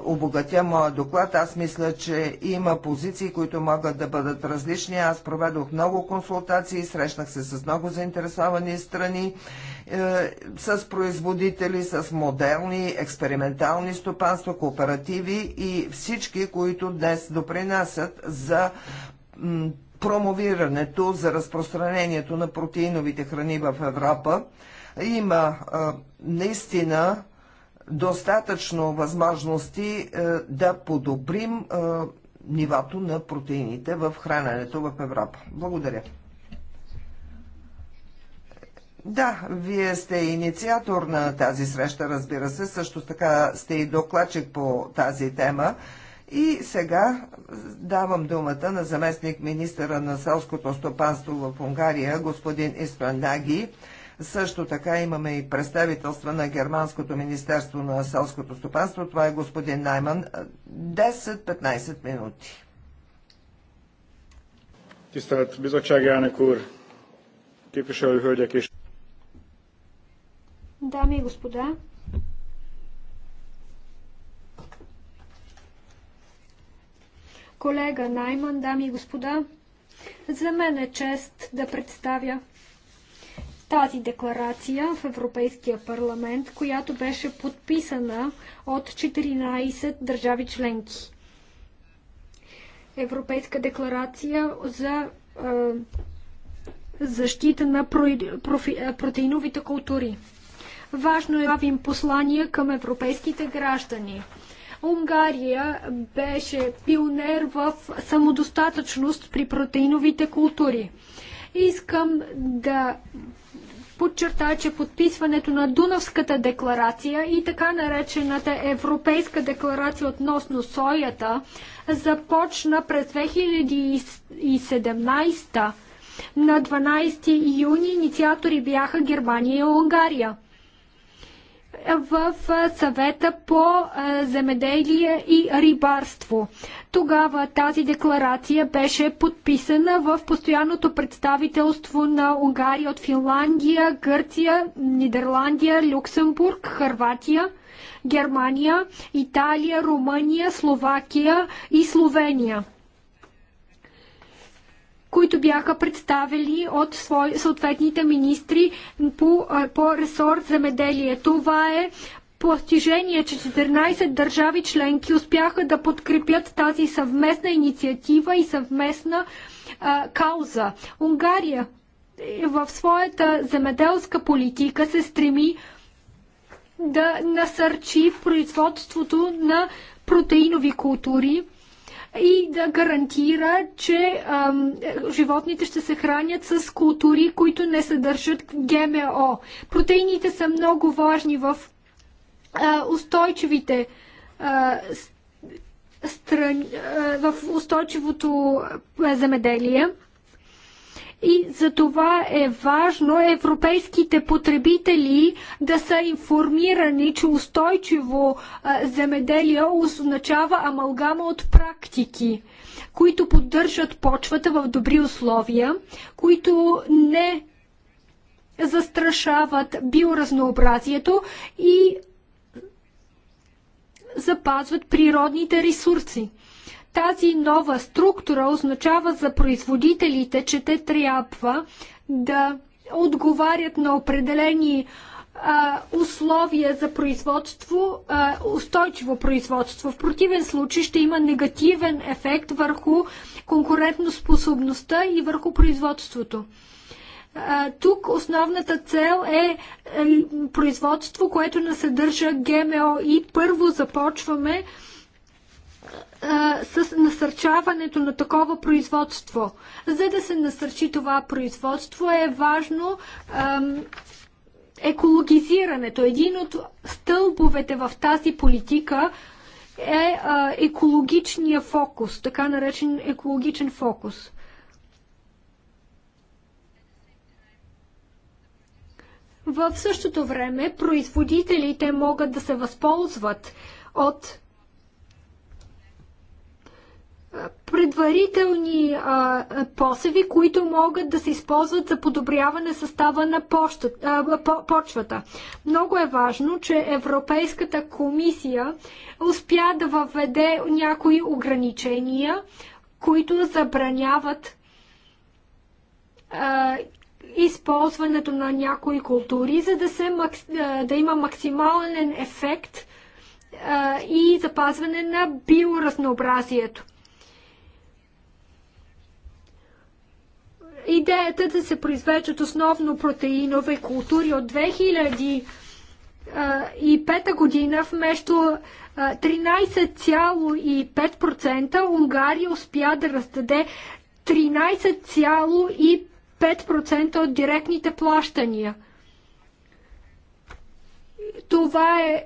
обогатя моя доклад. Аз мисля, че има позиции, които могат да бъдат различни. Аз проведох много консултации, срещнах се с много заинтересовани страни е, с производители, с моделни, експериментални стопанства, кооперативи и всички, които днес допринасят за промовирането, за разпространението на протеиновите храни в Европа. Има е, наистина достатъчно възможности е, да подобрим нивото на протеините в храненето в Европа. Благодаря. Да, вие сте инициатор на тази среща, разбира се, също така сте и докладчик по тази тема. И сега давам думата на заместник министъра на селското стопанство в Унгария, господин Испан Наги. Също така имаме и представителства на Германското министерство на селското стопанство. Това е господин Найман. 10-15 минути. Тистелет бизачаги Анекур, хърдя és Дами и господа, колега Найман, дами и господа, за мен е чест да представя тази декларация в Европейския парламент, която беше подписана от 14 държави членки. Европейска декларация за е, защита на про, профи, протеиновите култури. Важно е да правим послания към европейските граждани. Унгария беше пионер в самодостатъчност при протеиновите култури. Искам да подчерта, че подписването на Дунавската декларация и така наречената Европейска декларация относно соята започна през 2017 на 12 юни инициатори бяха Германия и Унгария в съвета по земеделие и рибарство. Тогава тази декларация беше подписана в постоянното представителство на Унгария от Финландия, Гърция, Нидерландия, Люксембург, Харватия, Германия, Италия, Румъния, Словакия и Словения които бяха представили от свой, съответните министри по, по ресор земеделие. Това е постижение, че 14 държави членки успяха да подкрепят тази съвместна инициатива и съвместна а, кауза. Унгария е, в своята земеделска политика се стреми да насърчи производството на протеинови култури и да гарантира, че ам, животните ще се хранят с култури, които не съдържат ГМО. Протеините са много важни в а, устойчивите а, стран, а, в устойчивото земеделие. И за това е важно европейските потребители да са информирани, че устойчиво земеделие означава амалгама от практики, които поддържат почвата в добри условия, които не застрашават биоразнообразието и запазват природните ресурси. Тази нова структура означава за производителите, че те трябва да отговарят на определени а, условия за производство, а, устойчиво производство. В противен случай ще има негативен ефект върху конкурентоспособността и върху производството. А, тук основната цел е, е производство, което не съдържа ГМО и първо започваме а, с насърчаването на такова производство. За да се насърчи това производство е важно екологизирането. Един от стълбовете в тази политика е а, екологичния фокус, така наречен екологичен фокус. В същото време производителите могат да се възползват от предварителни а, посеви, които могат да се използват за подобряване състава на почта, а, по, почвата. Много е важно, че Европейската комисия успя да въведе някои ограничения, които забраняват а, използването на някои култури, за да, се, да има максимален ефект а, и запазване на биоразнообразието. идеята да се произвеждат основно протеинови култури от 2005 година вместо 13,5% Унгария успя да раздаде 13,5% от директните плащания. Това е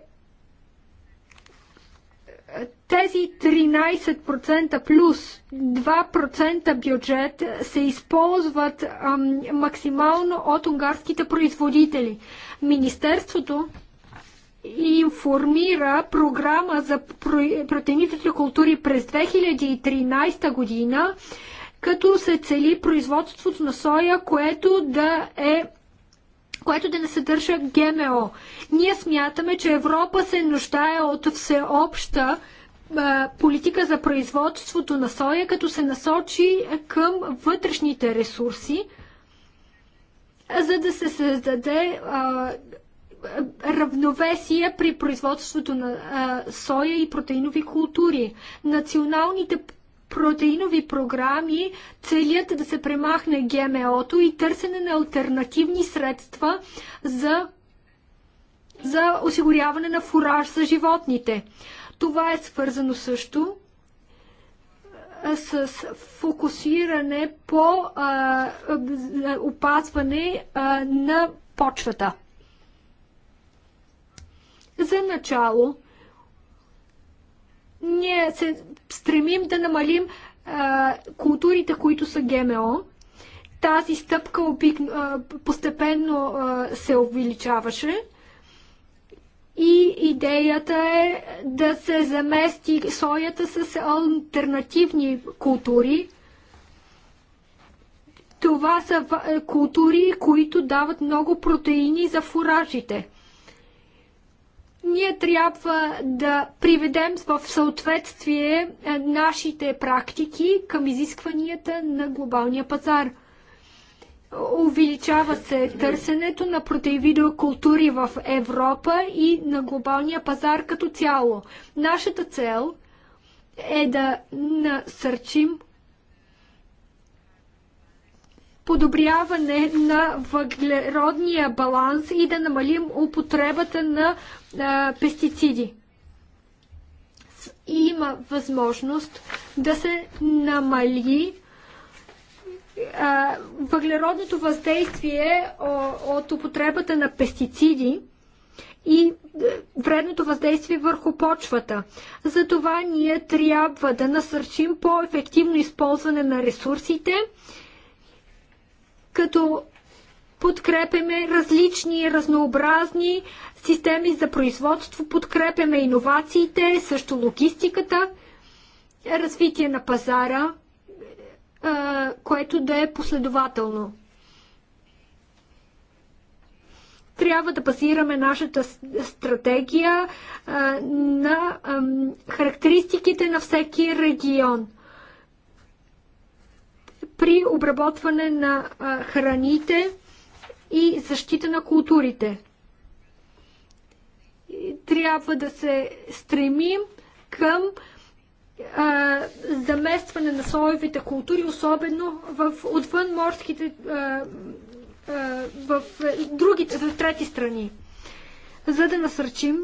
тези 13% плюс 2% бюджет се използват ам, максимално от унгарските производители. Министерството информира програма за протеинитите култури през 2013 година, като се цели производството на соя, което да е което да не съдържа ГМО. Ние смятаме, че Европа се нуждае от всеобща политика за производството на соя, като се насочи към вътрешните ресурси, за да се създаде равновесие при производството на соя и протеинови култури. Националните протеинови програми целят да се премахне ГМО-то и търсене на альтернативни средства за, за осигуряване на фураж за животните. Това е свързано също с фокусиране по а, опазване а, на почвата. За начало, ние се стремим да намалим а, културите, които са ГМО. Тази стъпка обик, а, постепенно а, се увеличаваше. И идеята е да се замести соята с альтернативни култури. Това са култури, които дават много протеини за фуражите ние трябва да приведем в съответствие е, нашите практики към изискванията на глобалния пазар. Увеличава се търсенето на култури в Европа и на глобалния пазар като цяло. Нашата цел е да насърчим подобряване на въглеродния баланс и да намалим употребата на а, пестициди. Има възможност да се намали а, въглеродното въздействие от употребата на пестициди и е, вредното въздействие върху почвата. Затова ние трябва да насърчим по-ефективно използване на ресурсите като подкрепяме различни разнообразни системи за производство, подкрепяме иновациите, също логистиката, развитие на пазара, е, което да е последователно. Трябва да базираме нашата стратегия е, на характеристиките на всеки регион – при обработване на храните и защита на културите. Трябва да се стремим към заместване на соевите култури, особено в отвънморските, в другите, в трети страни, за да насърчим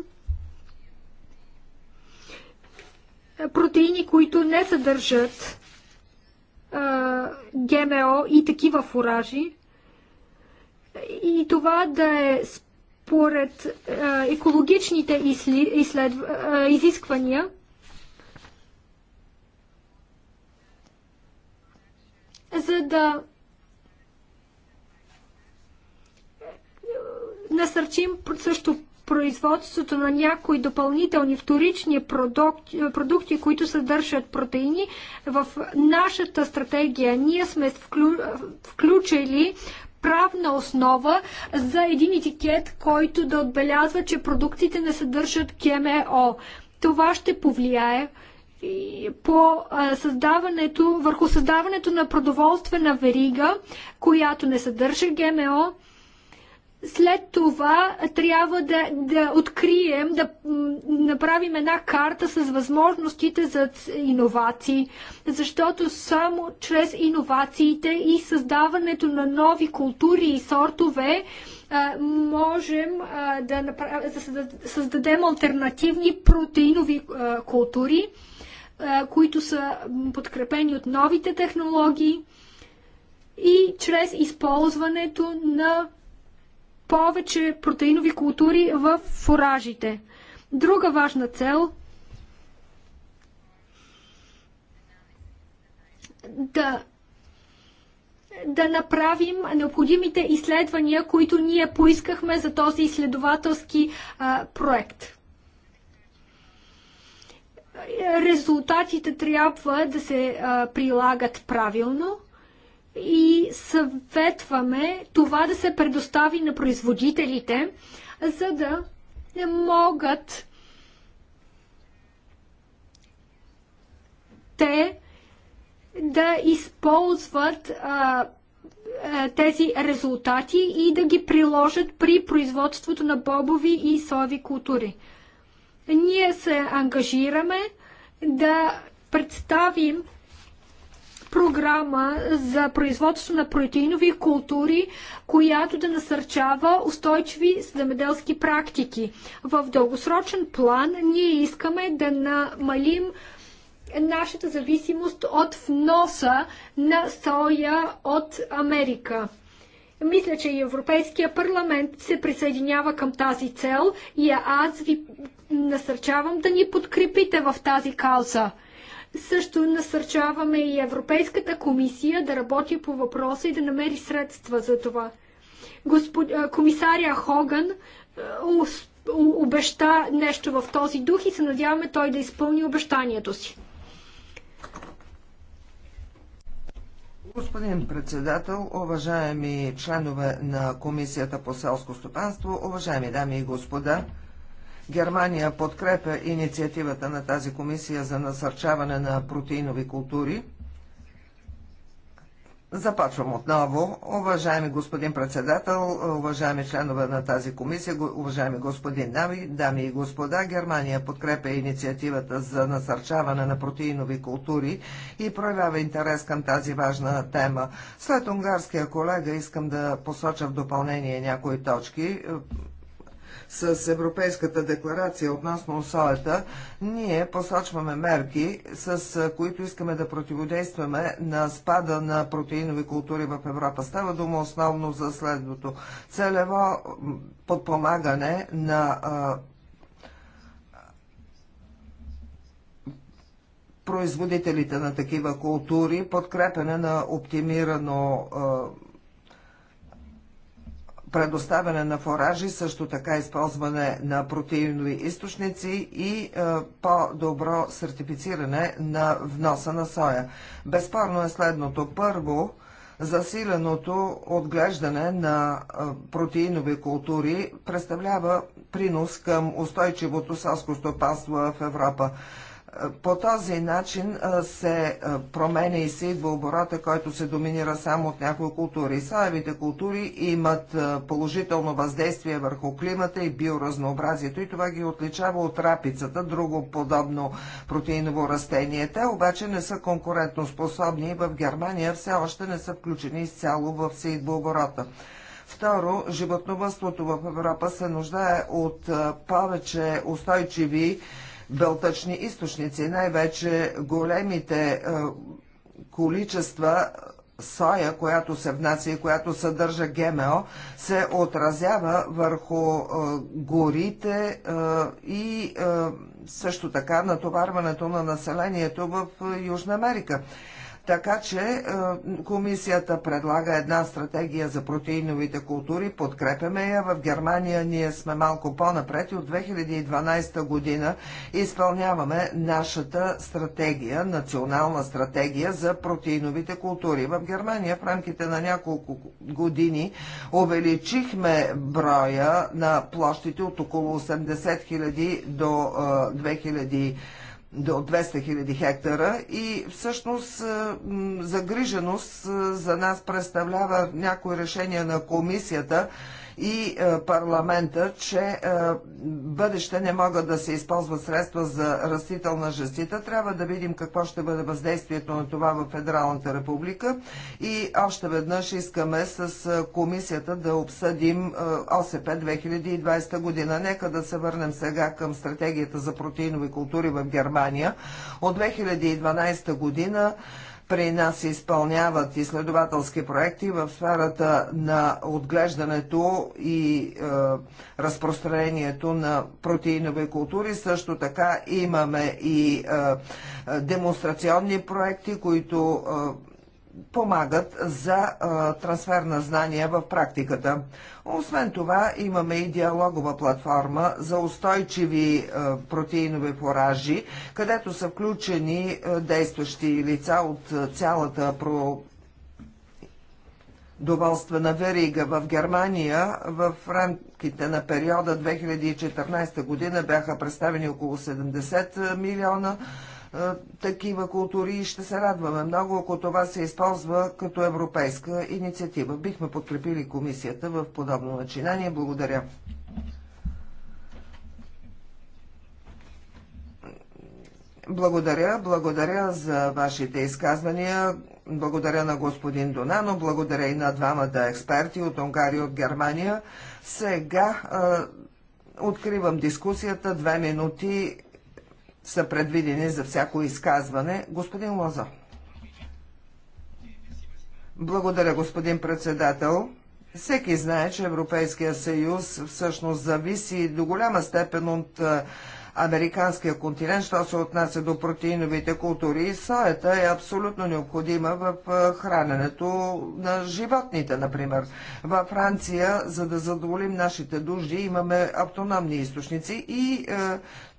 протеини, които не съдържат ГМО и такива фуражи. И това да е според екологичните изследв... изисквания. За да насърчим също производството на някои допълнителни вторични продукти, продукти които съдържат протеини. В нашата стратегия ние сме включили правна основа за един етикет, който да отбелязва, че продуктите не съдържат ГМО. Това ще повлияе по създаването, върху създаването на продоволствена верига, която не съдържа ГМО след това трябва да, да открием, да направим една карта с възможностите за иновации, защото само чрез иновациите и създаването на нови култури и сортове можем да, направ... да създадем альтернативни протеинови култури, които са подкрепени от новите технологии и чрез използването на повече протеинови култури в фуражите. Друга важна цел да да направим необходимите изследвания, които ние поискахме за този изследователски а, проект. Резултатите трябва да се а, прилагат правилно и съветваме това да се предостави на производителите, за да не могат те да използват а, тези резултати и да ги приложат при производството на бобови и сови култури. Ние се ангажираме да представим програма за производство на протеинови култури, която да насърчава устойчиви земеделски практики. В дългосрочен план ние искаме да намалим нашата зависимост от вноса на соя от Америка. Мисля, че и Европейския парламент се присъединява към тази цел и аз ви насърчавам да ни подкрепите в тази кауза. Също насърчаваме и Европейската комисия да работи по въпроса и да намери средства за това. Господ... Комисария Хоган обеща нещо в този дух и се надяваме той да изпълни обещанието си. Господин председател, уважаеми членове на Комисията по селско стопанство, уважаеми дами и господа, Германия подкрепя инициативата на тази комисия за насърчаване на протеинови култури. Започвам отново. Уважаеми господин председател, уважаеми членове на тази комисия, уважаеми господин Дами, дами и господа, Германия подкрепя инициативата за насърчаване на протеинови култури и проявява интерес към тази важна тема. След унгарския колега искам да посоча в допълнение някои точки с Европейската декларация относно условията, ние посочваме мерки, с които искаме да противодействаме на спада на протеинови култури в Европа. Става дума основно за следното. Целево подпомагане на производителите на такива култури, подкрепене на оптимирано предоставяне на форажи, също така използване на протеинови източници и е, по-добро сертифициране на вноса на соя. Безспорно е следното. Първо, засиленото отглеждане на е, протеинови култури представлява принос към устойчивото селско стопанство в Европа. По този начин се променя и се идва оборота, който се доминира само от някои култури. саевите култури имат положително въздействие върху климата и биоразнообразието и това ги отличава от рапицата, друго подобно протеиново растение. Те обаче не са способни и в Германия все още не са включени изцяло в оборота. Второ, животновътството в Европа се нуждае от повече устойчиви белтъчни източници, най-вече големите е, количества е, соя, която се внася и която съдържа ГМО, се отразява върху е, горите и също така натоварването на населението в Южна Америка. Така че е, комисията предлага една стратегия за протеиновите култури, подкрепяме я. В Германия ние сме малко по-напред и от 2012 година изпълняваме нашата стратегия, национална стратегия за протеиновите култури. В Германия в рамките на няколко години увеличихме броя на площите от около 80 000 до 2000 е, до 200 000 хектара и всъщност е, загриженост е, за нас представлява някои решения на комисията и е, парламента, че е, бъдеще не могат да се използват средства за растителна жестита. Трябва да видим какво ще бъде въздействието на това в Федералната република и още веднъж искаме с е, комисията да обсъдим ОСП 2020 година. Нека да се върнем сега към стратегията за протеинови култури в Германия. От 2012 година при нас се изпълняват изследователски проекти в сферата на отглеждането и е, разпространението на протеинови култури. Също така имаме и е, демонстрационни проекти, които е, помагат за а, трансфер на знания в практиката. Освен това, имаме и диалогова платформа за устойчиви а, протеинови форажи, където са включени а, действащи лица от цялата про доволствена верига в Германия в рамките на периода 2014 година бяха представени около 70 милиона е, такива култури и ще се радваме много, ако това се използва като европейска инициатива. Бихме подкрепили комисията в подобно начинание. Благодаря. Благодаря, благодаря за вашите изказвания. Благодаря на господин Донано, благодаря и на двамата експерти от Унгария и от Германия. Сега е, откривам дискусията. Две минути са предвидени за всяко изказване. Господин Лоза. Благодаря, господин председател. Всеки знае, че Европейския съюз всъщност зависи до голяма степен от американския континент, що се отнася до протеиновите култури. Соята е абсолютно необходима в храненето на животните, например. Във Франция, за да задоволим нашите дужди, имаме автономни източници и е,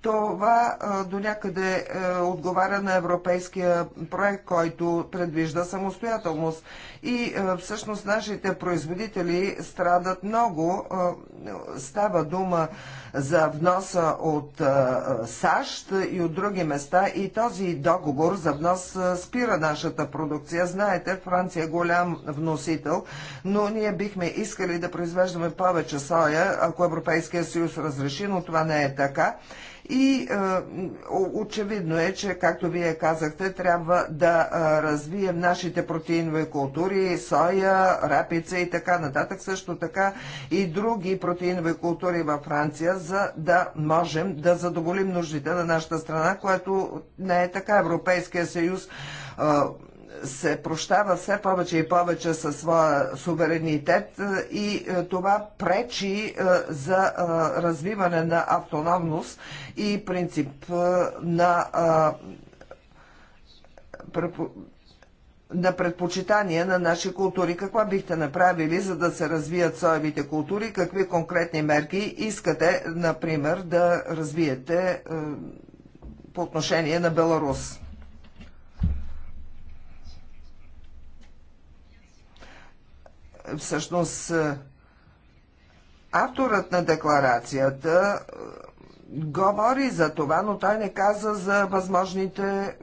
това до някъде е, отговаря на европейския проект, който предвижда самостоятелност. И е, всъщност нашите производители страдат много. Е, става дума за вноса от САЩ и от други места и този договор за внос спира нашата продукция. Знаете, Франция е голям вносител, но ние бихме искали да произвеждаме повече соя, ако Европейския съюз разреши, но това не е така. И е, очевидно е, че, както вие казахте, трябва да е, развием нашите протеинови култури, соя, рапица и така нататък, също така и други протеинови култури във Франция, за да можем да задоволим нуждите на нашата страна, което не е така. Европейския съюз е, се прощава все повече и повече със своя суверенитет е, и е, това пречи е, за развиване на автономност и принцип на на предпочитания на наши култури. Какво бихте направили, за да се развият соевите култури? Какви конкретни мерки искате, например, да развиете е, по отношение на Беларус? всъщност е, авторът на декларацията е, говори за това, но той не каза за възможните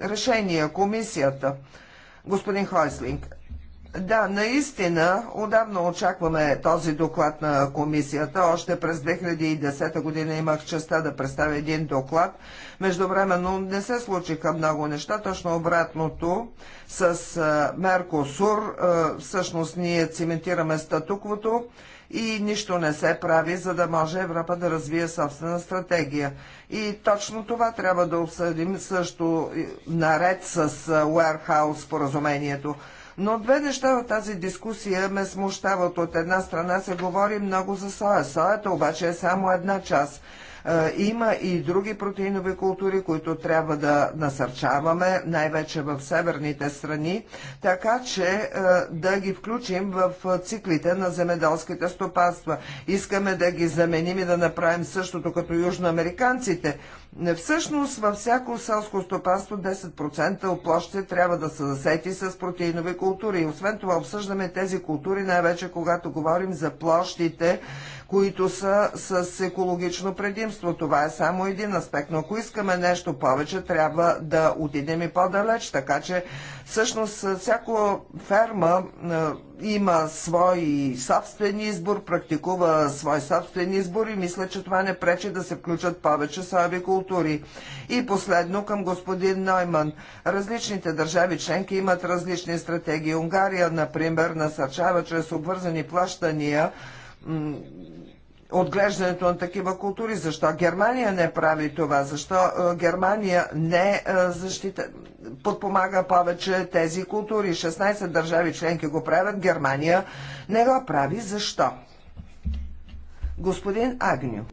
решения, комисията. Господин Хойслинг, да, наистина, отдавна очакваме този доклад на комисията. Още през 2010 година имах честа да представя един доклад. Междувременно не се случиха много неща, точно обратното с Меркосур. Всъщност ние циментираме статуквото и нищо не се прави, за да може Европа да развие собствена стратегия. И точно това трябва да обсъдим също наред с Warehouse споразумението. Но две неща от тази дискусия ме смущават. От една страна се говори много за соя. Соята обаче е само една част. Е, има и други протеинови култури, които трябва да насърчаваме, най-вече в северните страни, така че е, да ги включим в е, циклите на земеделските стопанства. Искаме да ги заменим и да направим същото като южноамериканците. Всъщност във всяко селско стопанство 10% от площите трябва да са засети с протеинови култури. И освен това обсъждаме тези култури най-вече когато говорим за площите, които са с екологично предимство. Това е само един аспект, но ако искаме нещо повече, трябва да отидем и по-далеч, така че всъщност всяко ферма е, има свой собствен избор, практикува свой собствен избор и мисля, че това не пречи да се включат повече соеви култури. И последно към господин Нойман. Различните държави членки имат различни стратегии. Унгария, например, насърчава чрез обвързани плащания отглеждането на такива култури. Защо Германия не прави това? Защо е, Германия не е, защита... подпомага повече тези култури? 16 държави членки го правят, Германия не го прави. Защо? Господин Агню.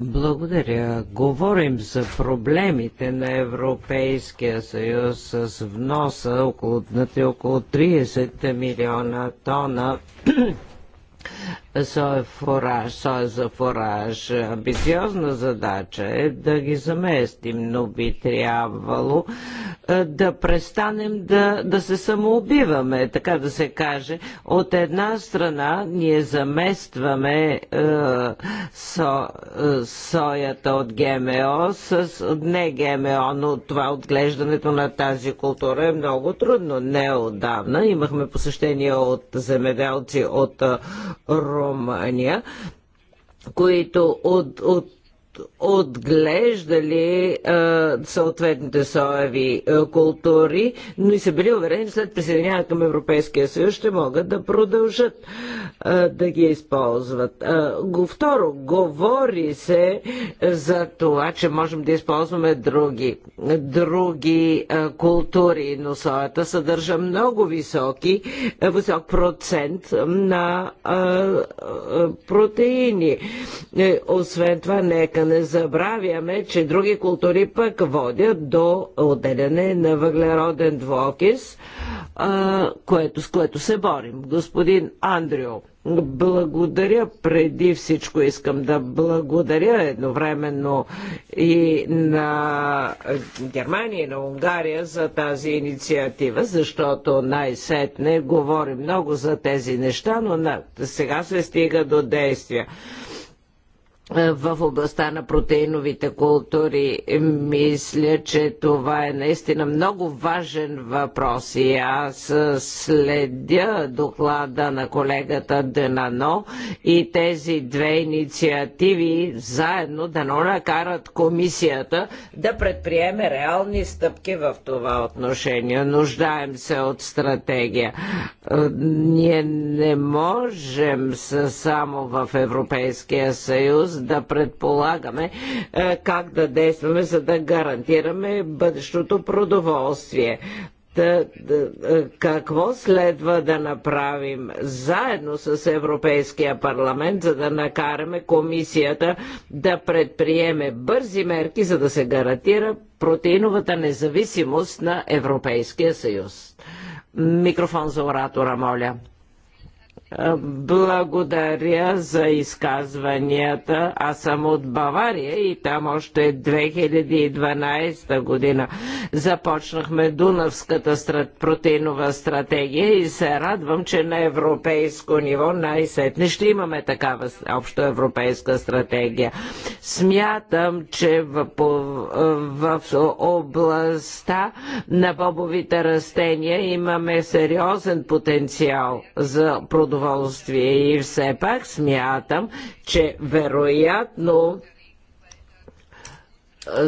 Благодаря. Говорим за проблемите на Европейския съюз с вноса на около 30 милиона тона соя, е фораж, соя е за фораж. Амбициозна задача е да ги заместим, но би трябвало е, да престанем да, да се самоубиваме, така да се каже. От една страна ние заместваме е, со, е, соята от ГМО с не ГМО, но това отглеждането на тази култура е много трудно. Не отдавна имахме посещение от земеделци от Ро Румъния, които от, от отглеждали а, съответните соеви а, култури, но и са били уверени, че след присъединяването към Европейския съюз ще могат да продължат а, да ги използват. А, го, второ, говори се за това, че можем да използваме други, други а, култури, но соята съдържа много високи, висок процент на а, а, протеини. Е, освен това, нека не забравяме, че други култури пък водят до отделяне на въглероден двуокис, което, с което се борим. Господин Андрио, благодаря преди всичко. Искам да благодаря едновременно и на Германия и на Унгария за тази инициатива, защото най-сетне говори много за тези неща, но на... сега се стига до действия. Е, в областта на протеиновите култури. Мисля, че това е наистина много важен въпрос и аз следя доклада на колегата Денано и тези две инициативи заедно да накарат комисията да предприеме реални стъпки в това отношение. Нуждаем се от стратегия. Е, ние не можем само в Европейския съюз нас да предполагаме е, как да действаме, за да гарантираме бъдещото продоволствие е, какво следва да направим заедно с Европейския парламент, за да накараме комисията да предприеме бързи мерки, за да се гарантира протеиновата независимост на Европейския съюз. Микрофон за оратора, моля. Благодаря за изказванията. Аз съм от Бавария и там още 2012 година започнахме Дунавската страт... протеинова стратегия и се радвам, че на европейско ниво най-сетне ще имаме такава общо европейска стратегия. Смятам, че в, в, в областта на бобовите растения имаме сериозен потенциал за продукция удоволствие. И все пак смятам, че вероятно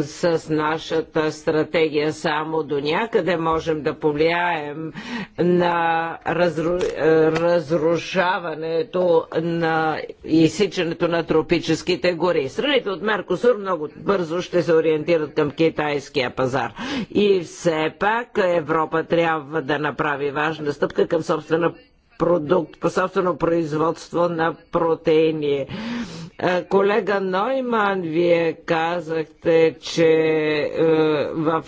с нашата стратегия само до някъде можем да повлияем на разру... разрушаването на изсичането на тропическите гори. Страните от Меркосур много бързо ще се ориентират към китайския пазар. И все пак Европа трябва да направи важна стъпка към собствена продукт, по собствено производство на протеини. Е, колега Нойман, вие казахте, че е, в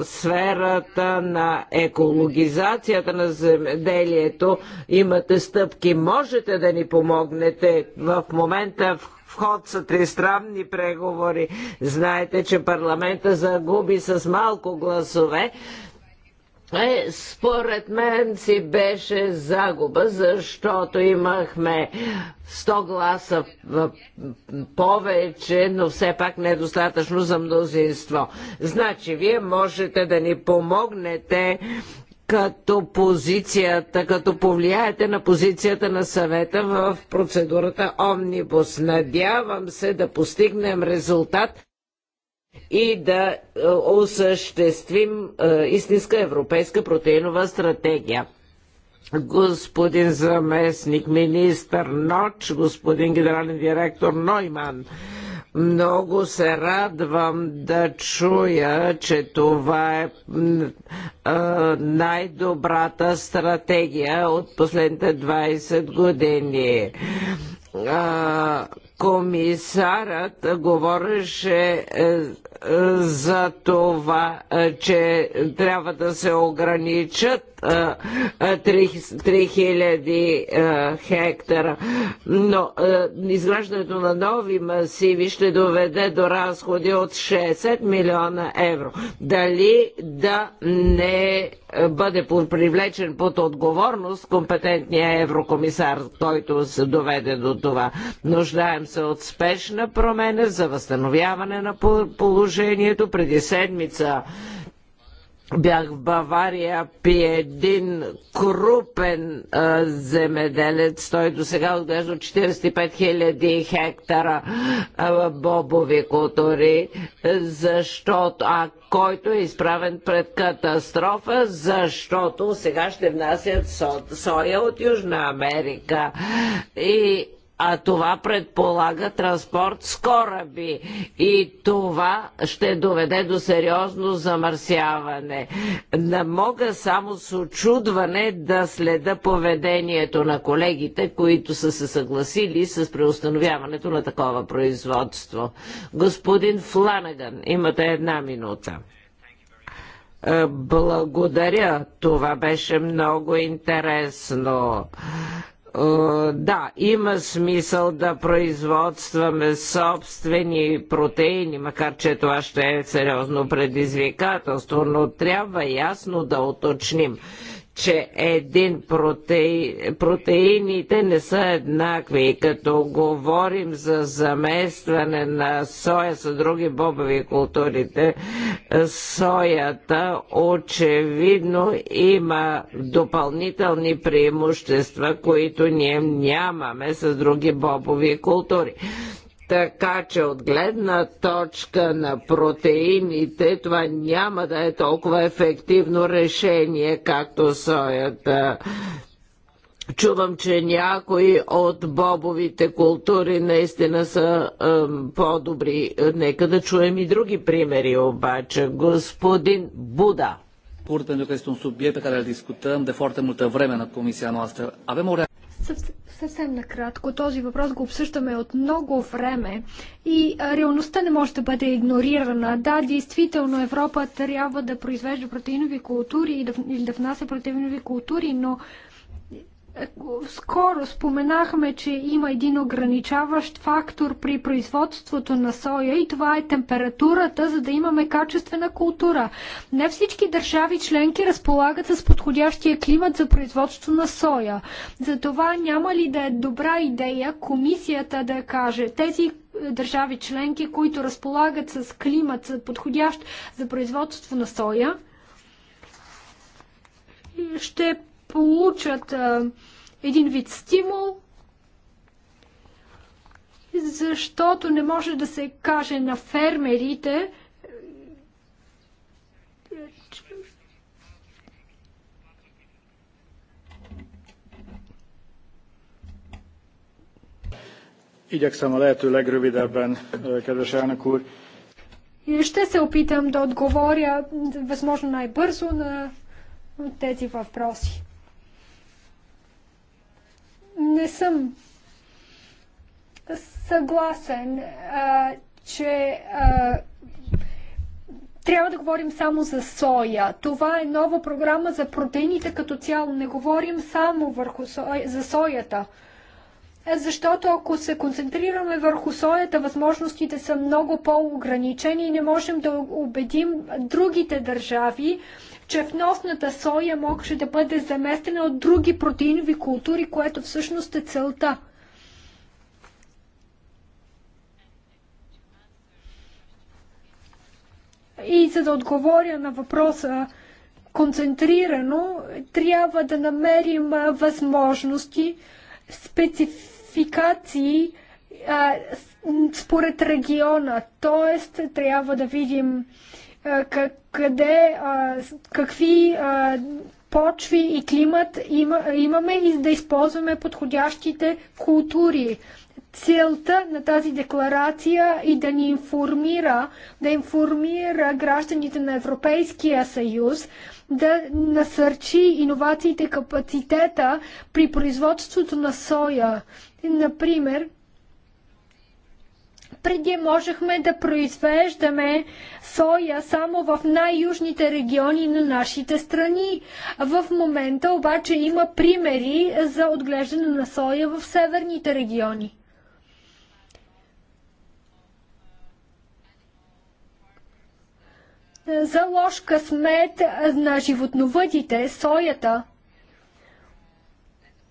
е, сферата на екологизацията на земеделието имате стъпки. Можете да ни помогнете в момента, в ход са тристранни преговори. Знаете, че парламента загуби с малко гласове, е, според мен си беше загуба, защото имахме 100 гласа повече, но все пак недостатъчно за мнозинство. Значи, вие можете да ни помогнете като позицията, като повлияете на позицията на съвета в процедурата Омнибус. Надявам се да постигнем резултат и да е, осъществим е, истинска европейска протеинова стратегия господин заместник министър Ноч, господин генерален директор Нойман. Много се радвам да чуя, че това е, е най-добрата стратегия от последните 20 години комисарът говореше е, за това, е, че трябва да се ограничат 3000 е, е, хектара. Но изграждането на нови масиви ще доведе до разходи от 60 милиона евро. Дали да не бъде привлечен под отговорност компетентния еврокомисар, който се доведе до това. Нуждаем се от спешна промена за възстановяване на положението положението. Преди седмица бях в Бавария при един крупен а, земеделец. Той до сега отглежда 45 000 хектара а, бобови култури, защото, а който е изправен пред катастрофа, защото сега ще внасят со, соя от Южна Америка. И а това предполага транспорт с кораби и това ще доведе до сериозно замърсяване. Не мога само с очудване да следа поведението на колегите, които са се съгласили с преустановяването на такова производство. Господин Фланаган, имате една минута. Е, благодаря. Това беше много интересно. Е, да, има смисъл да производстваме собствени протеини, макар че това ще е сериозно предизвикателство, но трябва ясно да уточним, че един протеи, протеините не са еднакви. И като говорим за заместване на соя с други бобови културите, соята очевидно има допълнителни преимущества, които ние нямаме с други бобови култури. Така че от гледна точка на протеините това няма да е толкова ефективно решение, както соята. Чувам, че някои от бобовите култури наистина са е, по-добри. Нека да чуем и други примери обаче. Господин Буда. Pur pentru că este un subiect pe care îl discutăm de foarte Съвсем накратко, този въпрос го обсъждаме от много време и реалността не може да бъде игнорирана. Да, действително Европа трябва да произвежда протеинови култури или да внася протеинови култури, но скоро споменахме, че има един ограничаващ фактор при производството на соя и това е температурата, за да имаме качествена култура. Не всички държави членки разполагат с подходящия климат за производство на соя. Затова няма ли да е добра идея комисията да каже тези е, държави членки, които разполагат с климат за подходящ за производство на соя, ще получат а, един вид стимул, защото не може да се каже на фермерите, Igyekszem a lehető legrövidebben, kedves elnök úr. Ще се опитам да отговоря възможно най-бързо на тези въпроси не съм съгласен, а, че а, трябва да говорим само за соя. Това е нова програма за протеините като цяло. Не говорим само върху соя, за соята. Защото ако се концентрираме върху соята, възможностите са много по-ограничени и не можем да убедим другите държави, че вносната соя може да бъде заместена от други протеинови култури, което всъщност е целта. И за да отговоря на въпроса концентрирано, трябва да намерим възможности, спецификации а, според региона. Тоест, трябва да видим а, къде, какви почви и климат имаме и да използваме подходящите култури. Целта на тази декларация и е да ни информира, да информира гражданите на Европейския съюз, да насърчи иновациите, капацитета при производството на соя. Например, преди можехме да произвеждаме соя само в най-южните региони на нашите страни. В момента обаче има примери за отглеждане на соя в северните региони. за лош късмет на животновъдите, соята.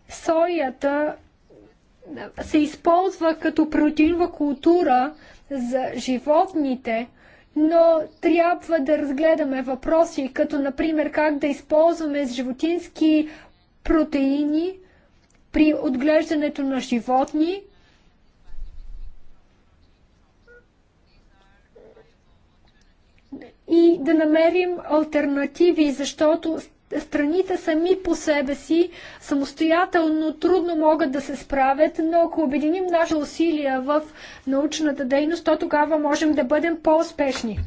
Соята се използва като протеинова култура за животните, но трябва да разгледаме въпроси, като например как да използваме животински протеини при отглеждането на животни. И да намерим альтернативи, защото страните сами по себе си самостоятелно трудно могат да се справят, но ако обединим нашите усилия в научната дейност, то тогава можем да бъдем по-успешни.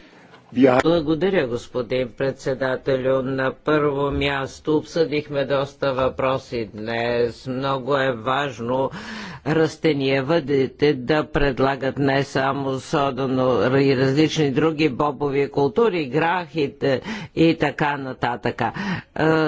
Благодаря, господин председателю. На първо място обсъдихме доста въпроси днес. Много е важно растениевъдите да предлагат не само сода, но и различни други бобови култури, грахите и така нататък,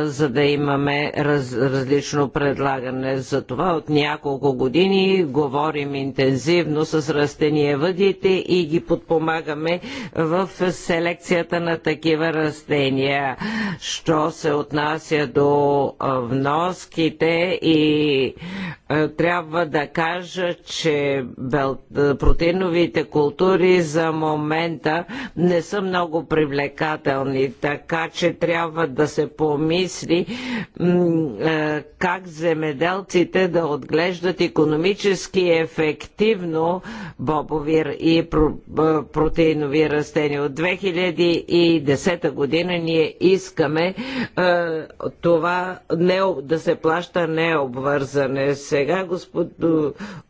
за да имаме раз, различно предлагане. За това от няколко години говорим интензивно с растениевъдите и ги подпомагаме в селекцията на такива растения. Що се отнася до вноските и трябва да кажа, че протеиновите култури за момента не са много привлекателни, така че трябва да се помисли как земеделците да отглеждат економически ефективно бобови и протеинови растения. От 2000 2010 година ние искаме е, това не, да се плаща необвързане. Сега, господ,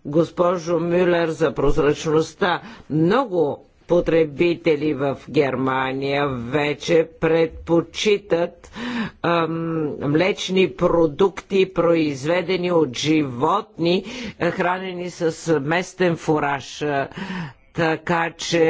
госпожо Мюлер, за прозрачността. Много потребители в Германия вече предпочитат млечни продукти, произведени от животни, е, хранени с местен фураж така че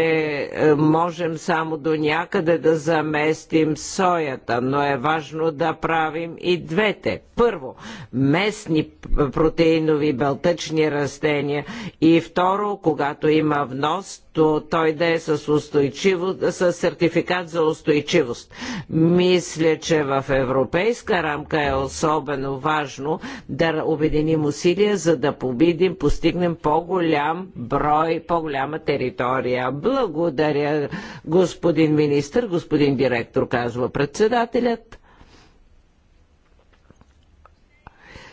е, можем само до някъде да заместим соята, но е важно да правим и двете. Първо, местни протеинови белтъчни растения и второ, когато има внос, то той да е с, устойчиво, с сертификат за устойчивост. Мисля, че в европейска рамка е особено важно да обединим усилия, за да победим, постигнем по-голям брой, по-голямата територия. Благодаря, господин министр, господин директор, казва председателят.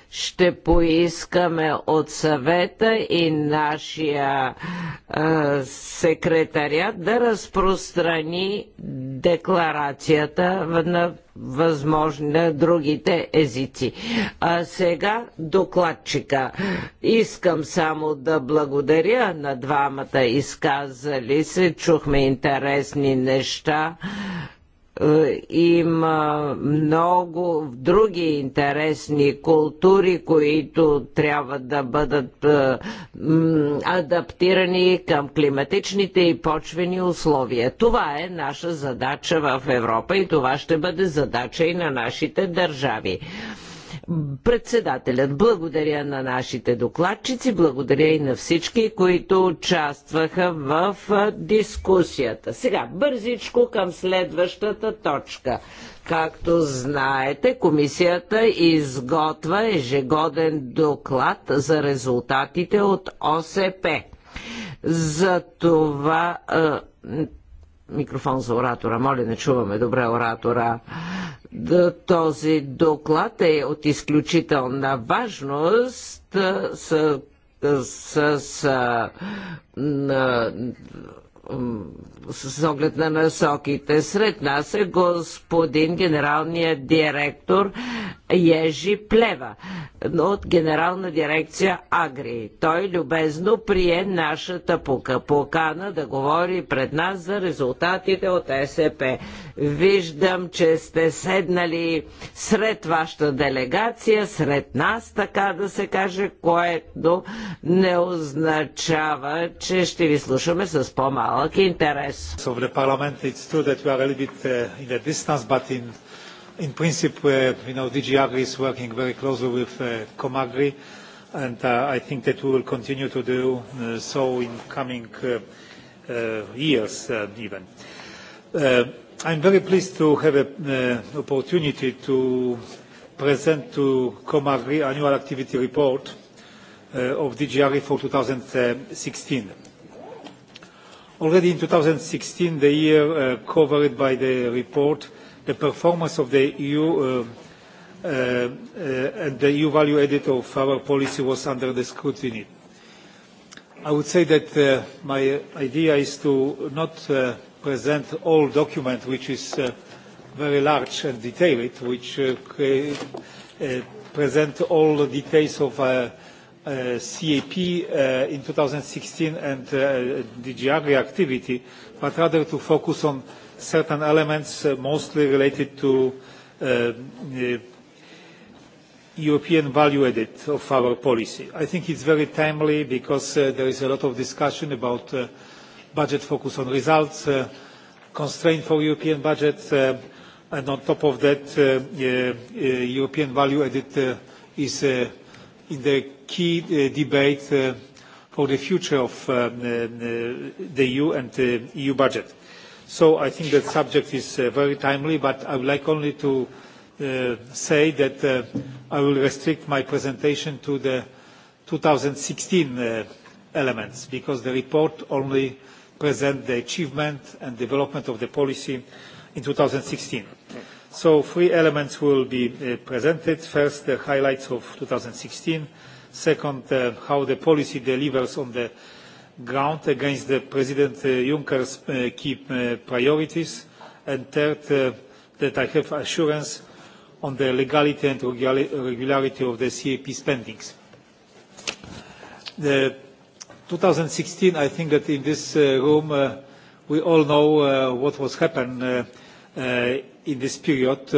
ще поискаме от съвета и нашия е, секретарят да разпространи декларацията на възможни на другите езици. А сега докладчика. Искам само да благодаря на двамата изказали се. Чухме интересни неща. Е, има много други интересни култури, които трябва да бъдат е, адаптирани към климатичните и почвени условия. Това е наша задача в Европа и това ще бъде задача и на нашите държави. Председателят, благодаря на нашите докладчици, благодаря и на всички, които участваха в дискусията. Сега, бързичко към следващата точка. Както знаете, комисията изготва ежегоден доклад за резултатите от ОСП. За това микрофон за оратора. Моля, не чуваме добре оратора. Този доклад е от изключителна важност с, с, с на, с оглед на насоките. Сред нас е господин генералният директор Ежи Плева от Генерална дирекция Агри. Той любезно прие нашата покана да говори пред нас за резултатите от СЕП. Виждам, че сте седнали сред вашата делегация, сред нас, така да се каже, което не означава, че ще ви слушаме с по-малък интерес. So in principle, uh, you know, DG Agri is working very closely with uh, Comagri, and uh, I think that we will continue to do uh, so in coming uh, uh, years uh, even. Uh, I'm very pleased to have an uh, opportunity to present to Comagri annual activity report uh, of DG Agri for 2016. Already in 2016, the year uh, covered by the report, the performance of the EU and the EU value added of our policy was under the scrutiny. I would say that my idea is to not present all document which is very large and detailed, which present all the details of CAP in 2016 and DG Agri activity, but rather to focus on certain elements mostly related to European value added of our policy. I think it's very timely because there is a lot of discussion about budget focus on results, constraint for European budget, and on top of that, European value added is in the key debate for the future of the EU and the EU budget So I think that subject is very timely, but I would like only to say that I will restrict my presentation to the 2016 elements, because the report only presents the achievement and development of the policy in 2016. So three elements will be presented. First, the highlights of 2016. Second, how the policy delivers on the ground against the President Juncker's key priorities, and third, that I have assurance on the legality and regularity of the CAP spendings. The 2016, I think that in this room, we all know what was happened in this period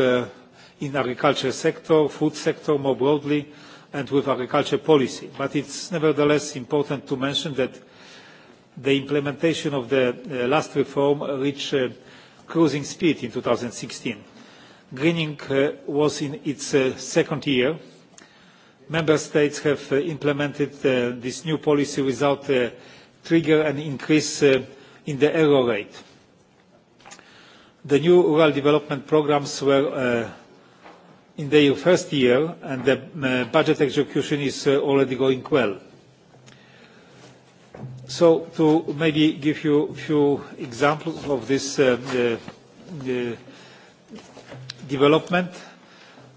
in agriculture sector, food sector more broadly, and with agriculture policy. But it's nevertheless important to mention that the implementation of the last reform reached cruising speed in 2016. Greening was in its second year. Member States have implemented this new policy without trigger an increase in the error rate. The new rural development programmes were in their first year, and the budget execution is already going well So to maybe give you a few examples of this uh, development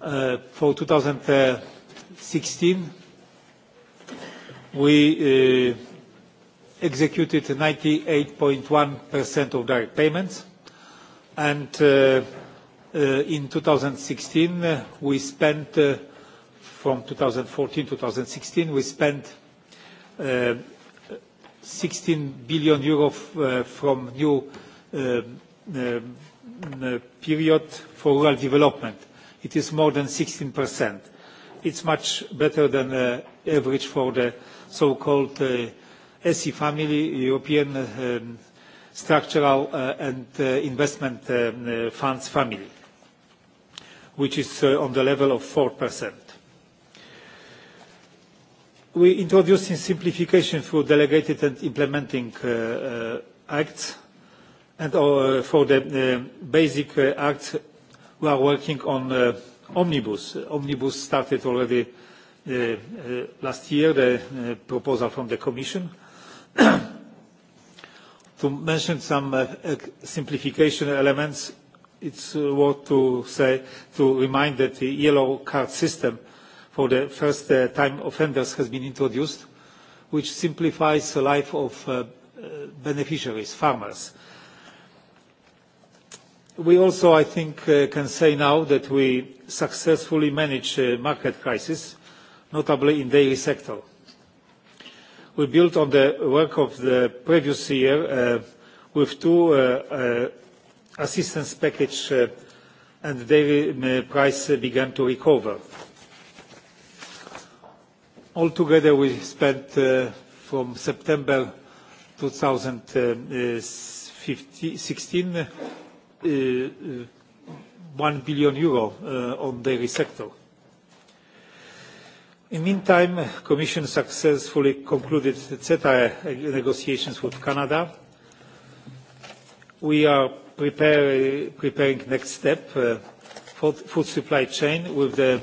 uh, for 2016, we uh, executed 98.1% of direct payments, and uh, uh, in 2016, uh, we spent uh, from 2014 to 2016, we spent 16 billion euro from new period for rural development. It is more than 16%. It's much better than the average for the so-called SE family, European structural and investment funds family, which is on the level of 4% we introducing simplification through delegated and implementing acts, and for the basic acts we are working on omnibus. Omnibus started already last year, the proposal from the Commission. To mention some simplification elements, it's worth to say, to remind that the yellow card system for the first time offenders has been introduced, which simplifies the life of beneficiaries, farmers. We also, I think, can say now that we successfully managed the market crisis, notably in the dairy sector. We built on the work of the previous year with two assistance package, and dairy price began to recover. Altogether, we spent from September 2016 1 billion euro on dairy sector. In meantime, Commission successfully concluded CETA negotiations with Canada. We are preparing next step, for food supply chain, with the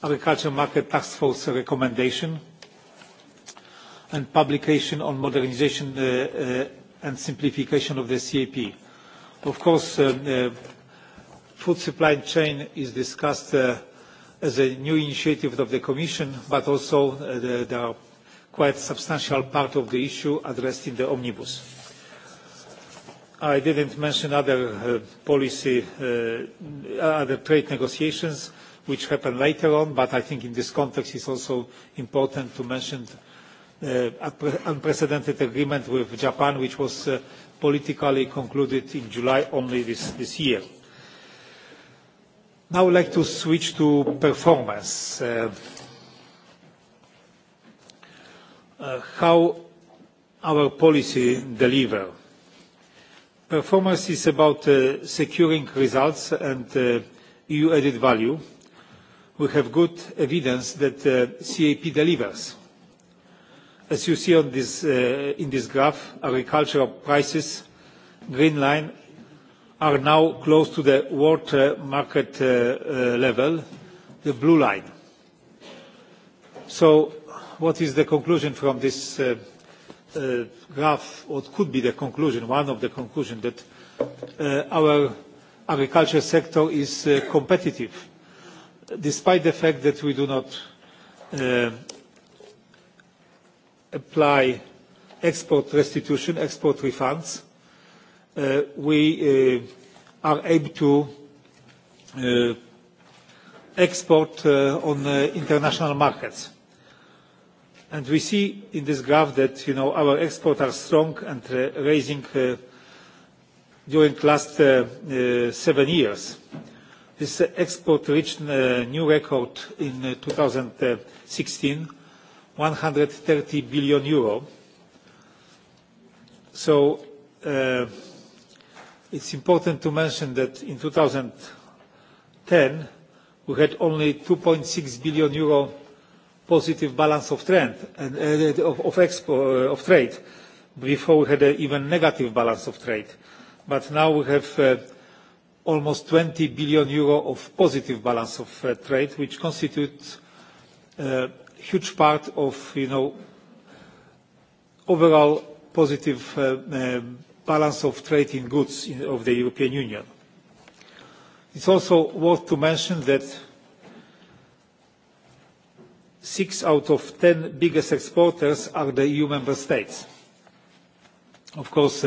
Agricultural Market Task Force recommendation and publication on modernization and simplification of the CAP. Of course, food supply chain is discussed as a new initiative of the Commission, but also there are quite substantial part of the issue addressed in the omnibus. I didn't mention other policy, other trade negotiations which happened later on, but I think in this context it's also important to mention the unprecedented agreement with Japan, which was politically concluded in July only this year. Now I'd like to switch to performance. How our policy deliver. Performance is about securing results and EU added value we have good evidence that CAP delivers. As you see on this, in this graph, agricultural prices, green line, are now close to the world market level, the blue line. So what is the conclusion from this graph? What could be the conclusion, one of the conclusions, that our agriculture sector is competitive despite the fact that we do not apply export restitution, export refunds, we are able to export on international markets. And We see in this graph that, our exports are strong and raising during last seven years. This export reached a new record in 2016, 130 billion euro. it's important to mention that in 2010, we had only 2.6 billion euro positive balance of trade. Before, we had an even negative balance of trade. now we have almost 20 billion euro of positive balance of trade, which constitutes a huge part of, you know, overall positive balance of trade in goods of the European Union. It's also worth to mention that six out of ten biggest exporters are the EU member states. Of course,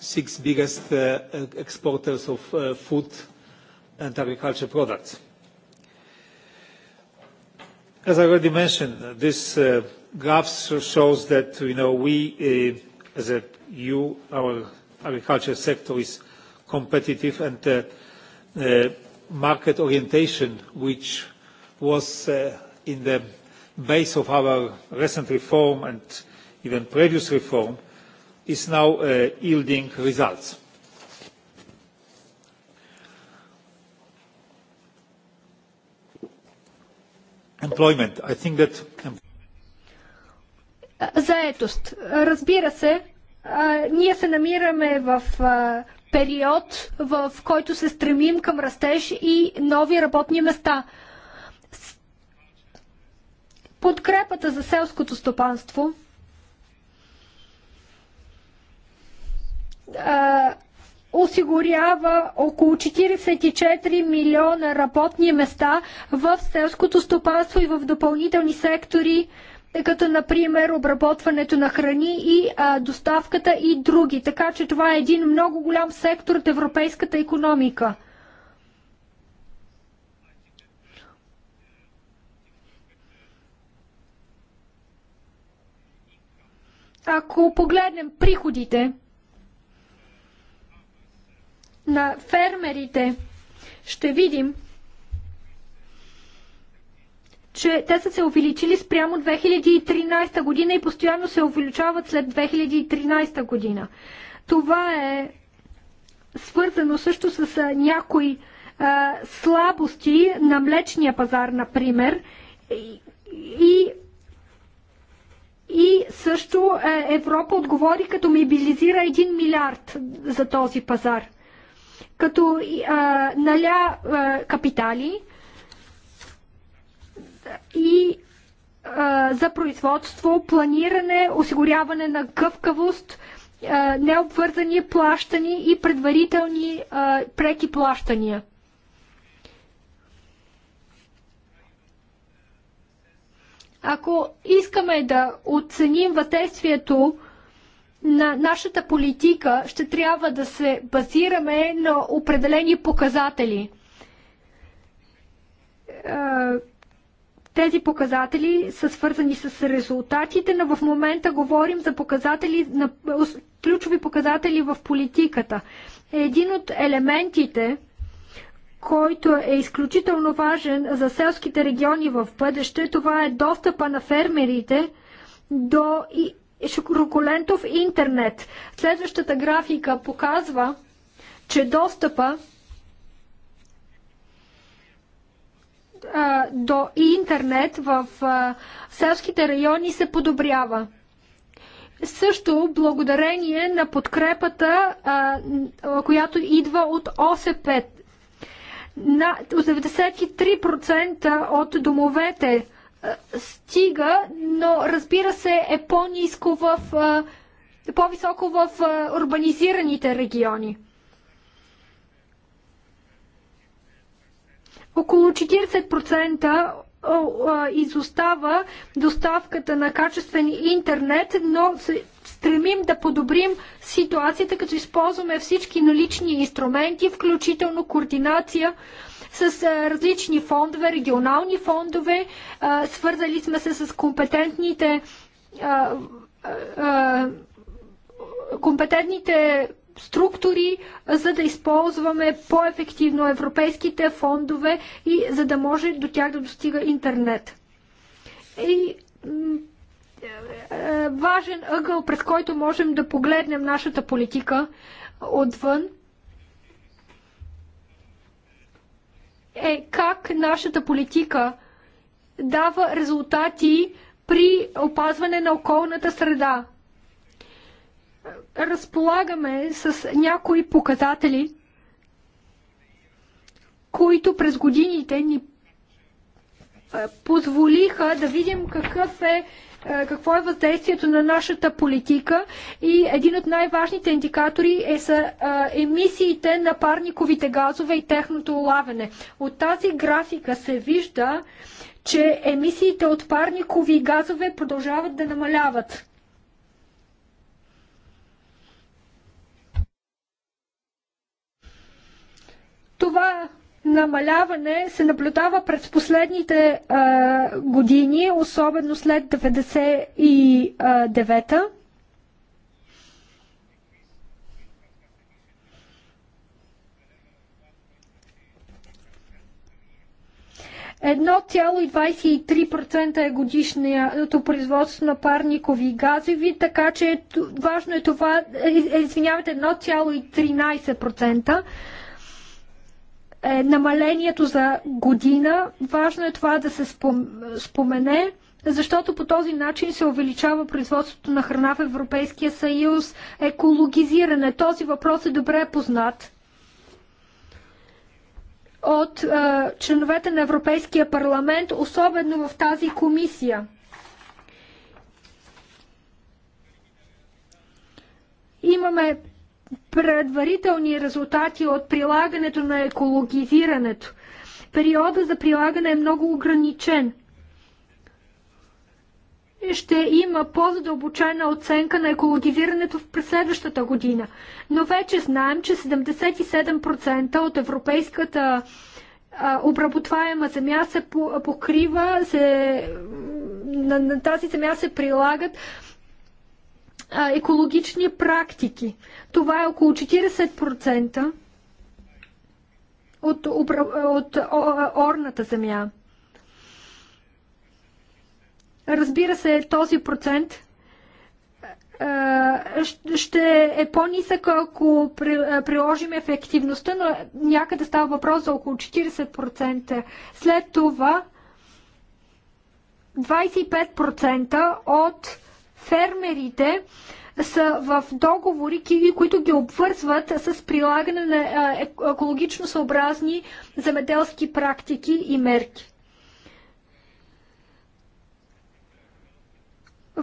six biggest exporters of food and agriculture products. As I already mentioned, this graph shows that, you know, we as a EU, our agriculture sector is competitive and market orientation, which was in the base of our recent reform and even previous reform, is now uh, yielding results. Employment. I think that... Заетост. Разбира се, ние се намираме в период, в който се стремим към растеж и нови работни места. Подкрепата за селското стопанство – осигурява около 44 милиона работни места в селското стопанство и в допълнителни сектори, като например обработването на храни и а, доставката и други. Така че това е един много голям сектор от европейската економика. Ако погледнем приходите, на фермерите, ще видим, че те са се увеличили спрямо 2013 година и постоянно се увеличават след 2013 година. Това е свързано също с някои а, слабости на млечния пазар, например, и, и, и също е, Европа отговори като мобилизира 1 милиард за този пазар – като а, наля а, капитали и а, за производство, планиране, осигуряване на гъвкавост, а, необвързани плащани и предварителни а, преки плащания. Ако искаме да оценим въздействието на нашата политика ще трябва да се базираме на определени показатели. Е, тези показатели са свързани с резултатите, но в момента говорим за показатели, на, ключови показатели в политиката. Един от елементите, който е изключително важен за селските региони в бъдеще, това е достъпа на фермерите до широколентов интернет. Следващата графика показва, че достъпа до интернет в селските райони се подобрява. Също благодарение на подкрепата, която идва от ОСП. На 93% от домовете е, стига, но разбира се е по-низко в, е, по-високо в е, урбанизираните региони. Около 40% изостава доставката на качествен интернет, но се стремим да подобрим ситуацията, като използваме всички налични инструменти, включително координация с различни фондове, регионални фондове. Свързали сме се с компетентните компетентните структури, за да използваме по-ефективно европейските фондове и за да може до тях да достига интернет. И важен ъгъл, през който можем да погледнем нашата политика отвън – е как нашата политика дава резултати при опазване на околната среда. Разполагаме с някои показатели, които през годините ни е, позволиха да видим какъв е е, какво е въздействието на нашата политика и един от най-важните индикатори е са е, емисиите на парниковите газове и техното улавяне. От тази графика се вижда, че емисиите от парникови газове продължават да намаляват. Това намаляване се наблюдава през последните а, години, особено след 99-та. Едно цяло и 23% е годишното производство на парникови газови, така че важно е това, е, е, извинявайте, 1,13% е намалението за година. Важно е това да се спом... спомене, защото по този начин се увеличава производството на храна в Европейския съюз, екологизиране. Този въпрос е добре познат от е, членовете на Европейския парламент, особено в тази комисия. Имаме предварителни резултати от прилагането на екологизирането. Периода за прилагане е много ограничен. Ще има по-задълбочена оценка на екологизирането в преследващата година. Но вече знаем, че 77% от европейската обработваема земя се покрива, се, на, на тази земя се прилагат а, екологични практики. Това е около 40% от, от, от орната земя. Разбира се, този процент ще е по-нисък, ако приложим ефективността, но някъде става въпрос за около 40%. След това 25% от фермерите са в договори, които ги обвързват с прилагане на е, екологично съобразни земеделски практики и мерки.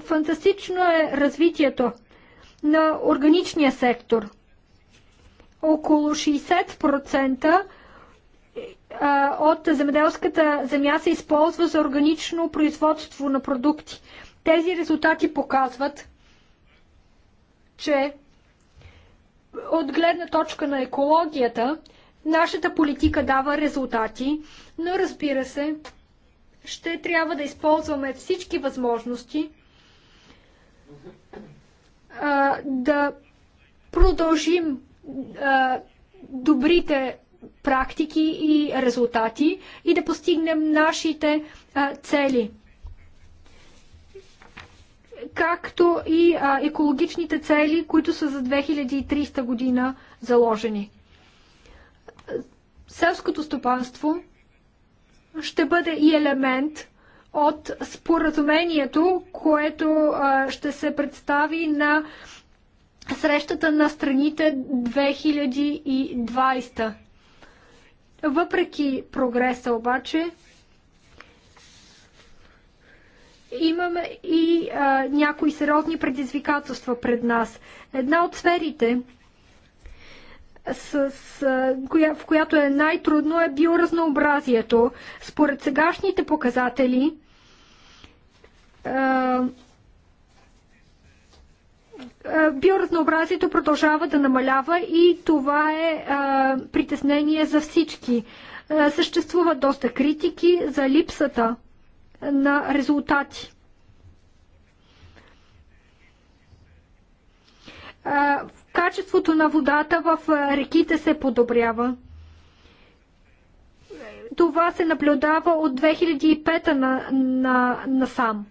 Фантастично е развитието на органичния сектор. Около 60% от земеделската земя се използва за органично производство на продукти. Тези резултати показват, че от гледна точка на екологията, нашата политика дава резултати, но разбира се, ще трябва да използваме всички възможности а, да продължим а, добрите практики и резултати и да постигнем нашите а, цели както и а, екологичните цели, които са за 2300 година заложени. Селското стопанство ще бъде и елемент от споразумението, което а, ще се представи на срещата на страните 2020. Въпреки прогреса обаче, имаме и а, някои сериозни предизвикателства пред нас. Една от сферите, с, с, коя, в която е най-трудно, е биоразнообразието. Според сегашните показатели, а, биоразнообразието продължава да намалява и това е а, притеснение за всички. съществуват доста критики за липсата на резултати. Качеството на водата в реките се подобрява. Това се наблюдава от 2005 на, на, на сам.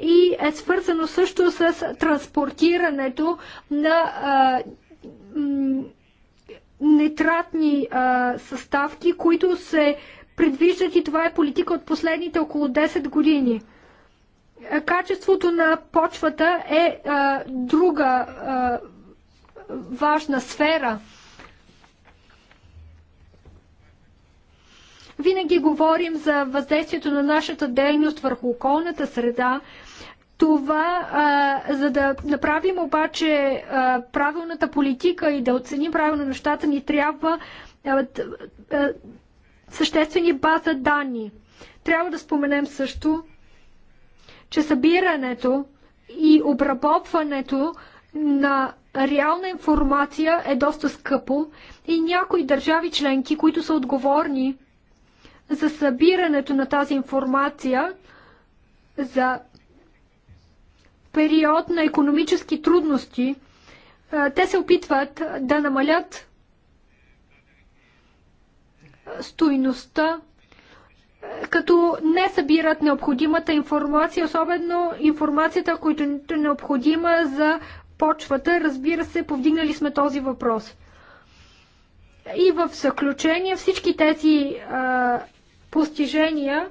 И е свързано също с транспортирането на а, нитратни а, съставки, които се предвиждат и това е политика от последните около 10 години. Е, качеството на почвата е а, е, друга а, е, важна сфера. Винаги говорим за въздействието на нашата дейност върху околната среда. Това, а, за да направим обаче а, правилната политика и да оценим правилно нещата, ни трябва съществени база данни. Трябва да споменем също, че събирането и обработването на реална информация е доста скъпо и някои държави членки, които са отговорни за събирането на тази информация, за период на економически трудности, те се опитват да намалят стойността, е, като не събират необходимата информация, особено информацията, която е необходима за почвата. Разбира се, повдигнали сме този въпрос. И в заключение всички тези а, е, постижения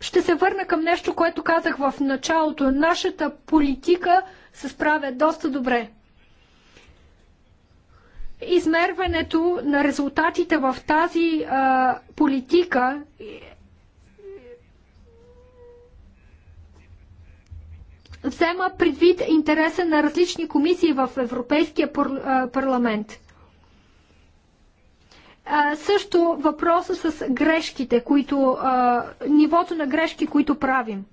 ще се върна към нещо, което казах в началото. Нашата политика се справя доста добре измерването на резултатите в тази а, политика взема предвид интереса на различни комисии в Европейския парламент. А, също въпроса с грешките, които, а, нивото на грешки, които правим.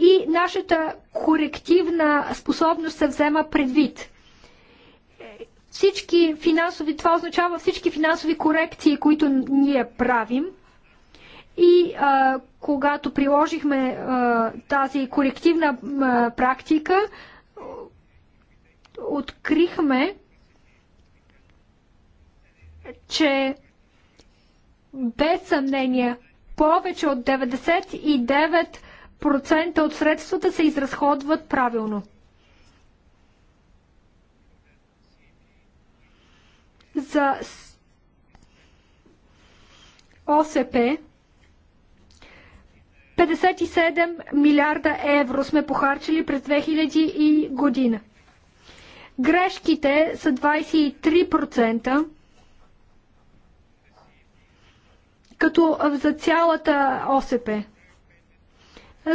и нашата корективна способност се взема предвид. Всички финансови, това означава всички финансови корекции, които ние правим. И а, когато приложихме а, тази корективна а, практика, открихме, че без съмнение повече от 99 процента от средствата се изразходват правилно. За ОСП 57 милиарда евро сме похарчили през 2000 година. Грешките са 23%, като за цялата ОСП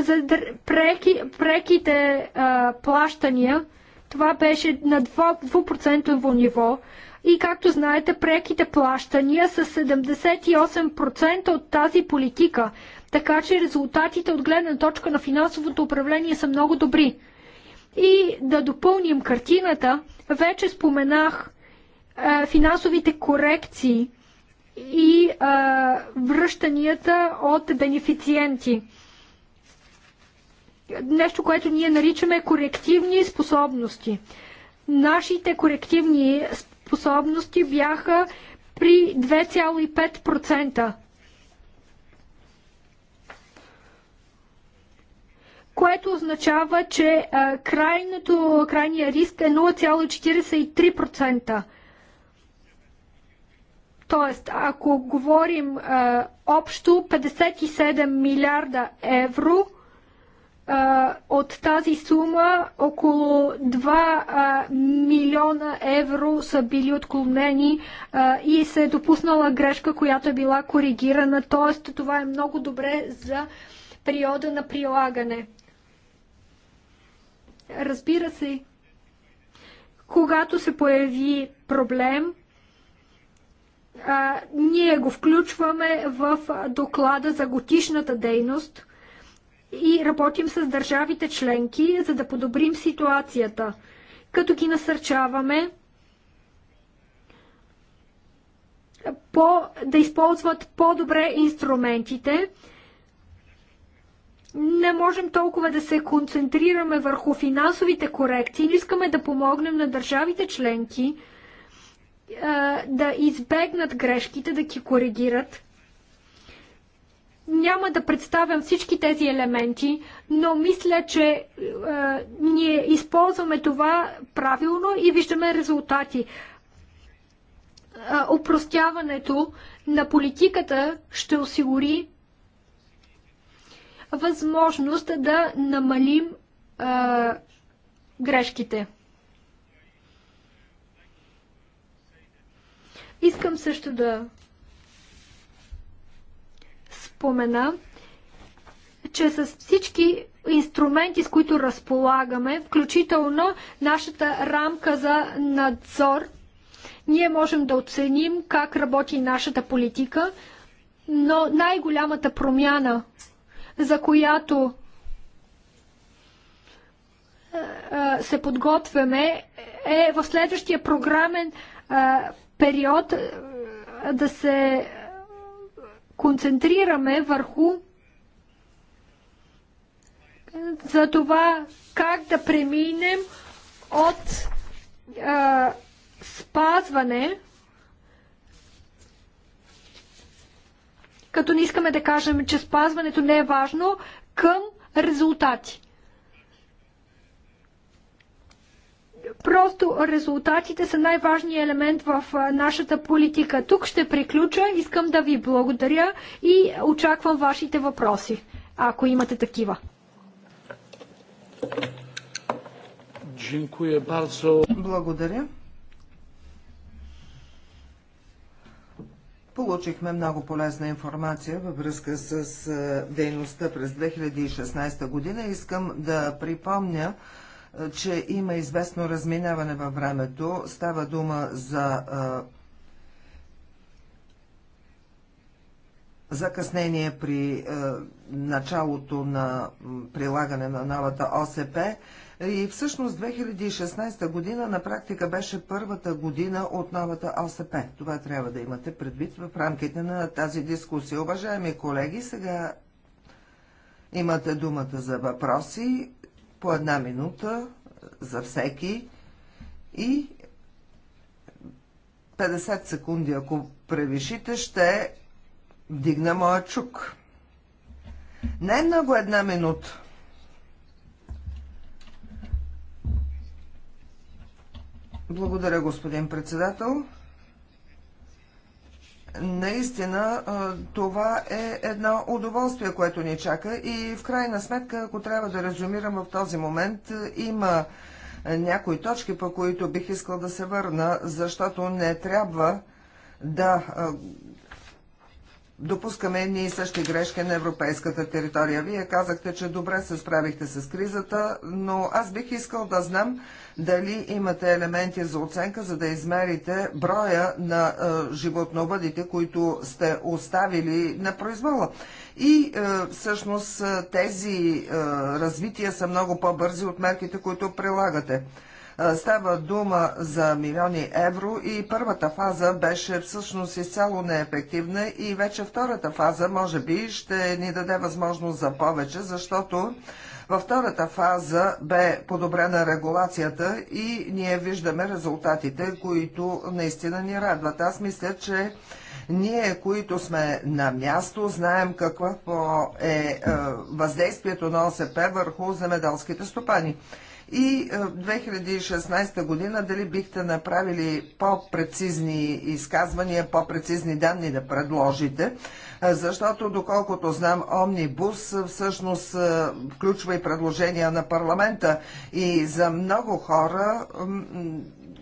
за преки, преките а, плащания. Това беше на 2%, 2% ниво. И както знаете, преките плащания са 78% от тази политика. Така че резултатите от гледна точка на финансовото управление са много добри. И да допълним картината, вече споменах е, финансовите корекции и е, връщанията от бенефициенти нещо, което ние наричаме корективни способности. Нашите корективни способности бяха при 2,5%. което означава, че а, крайното, крайния риск е 0,43%. Тоест, ако говорим а, общо 57 милиарда евро, от тази сума около 2 милиона евро са били отклонени и се е допуснала грешка, която е била коригирана. Тоест, това е много добре за периода на прилагане. Разбира се, когато се появи проблем, ние го включваме в доклада за готишната дейност – и работим с държавите членки, за да подобрим ситуацията, като ги насърчаваме по, да използват по-добре инструментите. Не можем толкова да се концентрираме върху финансовите корекции. но искаме да помогнем на държавите членки да избегнат грешките, да ги коригират няма да представям всички тези елементи, но мисля, че е, ние използваме това правилно и виждаме резултати. Е, на политиката ще осигури възможност да намалим е, грешките. Искам също да спомена, че с всички инструменти, с които разполагаме, включително нашата рамка за надзор, ние можем да оценим как работи нашата политика, но най-голямата промяна, за която е, е, се подготвяме, е в следващия програмен е, период да се концентрираме върху за това как да преминем от а, спазване, като не искаме да кажем, че спазването не е важно, към резултати. просто резултатите са най-важният елемент в нашата политика. Тук ще приключа. Искам да ви благодаря и очаквам вашите въпроси, ако имате такива. Благодаря. Получихме много полезна информация във връзка с дейността през 2016 година. Искам да припомня, че има известно разминаване във времето. Става дума за закъснение при началото на прилагане на новата ОСП. И всъщност 2016 година на практика беше първата година от новата ОСП. Това трябва да имате предвид в рамките на тази дискусия. Уважаеми колеги, сега имате думата за въпроси по една минута е, за всеки и 50 секунди, ако превишите, ще дигна моя чук. Не много една минута. Благодаря, господин председател наистина това е едно удоволствие, което ни чака и в крайна сметка, ако трябва да резюмирам в този момент, има някои точки, по които бих искал да се върна, защото не трябва да допускаме едни и същи грешки на европейската територия. Вие казахте, че добре се справихте с кризата, но аз бих искал да знам дали имате елементи за оценка, за да измерите броя на животновъдите, които сте оставили на произвола. И е, всъщност тези е, развития са много по-бързи от мерките, които прилагате. Става дума за милиони евро и първата фаза беше всъщност изцяло неефективна и вече втората фаза може би ще ни даде възможност за повече, защото във втората фаза бе подобрена регулацията и ние виждаме резултатите, които наистина ни радват. Аз мисля, че ние, които сме на място, знаем какво е, е въздействието на ОСП върху земеделските стопани. И е, в 2016 година дали бихте направили по-прецизни изказвания, по-прецизни данни да предложите, защото доколкото знам, Омнибус всъщност включва и предложения на парламента и за много хора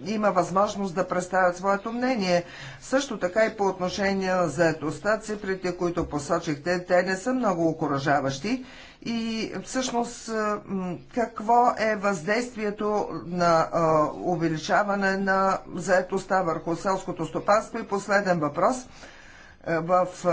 има възможност да представят своето мнение. Също така и по отношение на заедостта, цифрите, които посочихте, те не са много окоръжаващи. И всъщност какво е въздействието на а, увеличаване на заедостта върху селското стопанство? И последен въпрос – е, в е,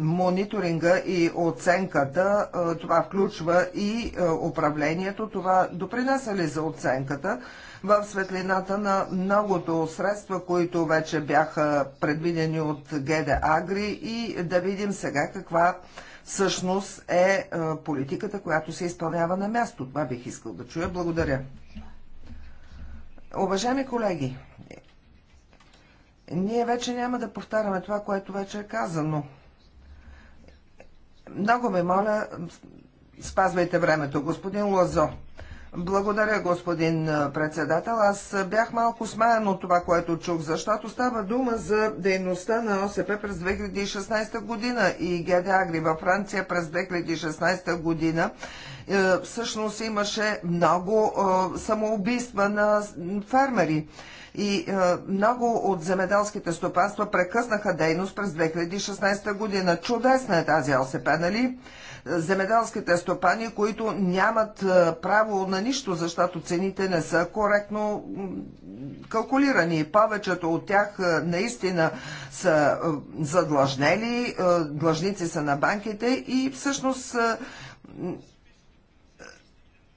мониторинга и оценката, е, това включва и управлението, това допринася ли за оценката в светлината на многото средства, които вече бяха предвидени от ГД Агри и да видим сега каква всъщност е политиката, която се изпълнява на място. Това бих искал да чуя. Благодаря. Уважаеми колеги, ние вече няма да повтаряме това, което вече е казано. Много ме моля, спазвайте времето. Господин Лазо. Благодаря, господин председател. Аз бях малко смаян от това, което чух, защото става дума за дейността на ОСП през 2016 година и ГД Агри във Франция през 2016 година. Е, всъщност имаше много самоубийства на фермери и е, много от земеделските стопанства прекъснаха дейност през 2016 година. Чудесна е тази ОСП, нали? земеделските стопани, които нямат е, право на нищо, защото цените не са коректно калкулирани. Повечето от тях е, наистина са задлъжнели, длъжници са на банките и всъщност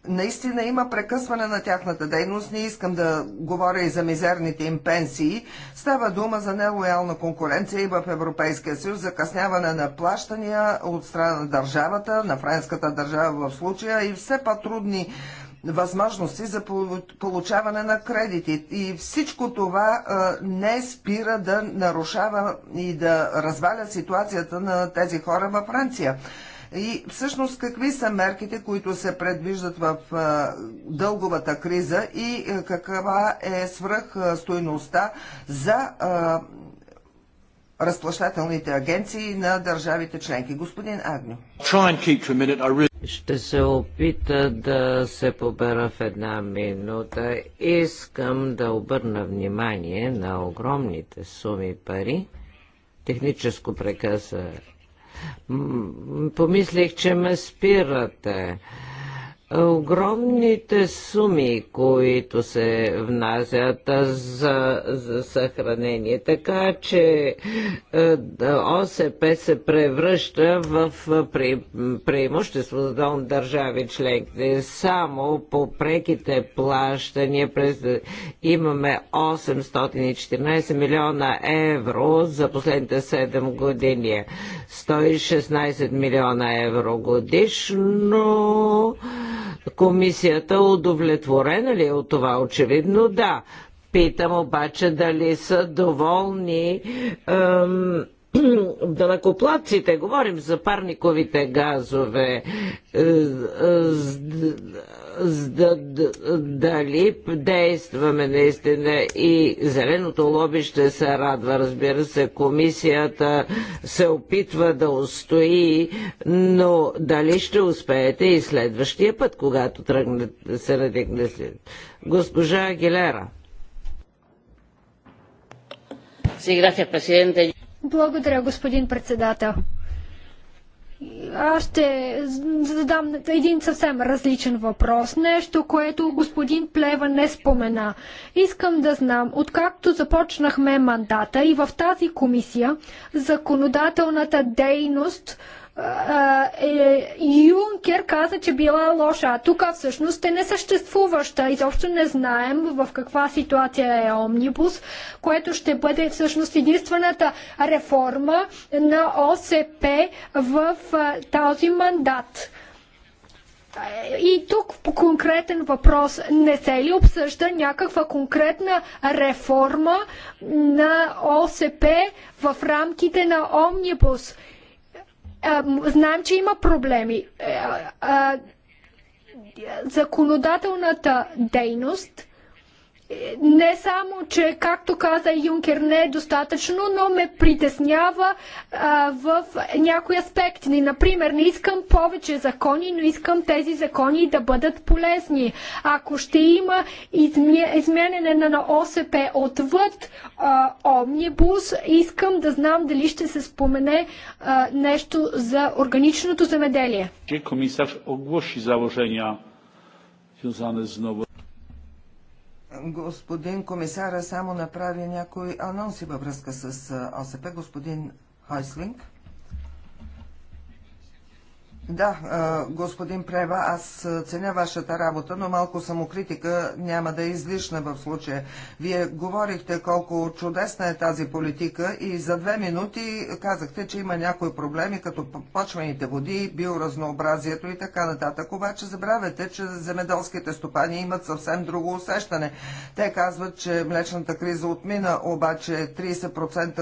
наистина има прекъсване на тяхната дейност. Не искам да говоря и за мизерните им пенсии. Става дума за нелоялна конкуренция и в Европейския съюз, закъсняване на плащания от страна на държавата, на френската държава в случая и все по-трудни възможности за получаване на кредити. И всичко това а, не спира да нарушава и да разваля ситуацията на тези хора във Франция. И всъщност какви са мерките, които се предвиждат в дълговата криза и каква е свръхстойността за разплащателните агенции на държавите членки. Господин Агню. Ще се опита да се побера в една минута. Искам да обърна внимание на огромните суми пари. Техническо прекъса Помислих, че ме спирате. Огромните суми, които се внасят за, за съхранение, така че е, ОСП се превръща в е, пре, преимущество за дом държави членки. Само по преките плащания през, е, имаме 814 милиона евро за последните 7 години. 116 милиона евро годишно Комисията удовлетворена ли е от това? Очевидно да. Питам обаче дали са доволни ем, данакоплатците, говорим за парниковите газове, е, е, дали действаме наистина и зеленото лоби ще се радва. Разбира се, комисията се опитва да устои, но дали ще успеете и следващия път, когато тръгне, се надигне след. Госпожа Агилера. Sí, gracias, presidente. Благодаря, господин председател. Аз ще задам един съвсем различен въпрос. Нещо, което господин Плева не спомена. Искам да знам, откакто започнахме мандата и в тази комисия, законодателната дейност е, Юнкер каза, че била лоша, а тук всъщност е несъществуваща. Изобщо не знаем в каква ситуация е Омнибус, което ще бъде всъщност единствената реформа на ОСП в този мандат. И тук по конкретен въпрос. Не се ли обсъжда някаква конкретна реформа на ОСП в рамките на Омнибус? знаем, че има проблеми. Е, законодателната дейност не само, че, както каза Юнкер, не е достатъчно, но ме притеснява а, в някои аспекти. Нали, например, не искам повече закони, но искам тези закони да бъдат полезни. Ако ще има изменене на ОСП отвъд а, омнибус, искам да знам дали ще се спомене а, нещо за органичното земеделие. Комисар оглуши заложения, с господин комисара само направи някои анонси във връзка с ОСП. Господин Хойслинг. Да, господин Прева, аз ценя вашата работа, но малко самокритика няма да е излишна в случая. Вие говорихте колко чудесна е тази политика и за две минути казахте, че има някои проблеми, като почвените води, биоразнообразието и така нататък. Обаче забравяте, че земеделските стопани имат съвсем друго усещане. Те казват, че млечната криза отмина, обаче 30%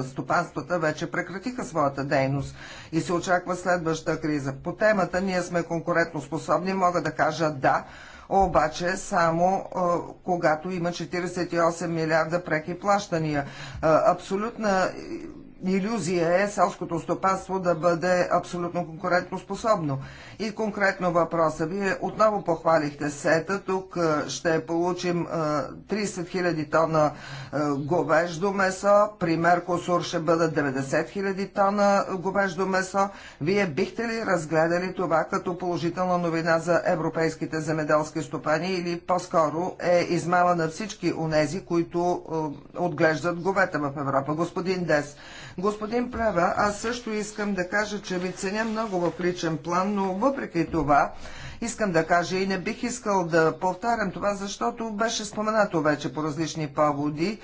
от стопанствата вече прекратиха своята дейност и се очаква следваща криза криза. По темата ние сме конкурентоспособни, мога да кажа да, обаче само а, е, когато има 48 милиарда преки плащания. А, е, абсолютна иллюзия е селското стопанство да бъде абсолютно конкурентоспособно. И конкретно въпроса. Вие отново похвалихте сета. Тук е, ще получим 30 е, 000 тона е, говеждо месо. При Меркосур ще бъдат 90 000 тона говеждо месо. Вие бихте ли разгледали това като положителна новина за европейските земеделски стопани или по-скоро е измала на всички унези, които отглеждат говета в Европа? Господин Дес, Господин Плева, аз също искам да кажа, че ви ценя много в личен план, но въпреки това искам да кажа и не бих искал да повтарям това, защото беше споменато вече по различни поводи.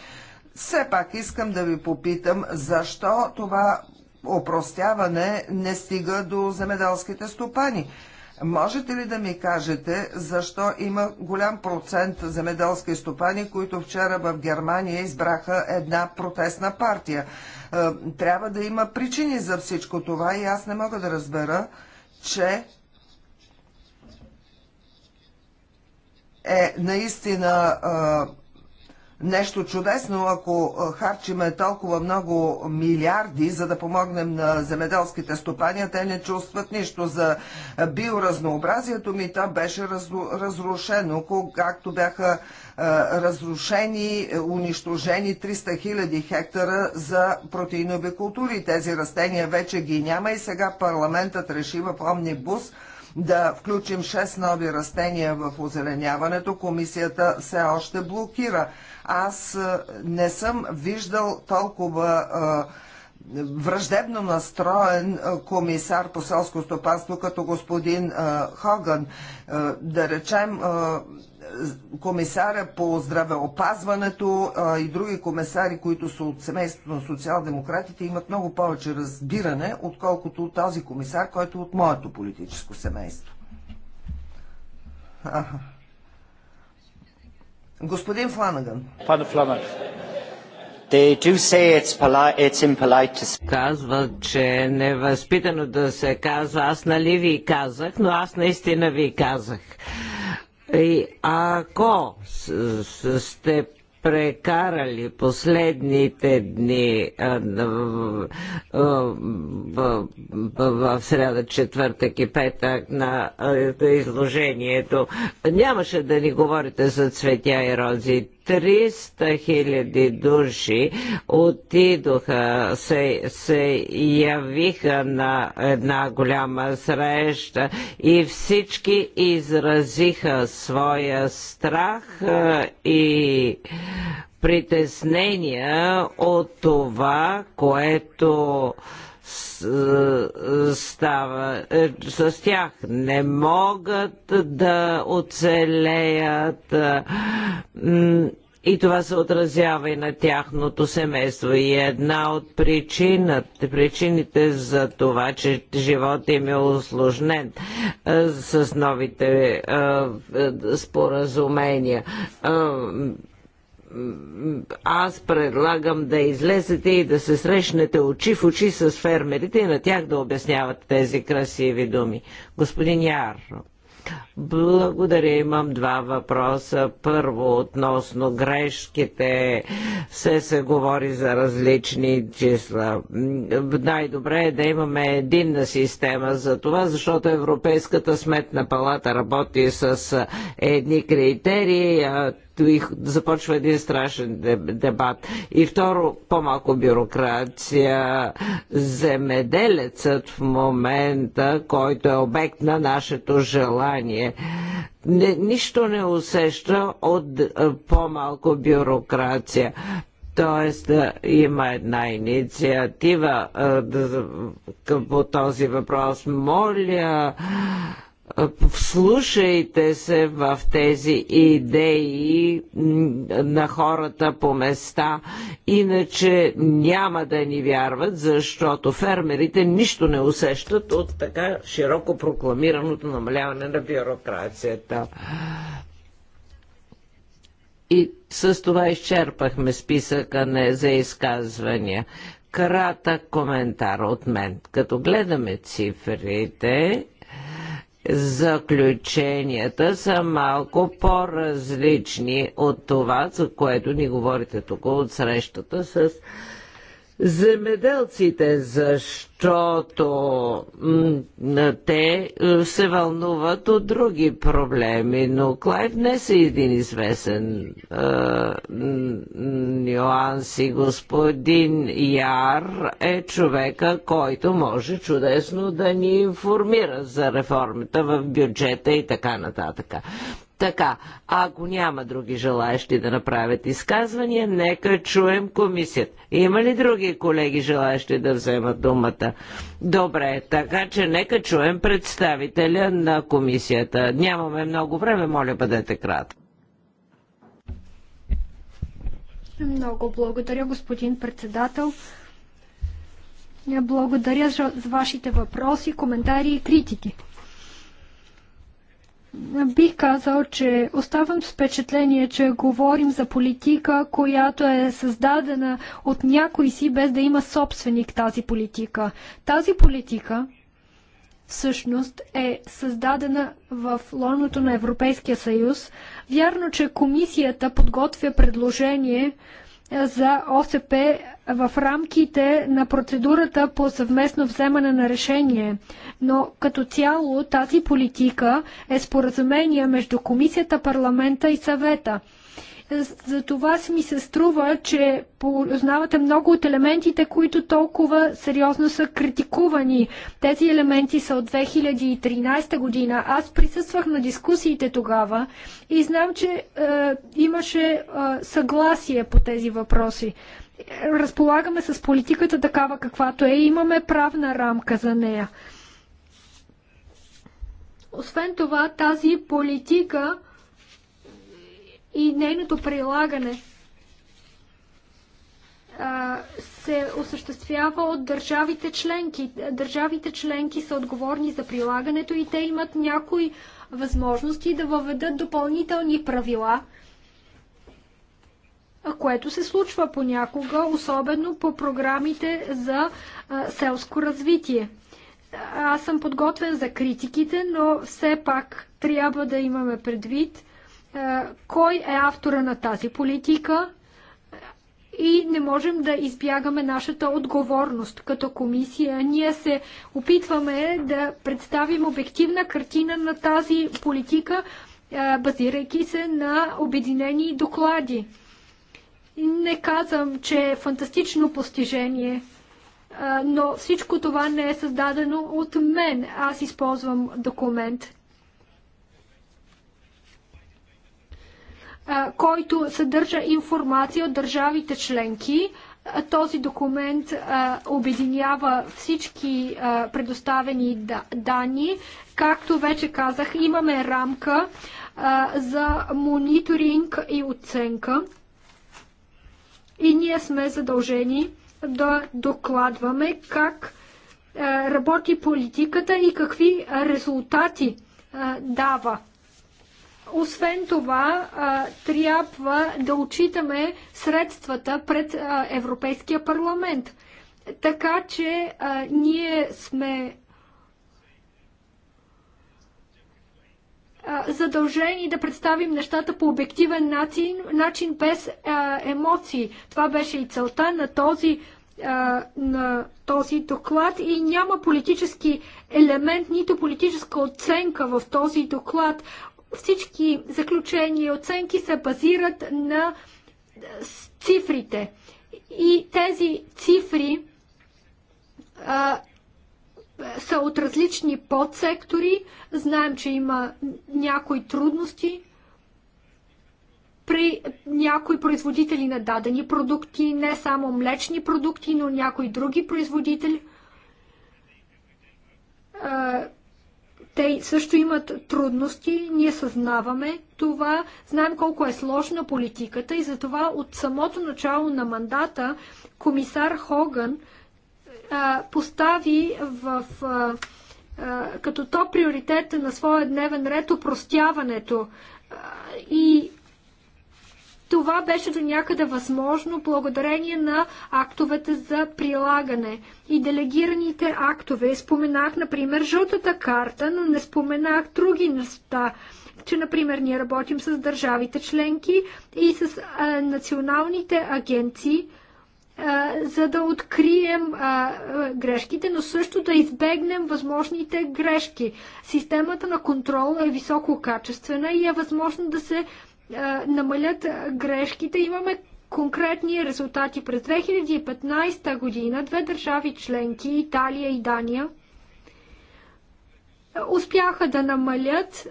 Все пак искам да ви попитам, защо това опростяване не стига до земеделските стопани. Можете ли да ми кажете защо има голям процент земеделски стопани, които вчера в Германия избраха една протестна партия? Е, трябва да има причини за всичко това и аз не мога да разбера, че е наистина е, нещо чудесно, ако харчиме толкова много милиарди, за да помогнем на земеделските стопания, те не чувстват нищо за биоразнообразието ми. То беше разрушено, както бяха разрушени, е, унищожени 300 хиляди хектара за протеинови култури. Тези растения вече ги няма и сега парламентът реши в Омнибус – да включим 6 нови растения в озеленяването, комисията все още блокира. Аз е, не съм виждал толкова е, враждебно настроен е, комисар по селско стопанство като господин Хоган. Да речем, комисара по здравеопазването а, и други комисари, които са от семейството на социал-демократите, имат много повече разбиране, отколкото от този комисар, който е от моето политическо семейство. господин Фланаган. Пан Фланаган. Казва, че е невъзпитано да се казва. Аз нали ви казах, но аз наистина ви казах. И ако сте прекарали последните дни в среда, четвъртък и петък на изложението, нямаше да ни говорите за цветя и рози. 300 хиляди души отидоха, се, се явиха на една голяма среща и всички изразиха своя страх и притеснения от това, което е, става е, с тях. Не могат да оцелеят е, и това се отразява и на тяхното семейство. И една от причината, причините за това, че живот им е осложнен с новите а, споразумения. А, аз предлагам да излезете и да се срещнете очи в очи с фермерите и на тях да обясняват тези красиви думи. Господин Яр, благодаря. Имам два въпроса. Първо, относно грешките. Все се говори за различни числа. Най-добре е да имаме единна система за това, защото Европейската сметна палата работи с едни критерии, а започва един страшен дебат. И второ, по-малко бюрокрация. Земеделецът в момента, който е обект на нашето желание, не, нищо не усеща от е, по-малко бюрокрация. Тоест има една инициатива е, да по този въпрос. Моля вслушайте се в тези идеи на хората по места, иначе няма да ни вярват, защото фермерите нищо не усещат от така широко прокламираното намаляване на бюрокрацията. И с това изчерпахме списъка не за изказвания. Кратък коментар от мен. Като гледаме цифрите Заключенията са малко по-различни от това, за което ни говорите тук от срещата с земеделците, защото те е, се вълнуват от други проблеми, но Клайв не е един известен е, нюанс и господин Яр е човека, който може чудесно да ни информира за реформата в бюджета и така нататък. Така, ако няма други желаящи да направят изказвания, нека чуем комисията. Има ли други колеги желаящи да вземат думата? Добре, така че нека чуем представителя на комисията. Нямаме много време, моля бъдете крат. Много благодаря, господин председател. Благодаря за вашите въпроси, коментари и критики бих казал, че оставам с впечатление, че говорим за политика, която е създадена от някой си, без да има собственик тази политика. Тази политика всъщност е създадена в лоното на Европейския съюз. Вярно, че комисията подготвя предложение, за ОСП в рамките на процедурата по съвместно вземане на решение. Но като цяло тази политика е споразумение между Комисията, парламента и съвета. Е, за това си ми се струва, че познавате много от елементите, които толкова сериозно са критикувани. Тези елементи са от 2013 година. Аз присъствах на дискусиите тогава и знам, че е, имаше е, съгласие по тези въпроси разполагаме с политиката такава каквато е и имаме правна рамка за нея. Освен това, тази политика и нейното прилагане се осъществява от държавите членки. Държавите членки са отговорни за прилагането и те имат някои възможности да въведат допълнителни правила, което се случва понякога, особено по програмите за селско развитие. Аз съм подготвен за критиките, но все пак трябва да имаме предвид, е, кой е автора на тази политика и не можем да избягаме нашата отговорност. Като комисия ние се опитваме да представим обективна картина на тази политика, е, базирайки се на обединени доклади. Не казвам, че е фантастично постижение, е, но всичко това не е създадено от мен. Аз използвам документ който съдържа информация от държавите членки. Този документ обединява всички предоставени данни. Както вече казах, имаме рамка за мониторинг и оценка. И ние сме задължени да докладваме как работи политиката и какви резултати дава освен това, трябва да отчитаме средствата пред Европейския парламент. Така че ние сме задължени да представим нещата по обективен начин, начин без емоции. Това беше и целта на този, на този доклад и няма политически елемент, нито политическа оценка в този доклад всички заключения и оценки се базират на е, цифрите. И тези цифри а, е, са от различни подсектори. Знаем, че има някои трудности при някои производители на дадени продукти, не само млечни продукти, но някои други производители. А, е, те също имат трудности, ние съзнаваме това, знаем колко е сложна политиката и затова от самото начало на мандата комисар Хоган а, постави в. А, като то приоритет на своя дневен ред опростяването и това беше до някъде възможно благодарение на актовете за прилагане и делегираните актове. Споменах, например, жълтата карта, но не споменах други неща че, например, ние работим с държавите членки и с а, националните агенции, а, за да открием а, а, грешките, но също да избегнем възможните грешки. Системата на контрол е висококачествена и е възможно да се намалят грешките. Имаме конкретни резултати. През 2015 година две държави членки, Италия и Дания, успяха да намалят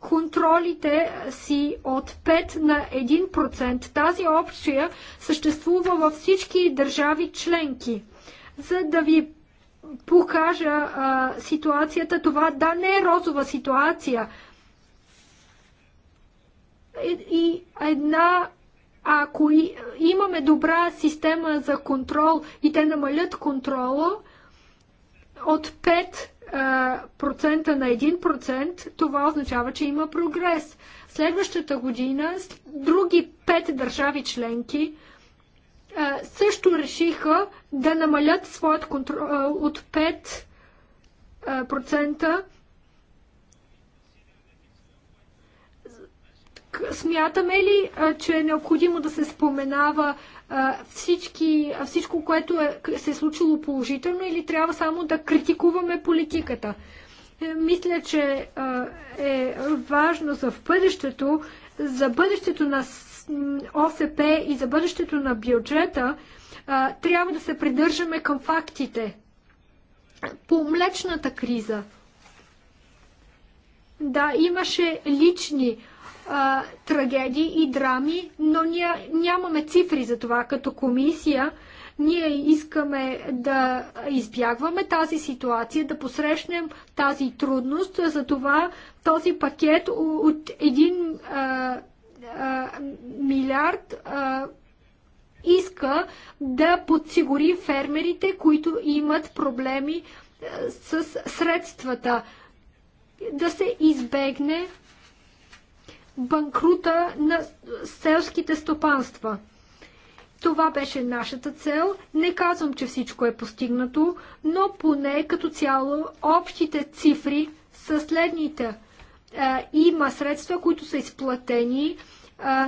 контролите си от 5 на 1%. Тази опция съществува във всички държави членки. За да ви покажа а, ситуацията, това да не е розова ситуация, и една ако имаме добра система за контрол и те намалят контрола от 5% на 1%, това означава, че има прогрес. Следващата година други 5 държави членки също решиха да намалят своят контрол от 5% смятаме ли, че е необходимо да се споменава всички, всичко, което е, се е случило положително или трябва само да критикуваме политиката? Е, мисля, че е важно за в бъдещето, за бъдещето на ОСП и за бъдещето на бюджета, трябва да се придържаме към фактите. По млечната криза, да, имаше лични а, трагедии и драми, но ние нямаме цифри за това като комисия. Ние искаме да избягваме тази ситуация, да посрещнем тази трудност. Затова този пакет от 1 а, а, милиард а, иска да подсигури фермерите, които имат проблеми с средствата. Да се избегне банкрута на селските стопанства. Това беше нашата цел. Не казвам, че всичко е постигнато, но поне като цяло общите цифри са следните. Е, има средства, които са изплатени е,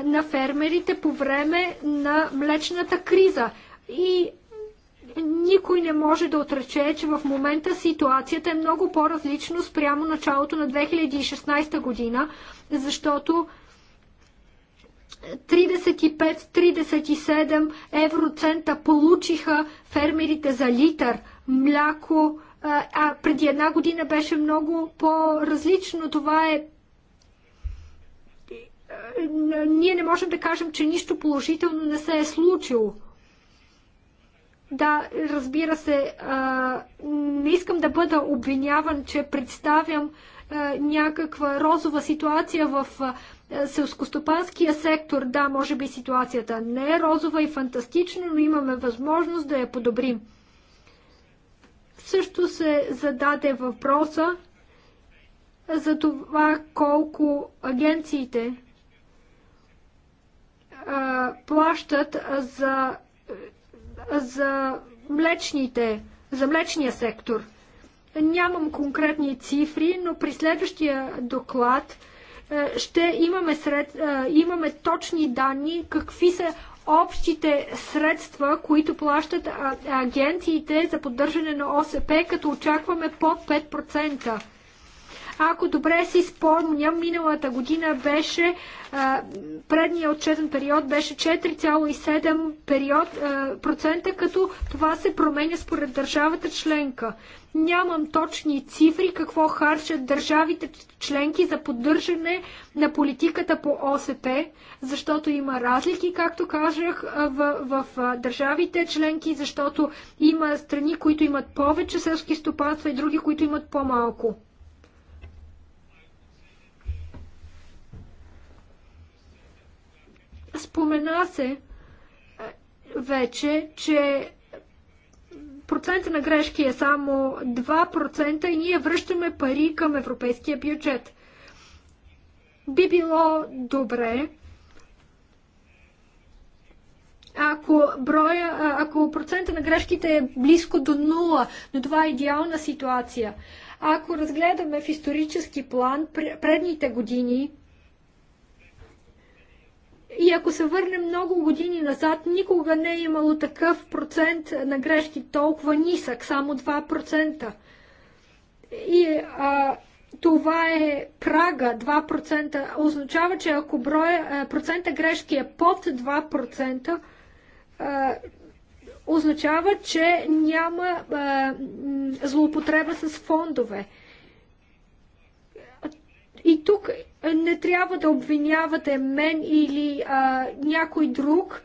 на фермерите по време на млечната криза. И никой не може да отрече, че в момента ситуацията е много по-различно спрямо началото на 2016 година, защото 35-37 евроцента получиха фермерите за литър мляко, а преди една година беше много по-различно. Това е ние не можем да кажем, че нищо положително не се е случило. Да, разбира се, а, не искам да бъда обвиняван, че представям а, някаква розова ситуация в селскостопанския сектор. Да, може би ситуацията не е розова и фантастична, но имаме възможност да я подобрим. Също се зададе въпроса за това колко агенциите а, плащат за за, млечните, за млечния сектор. Нямам конкретни цифри, но при следващия доклад е, ще имаме, сред, е, имаме точни данни какви са общите средства, които плащат агенциите за поддържане на ОСП, като очакваме по 5%. Ако добре си спомням, миналата година беше предният отчетен период беше 4,7 период, процента, като това се променя според държавата членка. Нямам точни цифри какво харчат държавите членки за поддържане на политиката по ОСП, защото има разлики, както казах, в, в държавите членки, защото има страни, които имат повече селски стопанства и други, които имат по-малко. Спомена се е, вече, че процента на грешки е само 2% и ние връщаме пари към европейския бюджет. Би било добре, ако, броя, ако процента на грешките е близко до нула, но това е идеална ситуация. Ако разгледаме в исторически план предните години, и ако се върнем много години назад, никога не е имало такъв процент на грешки толкова нисък, само 2%. И а, това е прага 2%. Означава, че ако броя, процента грешки е под 2%, а, означава, че няма а, злоупотреба с фондове. И тук не трябва да обвинявате мен или а, някой друг,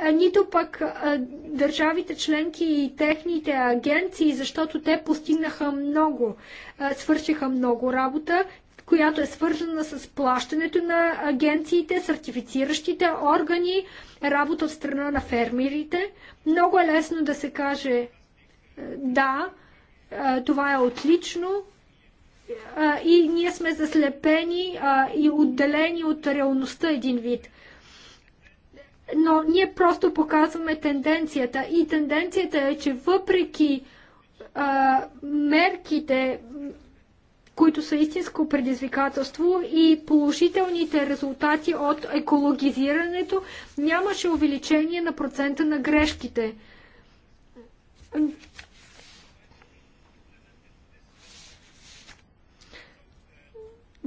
а, нито пък а, държавите членки и техните агенции, защото те постигнаха много, а, свършиха много работа, която е свързана с плащането на агенциите, сертифициращите органи, работа от страна на фермерите. Много е лесно да се каже да, това е отлично, и ние сме заслепени и отделени от реалността един вид. Но ние просто показваме тенденцията и тенденцията е, че въпреки мерките, които са истинско предизвикателство и положителните резултати от екологизирането, нямаше увеличение на процента на грешките.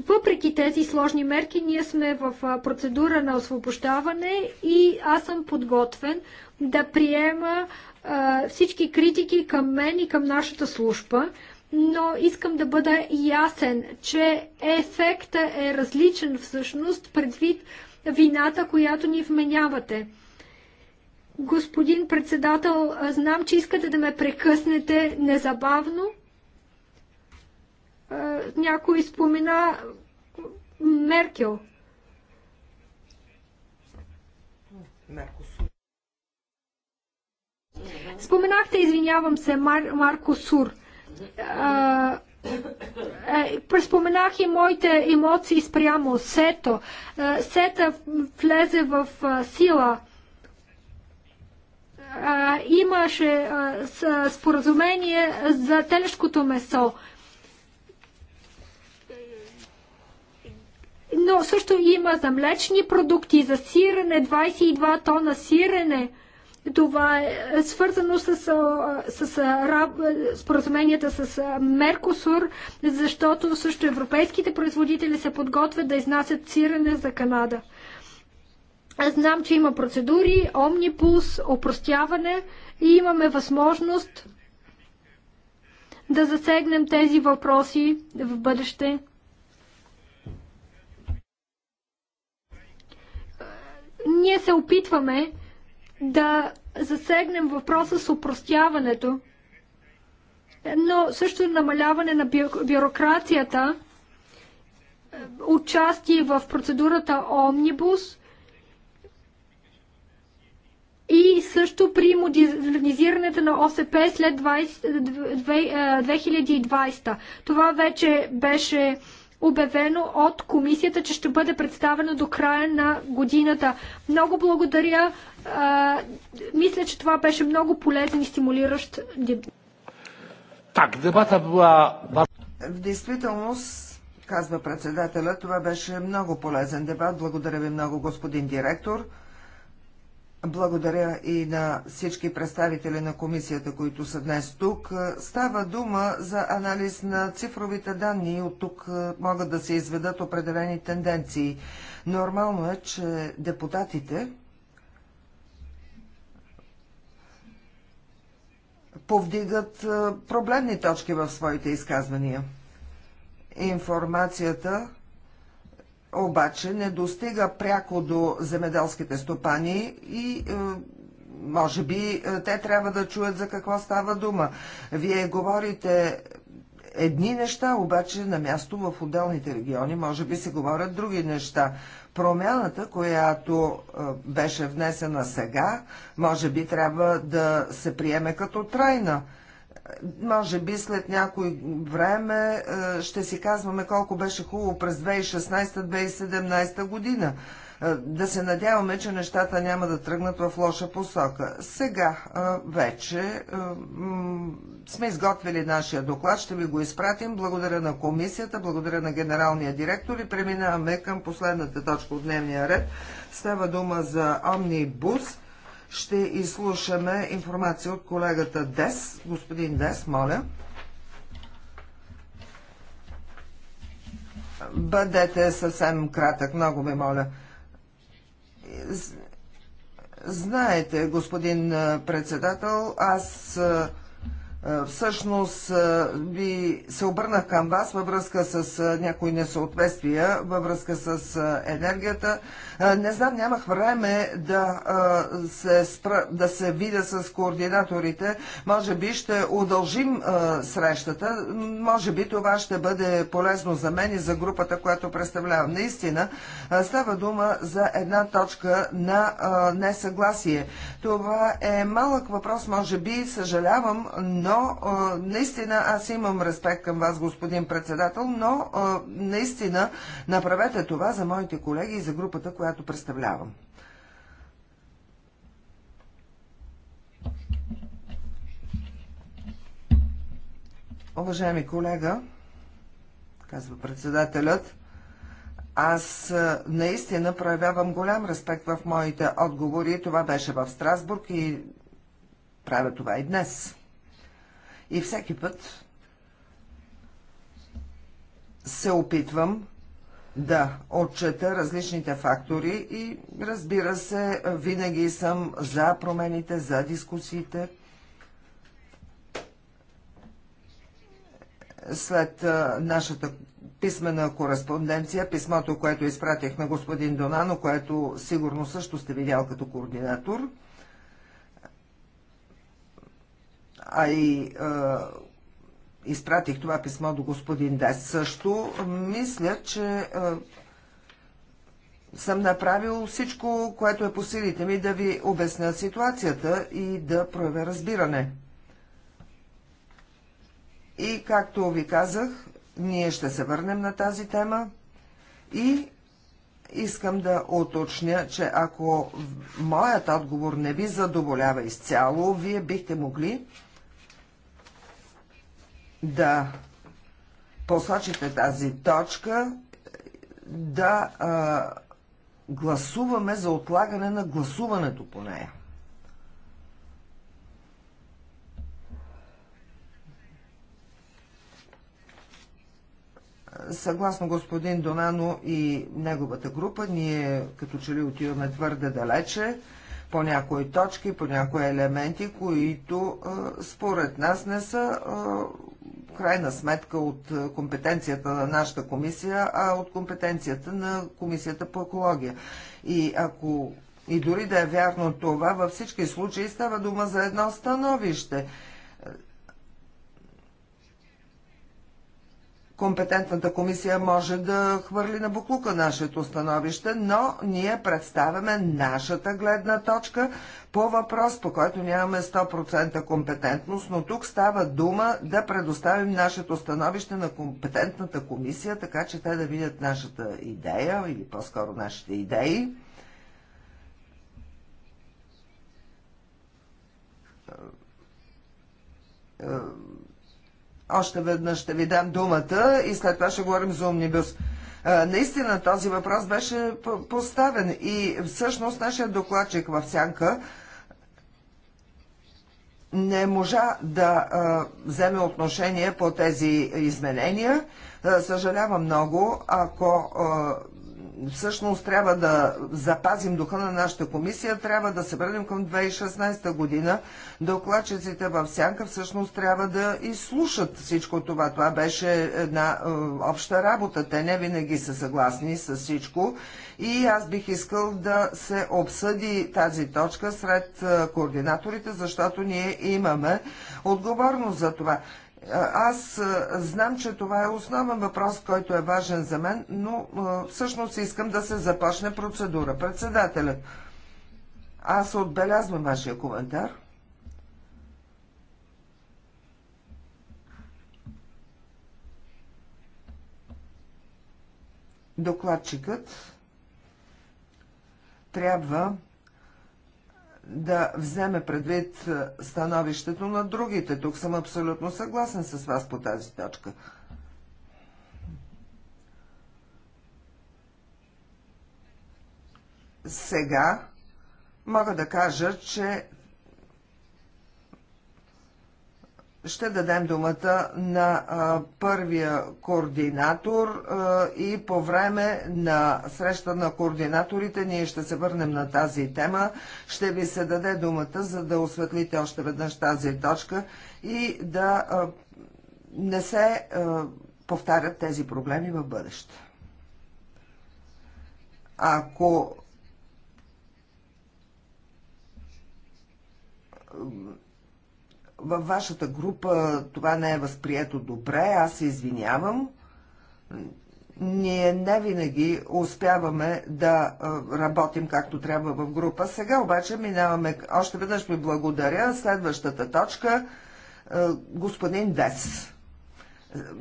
Въпреки тези сложни мерки, ние сме в процедура на освобождаване и аз съм подготвен да приема всички критики към мен и към нашата служба, но искам да бъда ясен, че ефекта е различен всъщност предвид вината, която ни вменявате. Господин председател, знам, че искате да ме прекъснете незабавно, е, някой спомена Меркел. Споменахте, извинявам се, Мар, Марко Сур. Е, е, преспоменах и моите емоции спрямо Сето. сета влезе в сила. имаше споразумение за телешкото месо. но също има за млечни продукти, за сирене, 22 тона сирене. Това е, е свързано с, с, с е, споразуменията с Меркосур, защото също европейските производители се подготвят да изнасят сирене за Канада. Аз знам, че има процедури, омнибус, опростяване и имаме възможност да засегнем тези въпроси в бъдеще. Ние се опитваме да засегнем въпроса с упростяването, но също намаляване на бюрокрацията, участие в процедурата Омнибус и също при модернизирането на ОСП след 20, 2020. Това вече беше обявено от комисията, че ще бъде представено до края на годината. Много благодаря. А, мисля, че това беше много полезен и стимулиращ дебат. Так, дебата била... В действителност, казва председателя, това беше много полезен дебат. Благодаря ви много, господин директор. Благодаря и на всички представители на комисията, които са днес тук. Става дума за анализ на цифровите данни. От тук е, могат да се изведат определени тенденции. Нормално е, че депутатите повдигат е, проблемни точки в своите изказвания. Информацията обаче не достига пряко до земеделските стопани и е, може би е, те трябва да чуят за какво става дума. Вие говорите едни неща, обаче на място в отделните региони може би се говорят други неща. Промяната, която е, беше внесена сега, може би трябва да се приеме като трайна може би след някой време е, ще си казваме колко беше хубаво през 2016-2017 година. Е, да се надяваме, че нещата няма да тръгнат в лоша посока. Сега е, вече сме изготвили нашия доклад, ще ви го изпратим. Благодаря на комисията, благодаря на генералния директор и преминаваме към последната точка от дневния ред. Става дума за Омнибус ще изслушаме информация от колегата Дес. Господин Дес, моля. Бъдете съвсем кратък, много ви моля. Знаете, господин председател, аз всъщност ви се обърнах към вас във връзка с някои несъответствия, във връзка с енергията. Не знам, нямах време да се, спра, да се видя с координаторите. Може би ще удължим срещата. Може би това ще бъде полезно за мен и за групата, която представлявам. Наистина става дума за една точка на несъгласие. Това е малък въпрос, може би, съжалявам, но наистина аз имам респект към вас, господин председател, но наистина направете това за моите колеги и за групата, която която представлявам. Уважаеми колега, казва председателят, аз наистина проявявам голям респект в моите отговори. Това беше в Страсбург и правя това и днес. И всеки път се опитвам да отчета различните фактори и разбира се, винаги съм за промените, за дискусиите. След нашата писмена кореспонденция, писмото, което изпратих на господин Донано, което сигурно също сте видял като координатор, а и изпратих това писмо до господин Дес също, мисля, че съм направил всичко, което е по силите ми да ви обясня ситуацията и да проявя разбиране. И както ви казах, ние ще се върнем на тази тема и искам да уточня, че ако моят отговор не ви задоволява изцяло, вие бихте могли да посочите тази точка, да а, гласуваме за отлагане на гласуването по нея. Съгласно господин Донано и неговата група, ние като че ли отиваме твърде далече по някои точки, по някои елементи, които според нас не са крайна сметка от е, компетенцията на нашата комисия, а от компетенцията на комисията по екология. И ако и дори да е вярно това, във всички случаи става дума за едно становище – компетентната комисия може да хвърли на буклука нашето становище, но ние представяме нашата гледна точка по въпрос, по който нямаме 100% компетентност, но тук става дума да предоставим нашето становище на компетентната комисия, така че те да видят нашата идея или по-скоро нашите идеи. Uh още веднъж ще ви дам думата и след това ще говорим за Омнибюс. Наистина този въпрос беше поставен и всъщност нашия докладчик в Сянка не можа да а, вземе отношение по тези изменения. Съжалявам много, ако а, всъщност трябва да запазим духа на нашата комисия, трябва да се върнем към 2016 година. Докладчиците в Сянка всъщност трябва да изслушат всичко това. Това беше една е, обща работа. Те не винаги са съгласни с всичко. И аз бих искал да се обсъди тази точка сред е, координаторите, защото ние имаме отговорност за това. Аз знам, че това е основен въпрос, който е важен за мен, но всъщност искам да се започне процедура. Председателят, аз отбелязвам вашия коментар. Докладчикът трябва да вземе предвид е, становището на другите. Тук съм абсолютно съгласен с вас по тази точка. Сега мога да кажа, че ще дадем думата на а, първия координатор а, и по време на среща на координаторите ние ще се върнем на тази тема. Ще ви се даде думата, за да осветлите още веднъж тази точка и да а, не се повтарят тези проблеми в бъдеще. Ако във вашата група това не е възприето добре, аз се извинявам. Ние не винаги успяваме да работим както трябва в група. Сега обаче минаваме, още веднъж ви благодаря, следващата точка, господин Дес.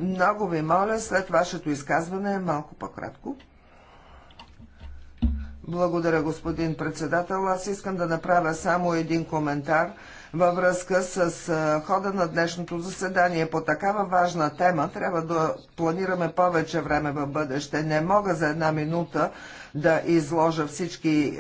Много ви моля, след вашето изказване малко по-кратко. Благодаря, господин председател. Аз искам да направя само един коментар – във връзка с хода на днешното заседание. По такава важна тема трябва да планираме повече време в бъдеще. Не мога за една минута да изложа всички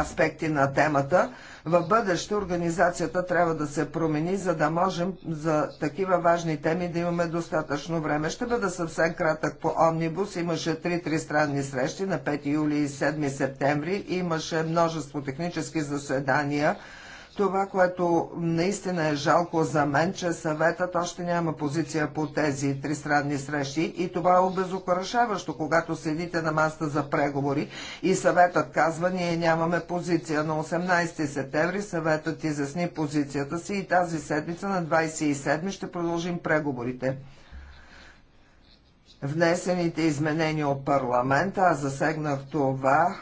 аспекти на темата. В бъдеще организацията трябва да се промени, за да можем за такива важни теми да имаме достатъчно време. Ще бъда съвсем кратък по Омнибус. Имаше три тристранни срещи на 5 юли и 7 септември. Имаше множество технически заседания това, което наистина е жалко за мен, че съветът още няма позиция по тези тристранни срещи и това е обезокоръшаващо, когато седите на маста за преговори и съветът казва, ние нямаме позиция. На 18 септември съветът изясни позицията си и тази седмица на 27 ще продължим преговорите внесените изменения от парламента, аз засегнах това,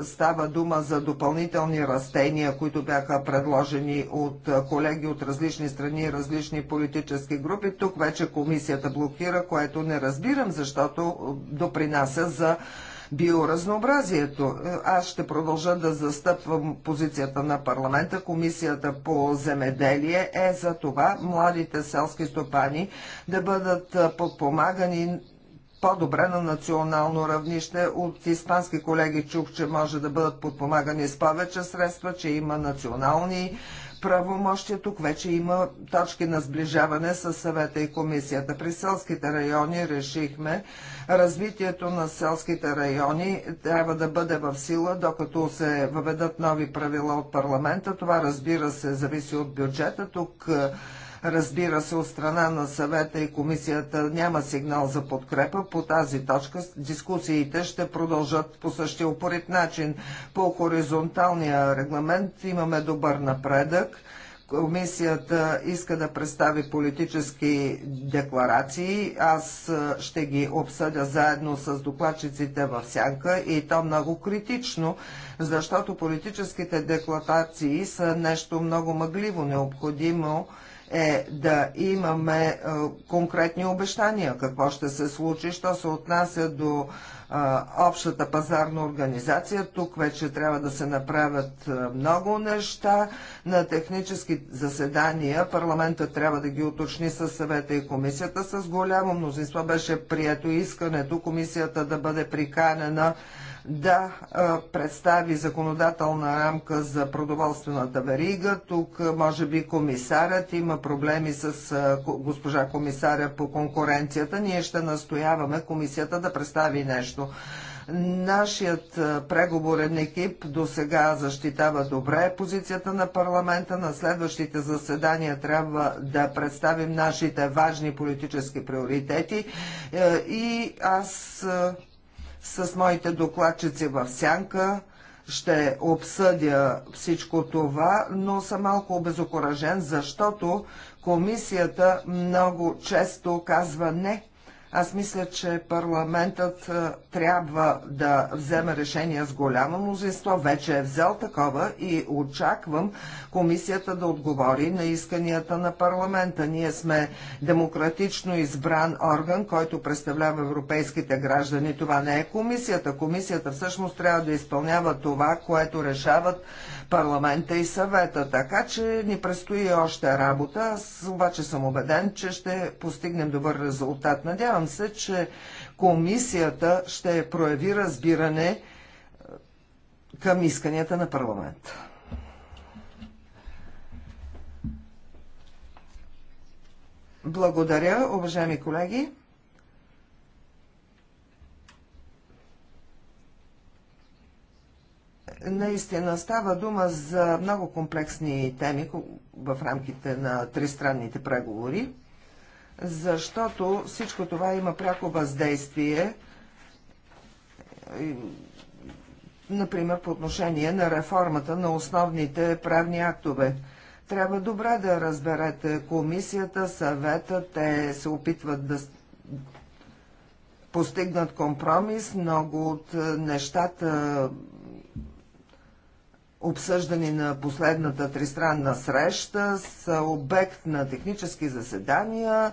е, става дума за допълнителни растения, които бяха предложени от колеги от различни страни, и различни политически групи. Тук вече комисията блокира, което не разбирам, защото допринася за биоразнообразието. Е, аз ще продължа да застъпвам позицията на парламента. Комисията по земеделие е за това младите селски стопани да бъдат е, подпомагани по-добре на национално равнище. От испански колеги чух, че може да бъдат подпомагани с повече средства, че има национални правомощия. Тук вече има точки на сближаване с съвета и комисията. При селските райони решихме развитието на селските райони трябва да бъде в сила, докато се въведат нови правила от парламента. Това разбира се зависи от бюджета. Тук Разбира се, от страна на съвета и комисията няма сигнал за подкрепа. По тази точка дискусиите ще продължат по същия упорит начин. По хоризонталния регламент имаме добър напредък. Комисията иска да представи политически декларации. Аз ще ги обсъдя заедно с докладчиците в сянка и то много критично, защото политическите декларации са нещо много мъгливо необходимо е да имаме е, конкретни обещания какво ще се случи, що се отнася до е, общата пазарна организация. Тук вече трябва да се направят е, много неща. На технически заседания парламента трябва да ги уточни с съвета и комисията. С голямо мнозинство беше прието искането комисията да бъде приканена да представи законодателна рамка за продоволствената верига. Тук може би комисарят има проблеми с госпожа комисаря по конкуренцията. Ние ще настояваме комисията да представи нещо. Нашият преговорен екип до сега защитава добре позицията на парламента. На следващите заседания трябва да представим нашите важни политически приоритети. Е, и аз с моите докладчици в сянка ще обсъдя всичко това, но съм малко обезокоражен, защото комисията много често казва не аз мисля, че парламентът трябва да вземе решение с голямо мнозинство. Вече е взел такова и очаквам комисията да отговори на исканията на парламента. Ние сме демократично избран орган, който представлява европейските граждани. Това не е комисията. Комисията всъщност трябва да изпълнява това, което решават парламента и съвета. Така че ни предстои още работа. Аз обаче съм убеден, че ще постигнем добър резултат. Надявам Надявам се, че комисията ще прояви разбиране е, към исканията на парламента. Благодаря, уважаеми колеги. Наистина става дума за много комплексни теми в рамките на тристранните преговори защото всичко това има пряко въздействие, например по отношение на реформата на основните правни актове. Трябва добре да разберете комисията, съвета, те се опитват да постигнат компромис, много от е, нещата обсъждани на последната тристранна среща, са обект на технически заседания, е,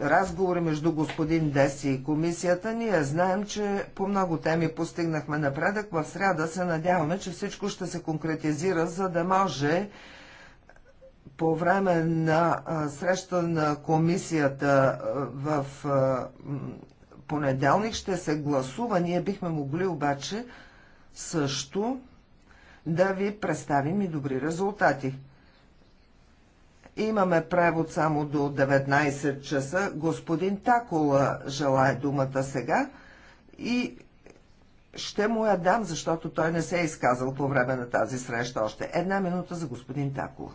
разговори между господин Деси и комисията. Ние знаем, че по много теми постигнахме напредък. В среда се надяваме, че всичко ще се конкретизира, за да може по време на е, среща на комисията е, в понеделник ще се гласува. Ние бихме могли обаче също да ви представим и добри резултати. Имаме превод само до 19 часа. Господин Такола желая думата сега и ще му я дам, защото той не се е изказал по време на тази среща още. Една минута за господин Такола.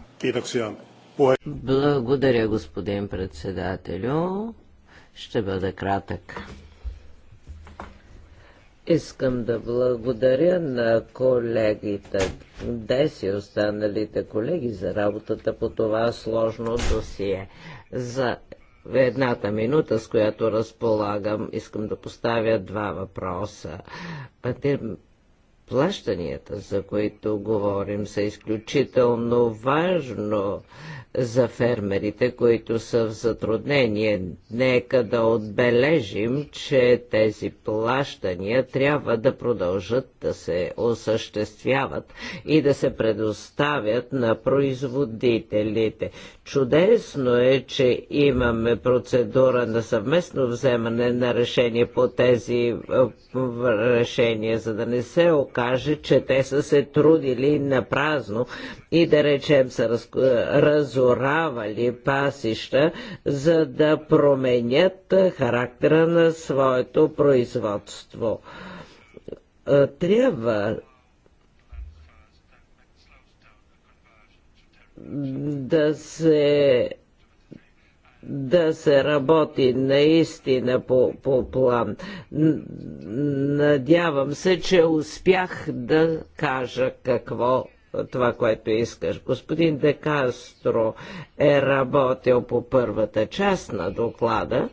Благодаря, господин председателю. Ще бъда кратък. Искам да благодаря на колегите Дес и останалите колеги за работата по това сложно досие. За едната минута, с която разполагам, искам да поставя два въпроса. Плащанията, за които говорим, са изключително важно за фермерите, които са в затруднение. Нека да отбележим, че тези плащания трябва да продължат да се осъществяват и да се предоставят на производителите. Чудесно е, че имаме процедура на съвместно вземане на решение по тези е, решения, за да не се окаже, че те са се трудили на празно и да речем са раз разоравали пасища, за да променят характера на своето производство. Е, трябва да се да се работи наистина по, по план. Надявам се, че успях да кажа какво това, което искаш. Господин Декастро е работил по първата част на доклада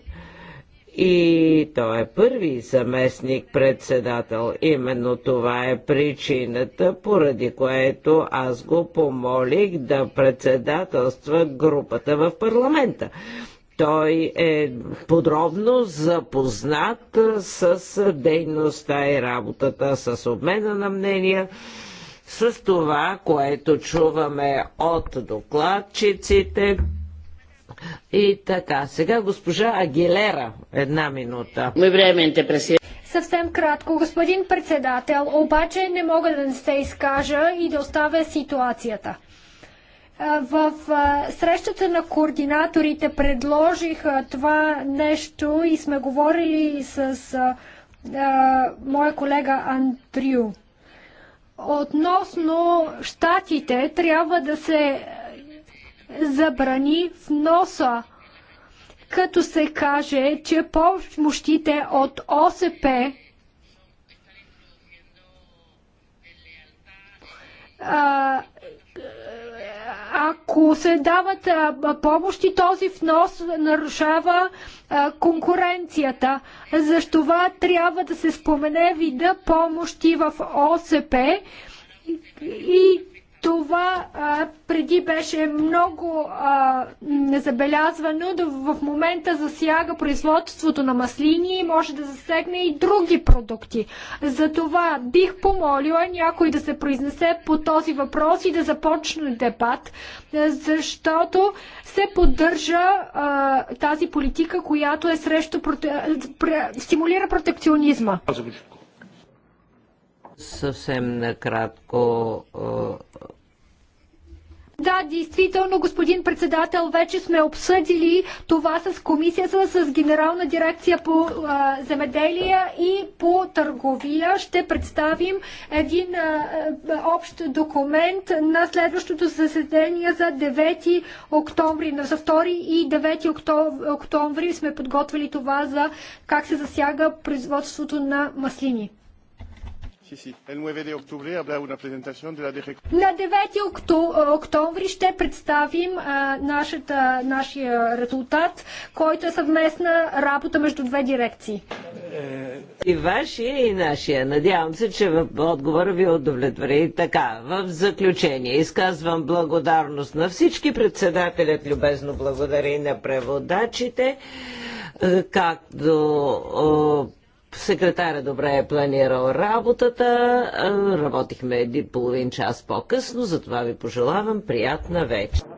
и той е първи заместник председател. Именно това е причината, поради което аз го помолих да председателства групата в парламента. Той е подробно запознат с дейността и работата, с обмена на мнения с това, което чуваме от докладчиците. И така, сега госпожа Агилера, една минута. Ми временте, пресия. Съвсем кратко, господин председател, обаче не мога да не се изкажа и да оставя ситуацията. В срещата на координаторите предложих това нещо и сме говорили с моя колега Андрю. Относно щатите, трябва да се забрани вноса, като се каже, че помощите от ОСП а, ако се дават помощи, този внос нарушава конкуренцията. Защо трябва да се спомене вида помощи в ОСП и това а, преди беше много а, незабелязвано, да в момента засяга производството на маслини и може да засегне и други продукти. Затова бих помолила някой да се произнесе по този въпрос и да започне дебат, защото се поддържа а, тази политика, която е срещу проте... стимулира протекционизма. Съвсем накратко да, действително, господин председател, вече сме обсъдили това с комисията, с генерална дирекция по а, земеделие и по търговия. Ще представим един а, общ документ на следващото заседание за 9 октомври. За 2 и 9 октомври сме подготвили това за как се засяга производството на маслини. На 9 октомври ще представим нашата, нашия резултат, който е съвместна работа между две дирекции. И вашия, и нашия. Надявам се, че отговора ви удовлетвори. И така, в заключение изказвам благодарност на всички. Председателят любезно благодари на преводачите както Секретаря добре е планирал работата. Работихме един половин час по-късно, затова ви пожелавам приятна вечер.